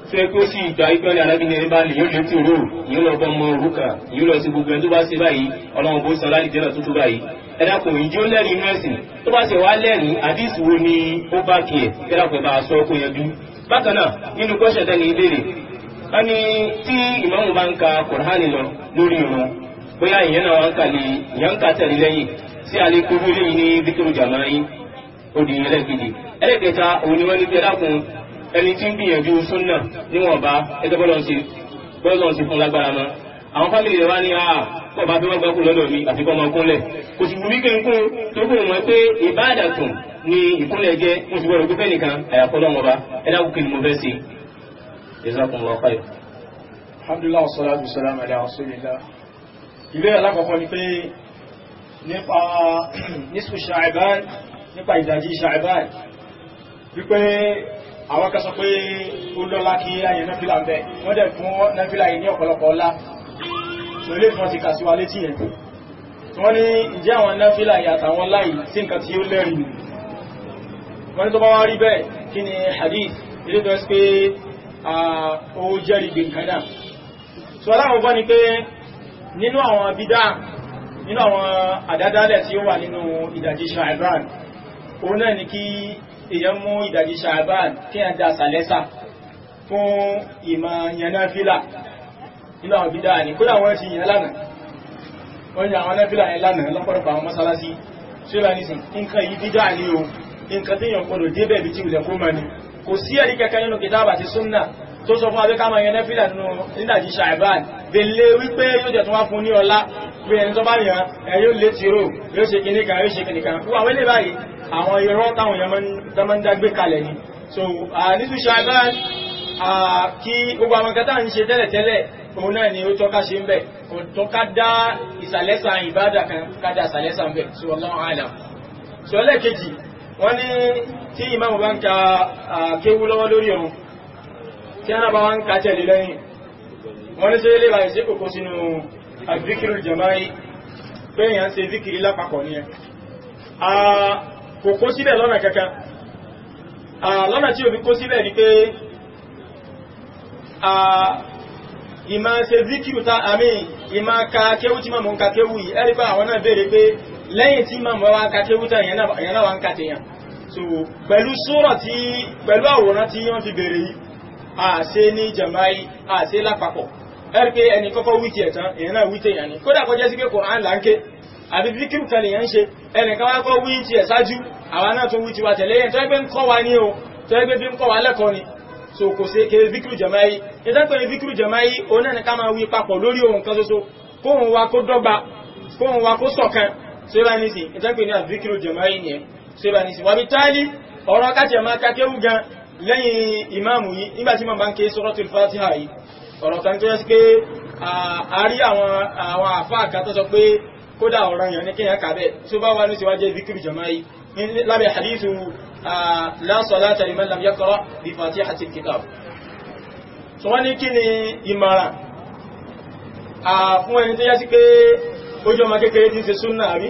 Speaker 1: tí ẹ kí ó sì gba ikú ẹni alábìnrin ẹni bá lè yóò lè tí òru yóò lọ bọ́ ọmọ òrukàn yóò lọ sí gbogbo ẹni tó bá ṣe báyìí ọlọ́run bó san láti jẹ́ náà tuntun báyìí ẹ̀dàkùn èyí o ó lẹ́rìí inú ẹ̀sìn tó bá ṣe wá lẹ́rìí àdísì wo ni ó bá kí ẹ̀ ẹ̀dàkùn ìbá sọ kó yẹjú bákan náà nínú kọ́ṣẹ̀ ìbéèrè wọ́n ní tí ìmáàmù bá ń ka lọ lórí bóyá ìyẹn náà wọ́n ń ìyẹn ń tẹ̀lé lẹ́yìn sí lẹ́yìn ní díkìrù jàmáyé odi ẹlẹ́gidi ẹlẹ́gẹta òun ni wọ́n ní ẹ̀dàkùn ẹni tí ń bọ́ọ̀ bá fi wọ́n gbọ́kùn lọ́dọ̀ mi àti kọ́ ọmọ kúnlẹ̀ kò sì wù mí tó kún mọ́ pé ìbáàdàtùn ni ìkúnlẹ̀ jẹ́ mo sì gbọ́dọ̀ gbífẹ́ nìkan àyàkọ́ lọ́mọ bá ẹ kí ni mo fẹ́ sí i ìsàkùn lọ fáyọ. alhamdulilah
Speaker 2: wa salatu wa salam ala rasulillah ìbéèrè alákọ̀ọ́kọ́ ni pé nípa *clears throat* nísù ṣàìbáì nípa ìdajì ṣàìbáì wípé àwọn kan sọ pé ó lọ́lá kí ayé náfìlà ń bẹ̀ wọ́n dẹ̀ fún náfìlà yìí ní ọ̀pọ̀lọpọ̀ ọlá so ilé tí wọ́n ti kà sí wa létí yẹn wọ́n ní ìjẹ́ àwọn náfílà àtàwọn láì sí nǹkan tí ó lẹ́rìí wọ́n ní tó bá wá rí bẹ́ẹ̀ kí ni hadith ilé tó ẹ́sì pé ó jẹ́rìí gbé nǹkan náà so aláwọ̀ gbọ́ ni ni kí èèyàn mú ìdajì Sha'ban kí a dá sàlẹ́sà fún ìmọ̀ yẹn nínú àwọn bídá ní kódà wọ́n ti yẹn lánàá wọ́n yẹ àwọn nẹ́fílà yẹn lánàá lọ́pọ̀lọpọ̀ àwọn mọ́sálásí tí ó lá nísìn nǹkan yìí bídá ní o nǹkan tí yàn gbọdọ̀ débẹ̀ bí tí ilẹ̀ kó mọ́ ni kò sí ẹ̀rí kẹkẹ nínú kìtàbà àti súnnà tó sọ fún abẹ́ká máa yẹn nẹ́fílà nínú nídàjí ṣàìbáàn bèlè wípé ni so nítorí ṣàìbáàn kí gbogbo àwọn kẹta ń òun náà ni ó tọ́ka ṣe ń bẹ̀ kò tọ́ka dá ìsàlẹ́sà ìbádà kan kádà ìsàlẹ́sà ń bẹ̀ sí wallahu a'lam sọ lẹ́ẹ̀kejì wọ́n ní tí ìmáàmù bá ń ka kéwú lọ́wọ́ lórí ọ̀run tí a náà bá ń ka tẹ̀lé lẹ́yìn wọ́n ní sẹ́lẹ̀ báyìí sí kòkó sínú àdíkìrì jama'i pé èèyàn ṣe díkìrì lápapọ̀ ní ẹ kòkó síbẹ̀ lọ́nà kankan lọ́nà tí òbí kó síbẹ̀ ni pé ìmá ṣe zikiru ta àmì ìmá ka kéwú tí mọ̀mọ́ ń ka kéwú yìí ẹ̀rí pé àwọn náà béèrè pé lẹ́yìn tí mọ̀mọ́ wa ń ka kéwú ń ka tèèyàn so pẹ̀lú súrà tí pẹ̀lú àwòrán tí wọ́n fi béèrè yìí àṣe ní jàmáì àṣe lápapọ̀ ẹ̀rí pé ẹni kọ́kọ́ wíkì ẹ̀ tán ìyẹn náà ni kódà kọjá sí pé Kùránì là ń ké àbí zikiru kan lèèyàn ń ṣe ẹnìkan wá so kò sí kéré zikiru jamai ìtàkùn ní zikiru jamai oní ẹni ká máa wí papọ̀ lórí ohun kan ṣoṣo kóhun wa kó dọ́gba kóhun wa kó ṣọ̀kan so bá ní sí ìtàkùn ní zikiru jamai yẹn so bá ní sí wàbí táàlì ọ̀rọ̀ kájẹ̀ máa kakéwù gan lẹ́yìn ìmáàmù yìí nígbàtí máa bá ń ké suratul fatiha yìí ọ̀rọ̀ la salata liman lam yaqra bi fatihatil kitab so wọ́n ní kí ni ìmọ̀ràn fún ẹni tó yá sí pé ojú ọmọ kékeré ti ń ṣe súnnà rí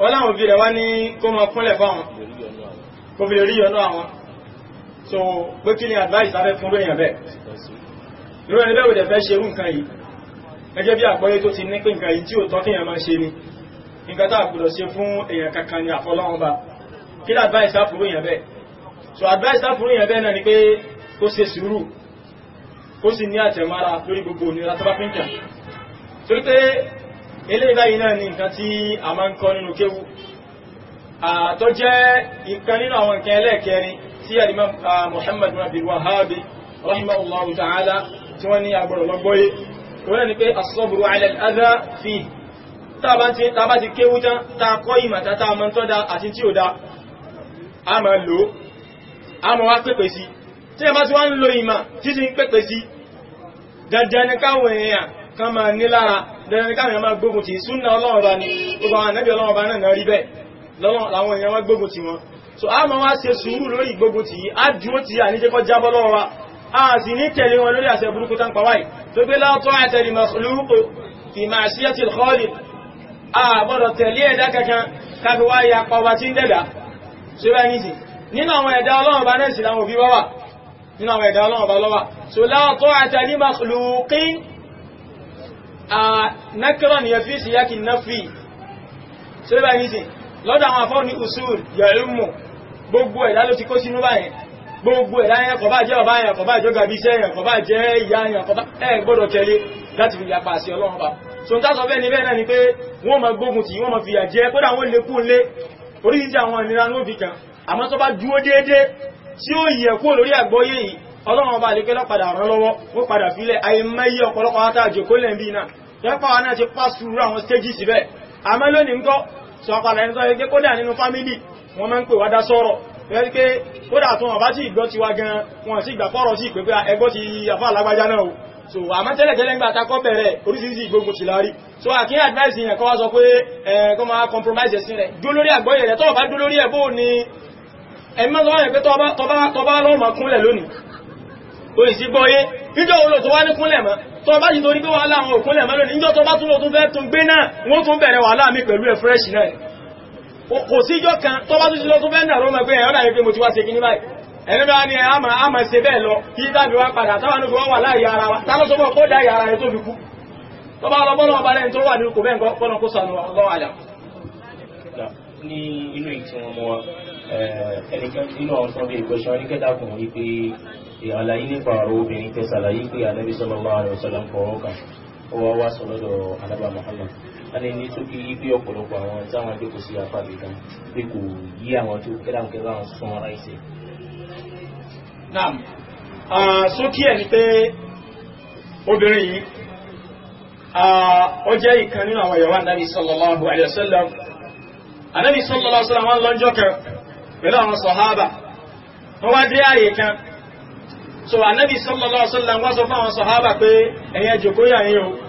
Speaker 2: wọ́n láwọn òbí rẹ̀ wá ní kó mọ kúnlẹ̀ fáwọn kó fi rí ọ̀nà àwọn so pé kí ni advice afẹ́ fún lóyìn bẹ́ẹ̀ lórí ẹni bẹ́ẹ̀ wò dẹ̀ fẹ́ ṣerú nǹkan yìí gẹ́gẹ́ bí àgbọ́yé tó ti ní pé nǹkan yìí tí ò tọ́ máa ṣe ni nǹkan tá àkùdọ̀ ṣe fún èèyàn kankan ni àfọlọ́wọ́n bá kí ní advice àfúrú èèyàn bẹ́ẹ̀ so advice àfúrú èèyàn bẹ́ẹ̀ náà ni pé kó ṣe sùúrù kó sì ní àtẹ̀mára lórí gbogbo òmìnira tó bá fi ń kàn torí pé eléyìí báyìí náà ni nǹkan tí a máa ń kọ́ nínú kéwu àtọ́ jẹ́ ìkan nínú àwọn nǹkan ẹlẹ́ẹ̀kẹrin tí àdìmọ́ Muhammad bin Abdul Wahhab ta'ala tí wọ́n ní agbọ̀rọ̀ lọ́gbọ́yé wọ́n ní pé as-sabru ala al tàbá ti kéwú tán tàkọ́ ìmọ̀ta tàbá tó dá àti tí ò dá a máa lò a máa wá pèpè sí tí ẹ bá ti wá ń lo ìmọ̀ títí ń pèpè sí dandan ni káwọn èèyàn kan máa ní lára dandan ni káwọn èèyàn máa gbógun ti súnà ọlọ́run bá ní gbogbo àwọn ànábì ọlọ́run bá náà náà rí bẹ́ẹ̀ làwọn èèyàn wá gbógun ti àgbọ́dọ̀ tẹ̀lé ẹ̀dá kankan káfí wá ya pa ọba tí ń dẹ̀dá so bá ní sí nínú àwọn ẹ̀dá ọlọ́run bá náà sì láwọn òbí wọ́wà nínú àwọn ẹ̀dá ọlọ́run bá lọ́wà so láàtọ́ àti ní makhluqin nakira ni gbogbo ẹ̀dá yẹn kọ̀bá jẹ́ ọba yẹn kọ̀bá jẹ́ gàbíṣẹ́ yẹn kọ̀bá jẹ́ ìyá yẹn kọ̀bá ẹ̀ gbọ́dọ̀ tẹ̀lé láti fi àṣẹ ọlọ́run so n tá sọ bẹ́ẹ̀ ni bẹ́ẹ̀ náà ni pé wọ́n ma gbógun tì wọ́n ma fìyà jẹ kódà wọ́n lè kú lé oríṣiríṣi àwọn ìnira ló fi kan àmọ́ tó bá dúró déédé tí ó yẹ kú lórí àgbọ́yé yìí ọlọ́run ọba àlékẹ́ lọ́padà rán lọ́wọ́ ó padà ọ̀pọ̀lọpọ̀ ata àjòkó lẹ́ bí náà tẹ́pà wa náà ti pa sùúrù àwọn stéjì síbẹ̀ àmọ́ lónìí ẹni tó yẹ kódà nínú fámílì wọ́n máa ń ẹ̀rí pé kódà tó wọ́n bá tí ìgbọ́ ti wá gan wọ́n sì gbà fọ́rọ̀ sí ìpẹ́gbẹ́ ẹgbọ́ ti àfá alágbájá náà so àmọ́ tẹ́lẹ̀tẹ́lẹ̀ ń gbà takọ́ bẹ̀rẹ̀ oríṣiríṣi ìgbógun ti lárí so àkíyàn advice yẹn kọ́ wá sọ pé ẹ̀ẹ́kọ́ máa compromise ẹ̀sìn rẹ̀ dó lórí àgbọ́yé rẹ̀ tọ́wọ́ bá dó ni ẹ̀mọ́ lọ́wọ́ yẹn pé tọba lọ́mọ kúnlẹ̀ lónìí òyìnbí gbọ́yé níjọ́ olóò tó wá ní kúnlẹ̀ mọ́ tọ́ bá jì torí pé wàhálà àwọn òkúnlẹ̀ mọ́ lónìí níjọ́ tó bá tún lọ fresh náà kò sí ìjọ kan tó bá tó ṣe lọ tó fẹ́ndà lọ́mọ pé ẹ̀rọ dàbí pé mo ti wá ṣe kí ní báyìí ẹni bá ní àmà àmà ṣe bẹ́ẹ̀ lọ kí dábì wá padà táwọn ló fi wọ́n wà láàyè ara wa táwọn sọ fọ́ dá ara rẹ̀ tó fi kú tó bá lọ bọ́lọ́ ọba lẹ́yìn tó wà ní kò bẹ́ẹ̀ nǹkan kọ́nà kó sànù ọlọ́wọ́ àlà.
Speaker 1: ní inú ìtì wọn mọ ẹnìkan nínú ọ̀sán bíi ìgbésọ ní kẹta kùn yí pé àlàyé nípa ọ̀rọ̀ obìnrin tẹ sàlàyé pé ànábì sallallahu alaihi wasallam ń fọwọ́ kan ó wá wá sọ lọ́dọ̀ alábàámọ́ ẹni ní sókè yí pé ọ̀pọ̀lọpọ̀ àwọn táwọn ẹgbẹ́ kò sí afáàbí kan pé kò yí àwọn tó kẹ́láǹkẹ́ bá wọn sún ara ìṣe. naam
Speaker 2: sókè ẹ̀ ni pé obìnrin yìí ó jẹ́ ìkan nínú àwọn ìyàwó ànábì sallallahu alayhi wa sallam ànábì sallallahu alayhi wa sallam wọn lọ́jọ́ kan pẹ̀lú àwọn sọ̀hábà wọ́n wá dé ààyè kan so ànábì sallallahu alayhi wa sallam wọ́n sọ fún àwọn sọ̀hábà pé ẹ̀yin jókòó yà yín o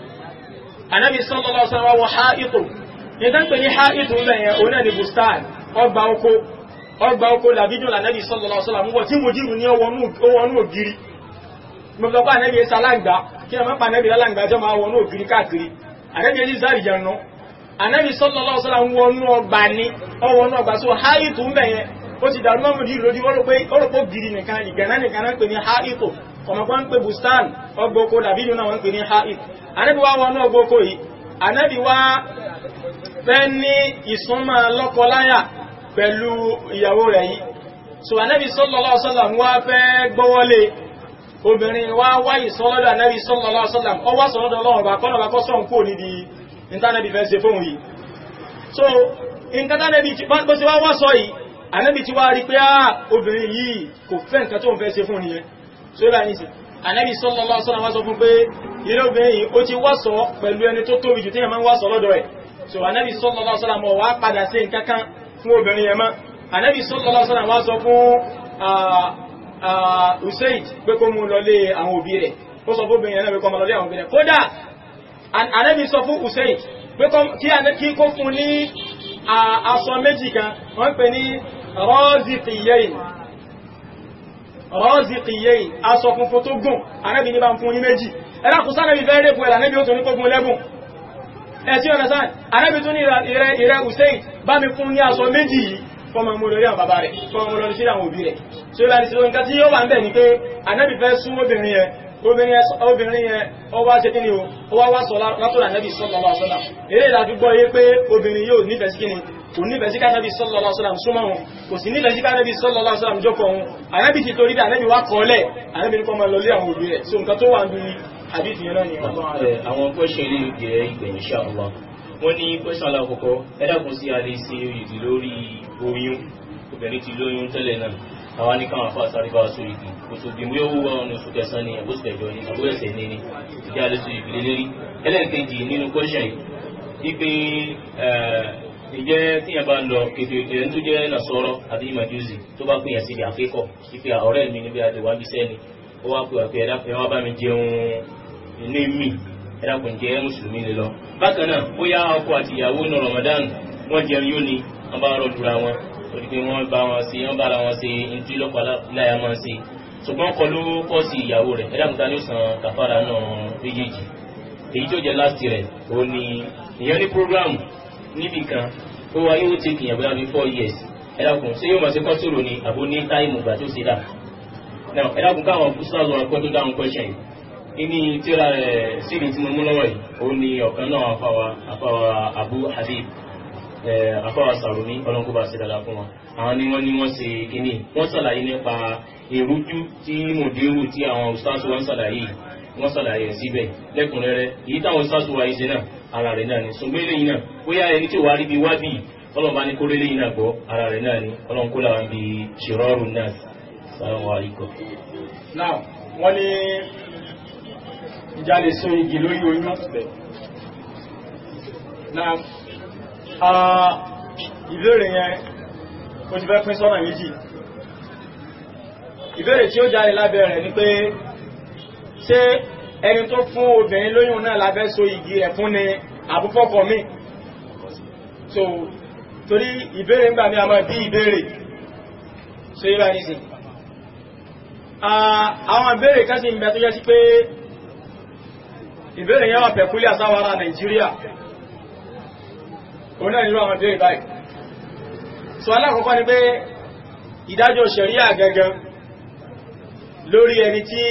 Speaker 2: anabi sallallahu alaihi wasallam wọ haitu nǹkan pè ní haitu ńlẹ̀ yẹn òun náà ni bustan ọgbà oko ọgbà oko làbídùn lànàbì sallallahu alaihi wasallam wọ tí mo jírù ní ọwọ́nú ògiri mo fẹ́ pa anabi ẹsẹ̀ aláǹgbá kí ẹ̀mọ́ pa anabi aláǹgbá jọ máa wọnú ògiri káàkiri anabi ẹni zari jẹun náà anabi sallallahu alaihi wasallam wọnú ọgbà ni ọwọ́nú ọgbà so haitu ńlẹ̀ yẹn ó ti ọmọkọ́ ń pè bustan ọgbọ́kọ́ dàbí nínú àwọn ń pè ní haid anábì wá wọnú ọgbọ́kọ́ yìí anábì wá fẹ́ ní ìsúnmọ́ lọ́kọláyà pẹ̀lú ìyàwó rẹ̀ yìí so anábì sallallahu sallam wá fẹ́ gbọ́wọ́lé obìnrin wá wá ìsọ́lọ́dọ̀ anábì sallallahu sallam ọ wá sọ́lọ́dọ̀ ọlọ́run bá kọ́nà bá kọ́sọ̀ ń kò níbi ìntánẹ́bì so ìntánẹ́bì bó ti wá wá sọ yìí anábì ti wá rí pé á ah, obìnrin yìí so ibà nìsí ànábì sallallahu alaihi wasallam sọ fún pé ilé obìnrin ó ti wọ́sọ̀ pẹ̀lú ẹni tó tóbi jù téèyàn máa ń wọ́sọ̀ lọ́dọ̀ rẹ̀ so ànábì sallallahu alaihi wasallam wá padà sí nǹkankan fún obìnrin yẹn mọ́ ànábì sallallahu alaihi wasallam wá sọ fún usaid pé kó mú lọlé àwọn òbí rẹ̀ ó sọ fún obìnrin yẹn náà pé kó mú lọlé àwọn òbí rẹ̀ kódà ànábì sọ fún usaid pé kí kó fún ní aṣọ méjì kan wọ́n pè ní rọ́ọ̀zì tìyẹ́yìn rọ́ọ̀zìkìyẹ́ aṣọ funfun tó gùn anábì ní bá ń fún ní méjì ẹ̀rá kù sánàbì fẹ́ rẹ̀ pẹ̀lú anábì ó tó ní kó gùn lẹ́bùn ẹ̀sí ọ̀nà sáà anábì tó ní ìrẹ́ ìrẹ́ hussein bá mi fún ní aṣọ méjì yìí fọ́mọ mo lórí àwọn bàbá rẹ̀ fọ́mọ mo lórí sí àwọn òbí rẹ̀ tí ó láti ṣe nǹkan tí yóò wà ń bẹ̀ ni pé anábì fẹ́ sún obìnrin yẹn obìnrin yẹn ó wá ṣe kíni o ó wá wá sọ látọ̀rọ̀ anábì sọ́lọ́wọ́ sọ́lá eré ìdájú gbọ́ yé pé obìnrin yóò nífẹ̀ẹ́ sí kíni kò nífẹ̀ẹ́ sí kánẹ́bí sallallahu alaihi wasallam súnmọ́ wọn kò sì nífẹ̀ẹ́ sí kánẹ́bí sallallahu alaihi wasallam jókòó wọn ànábì ti torí ànábì wá kọ́lẹ̀ ànábì ní kọ́ máa lọlé àwọn òbí rẹ̀ so
Speaker 1: nǹkan tó wà ń dúró àdìsí yẹn náà ni wọn. Eh, àwọn question ilé ìgbẹ́ ìgbẹ̀yìn inshallah wọ́n ní question alákọ̀ọ́kọ́ ẹ dákun sí alẹ́ sí ìdí lórí oyún obìnrin ti lóyún tẹ́lẹ̀ náà àwa ní káwọn afọ àsáré bá sórí igi oṣù bí mo yóò wá ọ̀nà oṣù kẹsàn-án ni àbóṣù kẹjọ ni àbóṣù ní ni ìdí alẹ́ sórí ìgbìlẹ̀ lérí nínú question eh, ìjẹ́ tíyẹn bá ń lọ kéde ẹni tó jẹ́ nàṣọ́rọ́ àbí màjúsì tó bá pèyàn síbi àfikọ̀ ìpè ọ̀rẹ́ mi níbi àdéhùn àbíṣẹ́ ni ó wá pè àpè ẹ̀dá ẹ̀wá bá mi jẹun inú mi ẹ̀dá kò jẹ́ mùsùlùmí ni lọ. bákan náà ó yá ọkọ àti ìyàwó ní Ramadan wọ́n jẹun yóò ní wọ́n bá rọ dura wọn òdìgbé wọ́n bá wọn ṣe wọ́n bá ara wọn ṣe ntí lọ́pàá láyà máa ń ṣe ṣùgbọ́n kọ ló kọ́ sí ìyàwó rẹ̀ ẹ̀dá kò ta ni ó ìyẹn ní programu níbì kan ó wá yóò tẹ̀ kìyàn bóyá bíi four years ẹ dákun ṣé yóò máa ṣe kọ́sùrù ni àbó ní táìmù ìgbà tó ṣe dà náà ẹ dákun káwọn fúsàlù ọkọ tó dáhùn question yìí ní tíra ẹ sílùú tí mo mú lọ́wọ́ yìí ó ní ọ̀kan náà afáwa afáwa Abu Habib afáwa Sàrùmí ọlọ́nkóbá ṣe dáadáa fún wa àwọn ni wọ́n ní wọ́n ṣe kínní wọ́n ṣàlàyé nípa èrújú tí mòdéwù tí àwọn ustaz wọn ṣàlàyé wọ́n ṣàlàyé síbẹ̀ lẹ́kùnrẹ́rẹ́ èyí táwọn sásùwà ìṣe náà ara rẹ̀ náà ni ṣùgbọ́n eléyìí náà bóyá ẹni tí ò wá rí bí wábì ọlọ́run bá ní kó lélẹ́ yìí náà gbọ́ ara rẹ̀ náà ni ọlọ́run kó làwọn ibi ṣèrọ́rùn náà sáwọn àríkọ. now wọ́n ní ìjà lè so igi lórí oyún
Speaker 2: now ìbéèrè yẹn ó ti fẹ́ pín sọ́nà méjì ìbéèrè tí ó jáde lábẹ́ rẹ̀ ni pé ṣé ẹni tó fún obìnrin lóyún náà lábẹ́ so igi rẹ̀ fún ni àbúfọ́kọ̀ mi so torí ìbéèrè ńgbà mi a máa bí ìbéèrè so yíra ní sí àwọn ìbéèrè kan sì ń bẹ tó jẹ́ sí pé ìbéèrè yẹn wà pẹ̀kúlẹ̀ àsáwárà Nàìjíríà lórí ẹni tí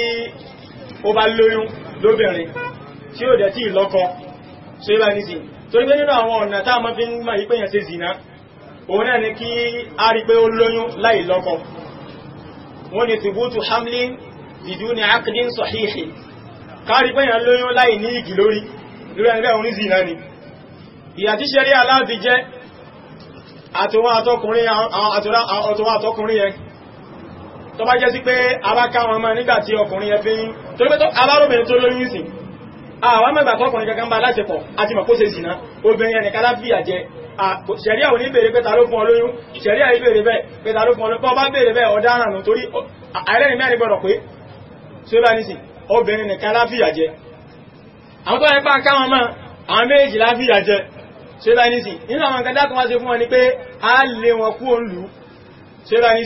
Speaker 2: ó bá lóyún lóbìnrin tí ó dẹ̀ tí ìlọ́kọ so ibà nìsí torí pé nínú àwọn ọ̀nà táà mọ́ fi ń mọ̀ yí pé yẹn ṣe zìnà òun náà ni kí a rí pé ó lóyún láì lọ́kọ wọ́n ni tùbútù hamlin dìdú ni akidin sọ̀híhì ká rí pé yẹn lóyún láì ní ìgì lórí lórí ẹni bẹ́ẹ̀ òun zìnà ni ìyà tí ṣe rí aláàbí jẹ́ àtòwọn àtọkùnrin yẹn tó bá jẹ́ sí pé abáká wọn máa nígbàtí ọkùnrin ẹ fi ń torí pé tó abárobìnrin tó lóyún sí àwọn mẹ́gbà fọ́kùnrin kankan bá aláṣepọ̀ àti mọ̀kóse sí náà obìnrin ẹnìkan lábíyà jẹ ṣẹ̀ríà ò ní bèèrè pé ta ló fún ọ lóyún ṣẹ̀ríà ìbèèrè bẹ́ẹ̀ pé ta ló fún ọ lóyún bọ́ bá bèèrè bẹ́ẹ̀ ọ̀daràn nù torí àìrẹ́ni mẹ́rin gbọ́dọ̀ pé ṣé bá nísìn obìnrin nìkan lábíyà jẹ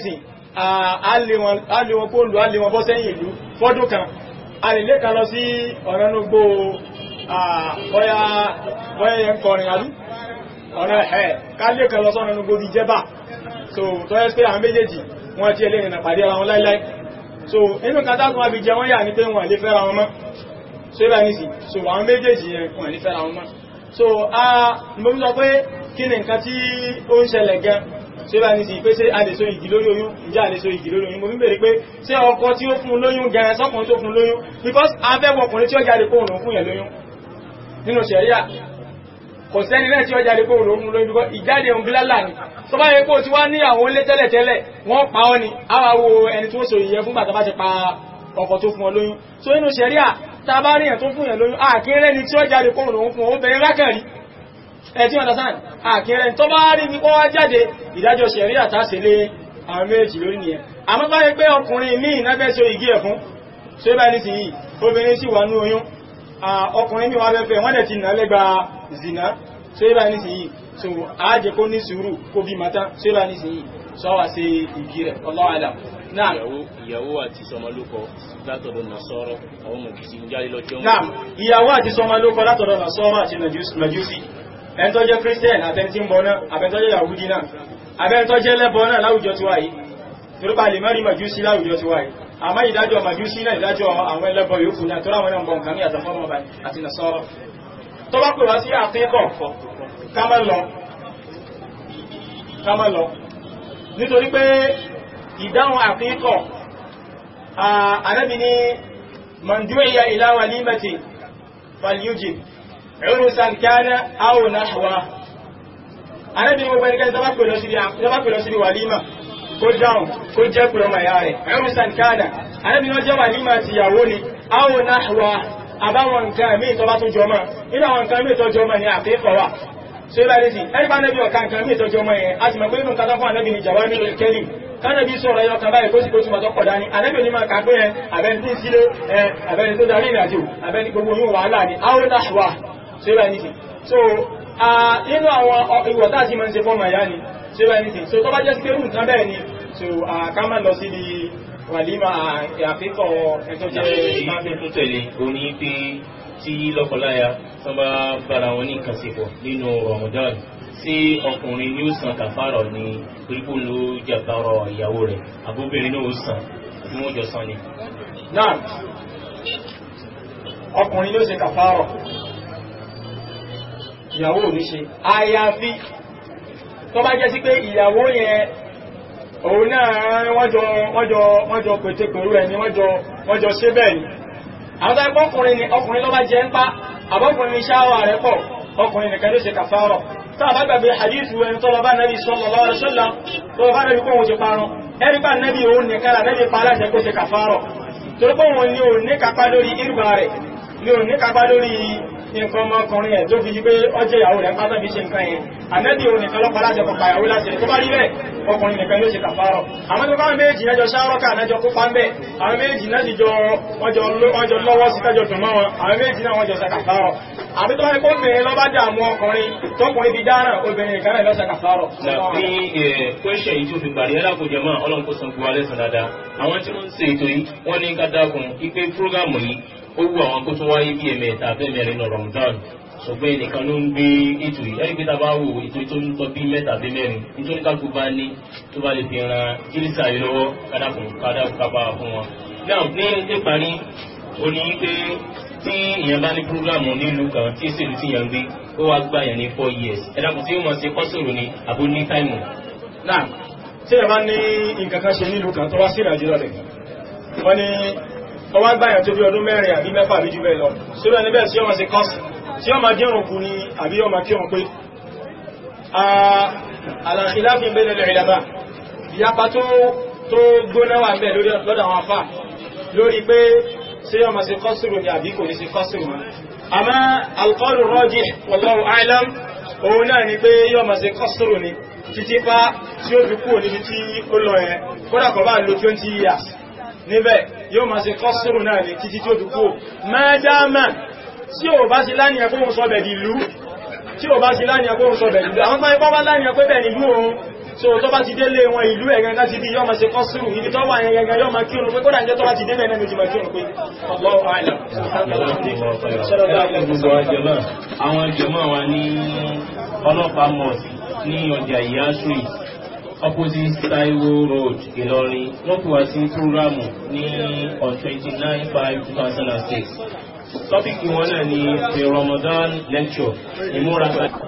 Speaker 2: àwọn alé wọn kó lù alé wọn bọ́ sẹ́yìn ìlú fọ́dún kan a lè léka lọ sí ọ̀rẹ́nugbó bọ́yá yẹn kọrin alú ọ̀rẹ́ ẹ̀ ká léka lọ sọ́rẹ́nugbó di jẹba so tọ́yẹ́ pé àwọn méjèèjì wọ́n ti ẹlẹ́rìn nà pàdé ara wọn so inú kan tákùn àbí jẹ wọ́n yà ní pé wọ́n lè fẹ́ra wọn mọ́ so ibà ní sí so àwọn méjèèjì yẹn wọ́n lè fẹ́ra wọn mọ́ so a mo sọ pé kí ni nǹkan tí ó ń ṣẹlẹ̀ gan ṣé bá ní sí pé ṣé a lè so igi lórí oyún ǹjẹ́ a lè so igi lórí oyún mo ní bèèrè pé ṣé ọkọ tí ó fún lóyún gan sọ́kùnrin tó fún lóyún because abẹ́wọ̀ ọkùnrin tí ó jáde kó òun fún yẹn lóyún nínú ṣẹ̀ríà kò sẹ́ni náà tí ó jáde kó fún lóyún because ìjáde òun gílálà ni tó bá yẹ kó ti wá ní a wá wo ẹni tó so ìyẹn fún bàtà bá ti pa ọkọ tó fún ọ lóyún so nínú ṣẹ̀ríà tá a bá ríyàn tó ẹ̀tí ọ̀dásán àkẹrẹ tó bá rí ní kọ́ wá jáde ìdájọ́ ṣẹ̀rí àtàṣẹlé àwọn méjì lórí nìyẹn àmọ́ bá yẹ pé ọkùnrin ní ìnáfẹ́sọ ìgí ẹ̀ fún ṣé bá ní sí yìí obìnrin sì wà ní oyún ọkùnrin ní wà fẹ́fẹ́ wọ́n dẹ̀ ti nà lẹ́gba zina ṣé bá ní sí yìí so àájẹ kó ní sùúrù kó bí mata ṣé bá ní
Speaker 1: sí yìí sọ wá sí ìgí rẹ̀ ọlọ́wàdà náà ìyàwó àti sọmọlúkọ látọ̀dọ̀ nàṣọ́rọ̀ àwọn mọ̀júsí ń jáde náà
Speaker 2: ìyàwó àti sọmọlúkọ látọ̀dọ̀ nàṣọ́rọ̀ àti mọ̀júsí ẹni jẹ́ Christian àtẹni tí ń bọ náà àbẹ́ni tó jẹ́ Yahudi náà àbẹ́ni tó jẹ́ lẹ́bọ náà láwùjọ tiwa yìí torípa lè mẹ́rin màjúsí láwùjọ tiwa yìí àmọ́ ìdájọ́ màjúsí náà ìdájọ́ àwọn ẹlẹ́bọ yòókù náà tó láwọn náà ń bọ nǹkan ní àtàfọ́nà ọba àti nàṣọ́rọ̀ tó ẹ̀rùsàn kíánà àwọn náṣọ́wá anábì gbogbo ẹnikẹ́ni tó bá pè lọ síbi wàlímà kó dáhùn kó jẹ́ pè ọmọ ìyá rẹ̀ ẹ̀rùsàn kíánà anábì wọ́n jẹ́ wàlímà ti yàwó ni àwọn náṣọ́wá àbáwọn nǹkan míì tó bá tó jọmọ́ nínú àwọn nǹkan míì tó jọmọ́ ni àfihàn wà so ibà lè sí ẹgbà anábì ọ̀kan nǹkan míì tó jọmọ́ yẹn a sì mọ̀ pé nínú nǹkan tó fún anábì ni jàwá nílò kẹ́lì kánàbí sọ̀rọ̀ ẹyọ kan báyìí kó ṣe bá ní sí so nínú àwọn ìwọ̀ tá a ti máa ń ṣe to ìyá ni ṣe bá ní sí so tó bá jẹ́ pé nǹkan bẹ́ẹ̀ ni so ká má lọ síbi wàlímà àfikọ̀ ẹ̀tọ́ jẹ́ ìmáfẹ́
Speaker 1: òní pé tí lọ́kọláya tó bá bára wọn ní nǹkan ṣepọ̀ nínú Ramadan tí ọkùnrin ni ó san kàfàrọ̀ ni pípò ló jàbárọ̀ ìyàwó rẹ̀ àbóbìnrin náà ó san tí wọ́n jọ san ni. náà ọkùnrin ló ṣe kàfàrọ̀ ìyàwó ò ní ṣe
Speaker 2: àyàfi tó bá jẹ́ sí pé ìyàwó yẹn òun náà wọ́n jọ pètè pẹ̀lú ẹni wọ́n jọ ṣe bẹ́ẹ̀ ni àwọn tó ẹgbọ́ ọkùnrin ni ọkùnrin ló bá jẹ́ ń pa àbọ́kùnrin ní ṣáwà rẹ̀ pọ̀ ọkùnrin nìkan ló ṣe kàfàárọ̀ tó àbá gbàgbé hadith ẹni tó lọ bá nàbí sallallahu alaihi wasallam tó lọ bá nàbí kóhun ti parun ẹni bá nàbí òun nìkan là nàbí pa aláṣẹ kó ṣe kàfàárọ̀ torí pé òun ni òun ní kápá lórí irúgbà rẹ̀ ni òun ní kápá lórí nǹkan ọmọkùnrin ẹ̀ tó fi di pé ọjọ́ ìyàwó rẹ̀ pátá fi ṣe nǹkan yẹn ànẹ́bí òun nìkan lọ́pàá láti ọkọ̀ ìyàwó láti rẹ̀ tó bá rí bẹ́ẹ̀ ọkùnrin nìkan yóò ṣe kàfàárọ̀ àwọn tó bá ń méjì nájọ sáárọ́kà nájọ kópa ń bẹ̀ àwọn méjì náà sì jọ ọjọ́ lọ́wọ́ sí kájọ dùn mọ́ wọn àwọn méjì náà wọ́n jọ ṣe àbí tó rí kóbìnrin lọ bá dààmú ọkùnrin tọkùnrin fi dáná obìnrin nìkan náà lọ́sẹ̀ kàfàárọ̀. ní
Speaker 1: kwẹ́sẹ̀ yìí tó fi parí alákòjọ máa ọlọ́run kó alẹ́ sàn àwọn tí wọ́n ń ṣe ètò yìí wọ́n ní ká dákun ipe prógámù yìí ó wù àwọn kó tún wáyé bí ẹ̀mẹ̀ta bẹ́ẹ̀ mẹ́rin ní Ramadan ṣùgbọ́n ẹnìkan ló ń gbé ètò yìí ẹ̀rí pé tá a bá wò ètò tó ń tọ́ bí mẹ́ta bí mẹ́rin nítorí kákó bá ní tó bá lè fi ran jírísà yìí lọ́wọ́ kádàkùn kádàkùn fún wọn. náà ní níparí o ní pé tí èèyàn bá ní púrógrámù nílùú kan tí èsèlú ti yàn gbé ó wá gbà yàn ní four years ẹ̀dàkùn tí yóò mọ̀ sí kọ́sìrò ni àbó ní táìmù.
Speaker 2: náà tí ẹ bá ní nǹkan kan ṣe nílùú kan tó wá sí ìrìnàjò ọwá gbáyàn tó bí ọdún mẹ́rin àbí mẹ́fà àbí jù bẹ́ẹ̀ lọ sórí ẹni bẹ́ẹ̀ sí ọmọ sí kọ́sì tí ọmọ jẹ́rùn kú ni àbí ọmọ kí wọn pé àlàkìláfin bẹ́ẹ̀ lẹ́lẹ̀ ìlàbà ìyapa tó gbóná wà bẹ́ẹ̀ lórí lọ́dọ̀ àwọn afá lórí pé sí ọmọ sí kọ́sìrò ni àbí kò ní sí kọ́sìrò mọ́ àmọ́ alqawlu rajih wallahu a'lam òun náà níbẹ̀ yóò máa se kọ́sùrù náà ní títí tó dùkú mẹ́dámà tí ò bá sí láni ẹkùn sọ bẹ̀ dìlú tí ò bá sí láni ẹkùn sọ bẹ̀ dìlú àwọn tó bá láni ẹkùn bẹ̀ nílú ohun so tó bá ti délé wọn ìlú ẹ̀gẹ́ láti bí yọ́ ma ṣe kọ́sùrù ibi tó wà ẹ̀gẹ́ yọ́ ma kírun pé kódà ń jẹ́ tó bá ti délé ẹ̀nà méjìmá kírun pé
Speaker 1: ọlọ́wọ́ àìlà àwọn ìjọmọ́ wa ní ọlọ́pàá mọ̀ ní ọjà ìyáṣù yìí opposite Taiwo Road Ilori. wọ́n pè wá sí programu ní on twenty nine five two thousand and six tọ́pìkì náà ni the Ramadan lecture ìmúra.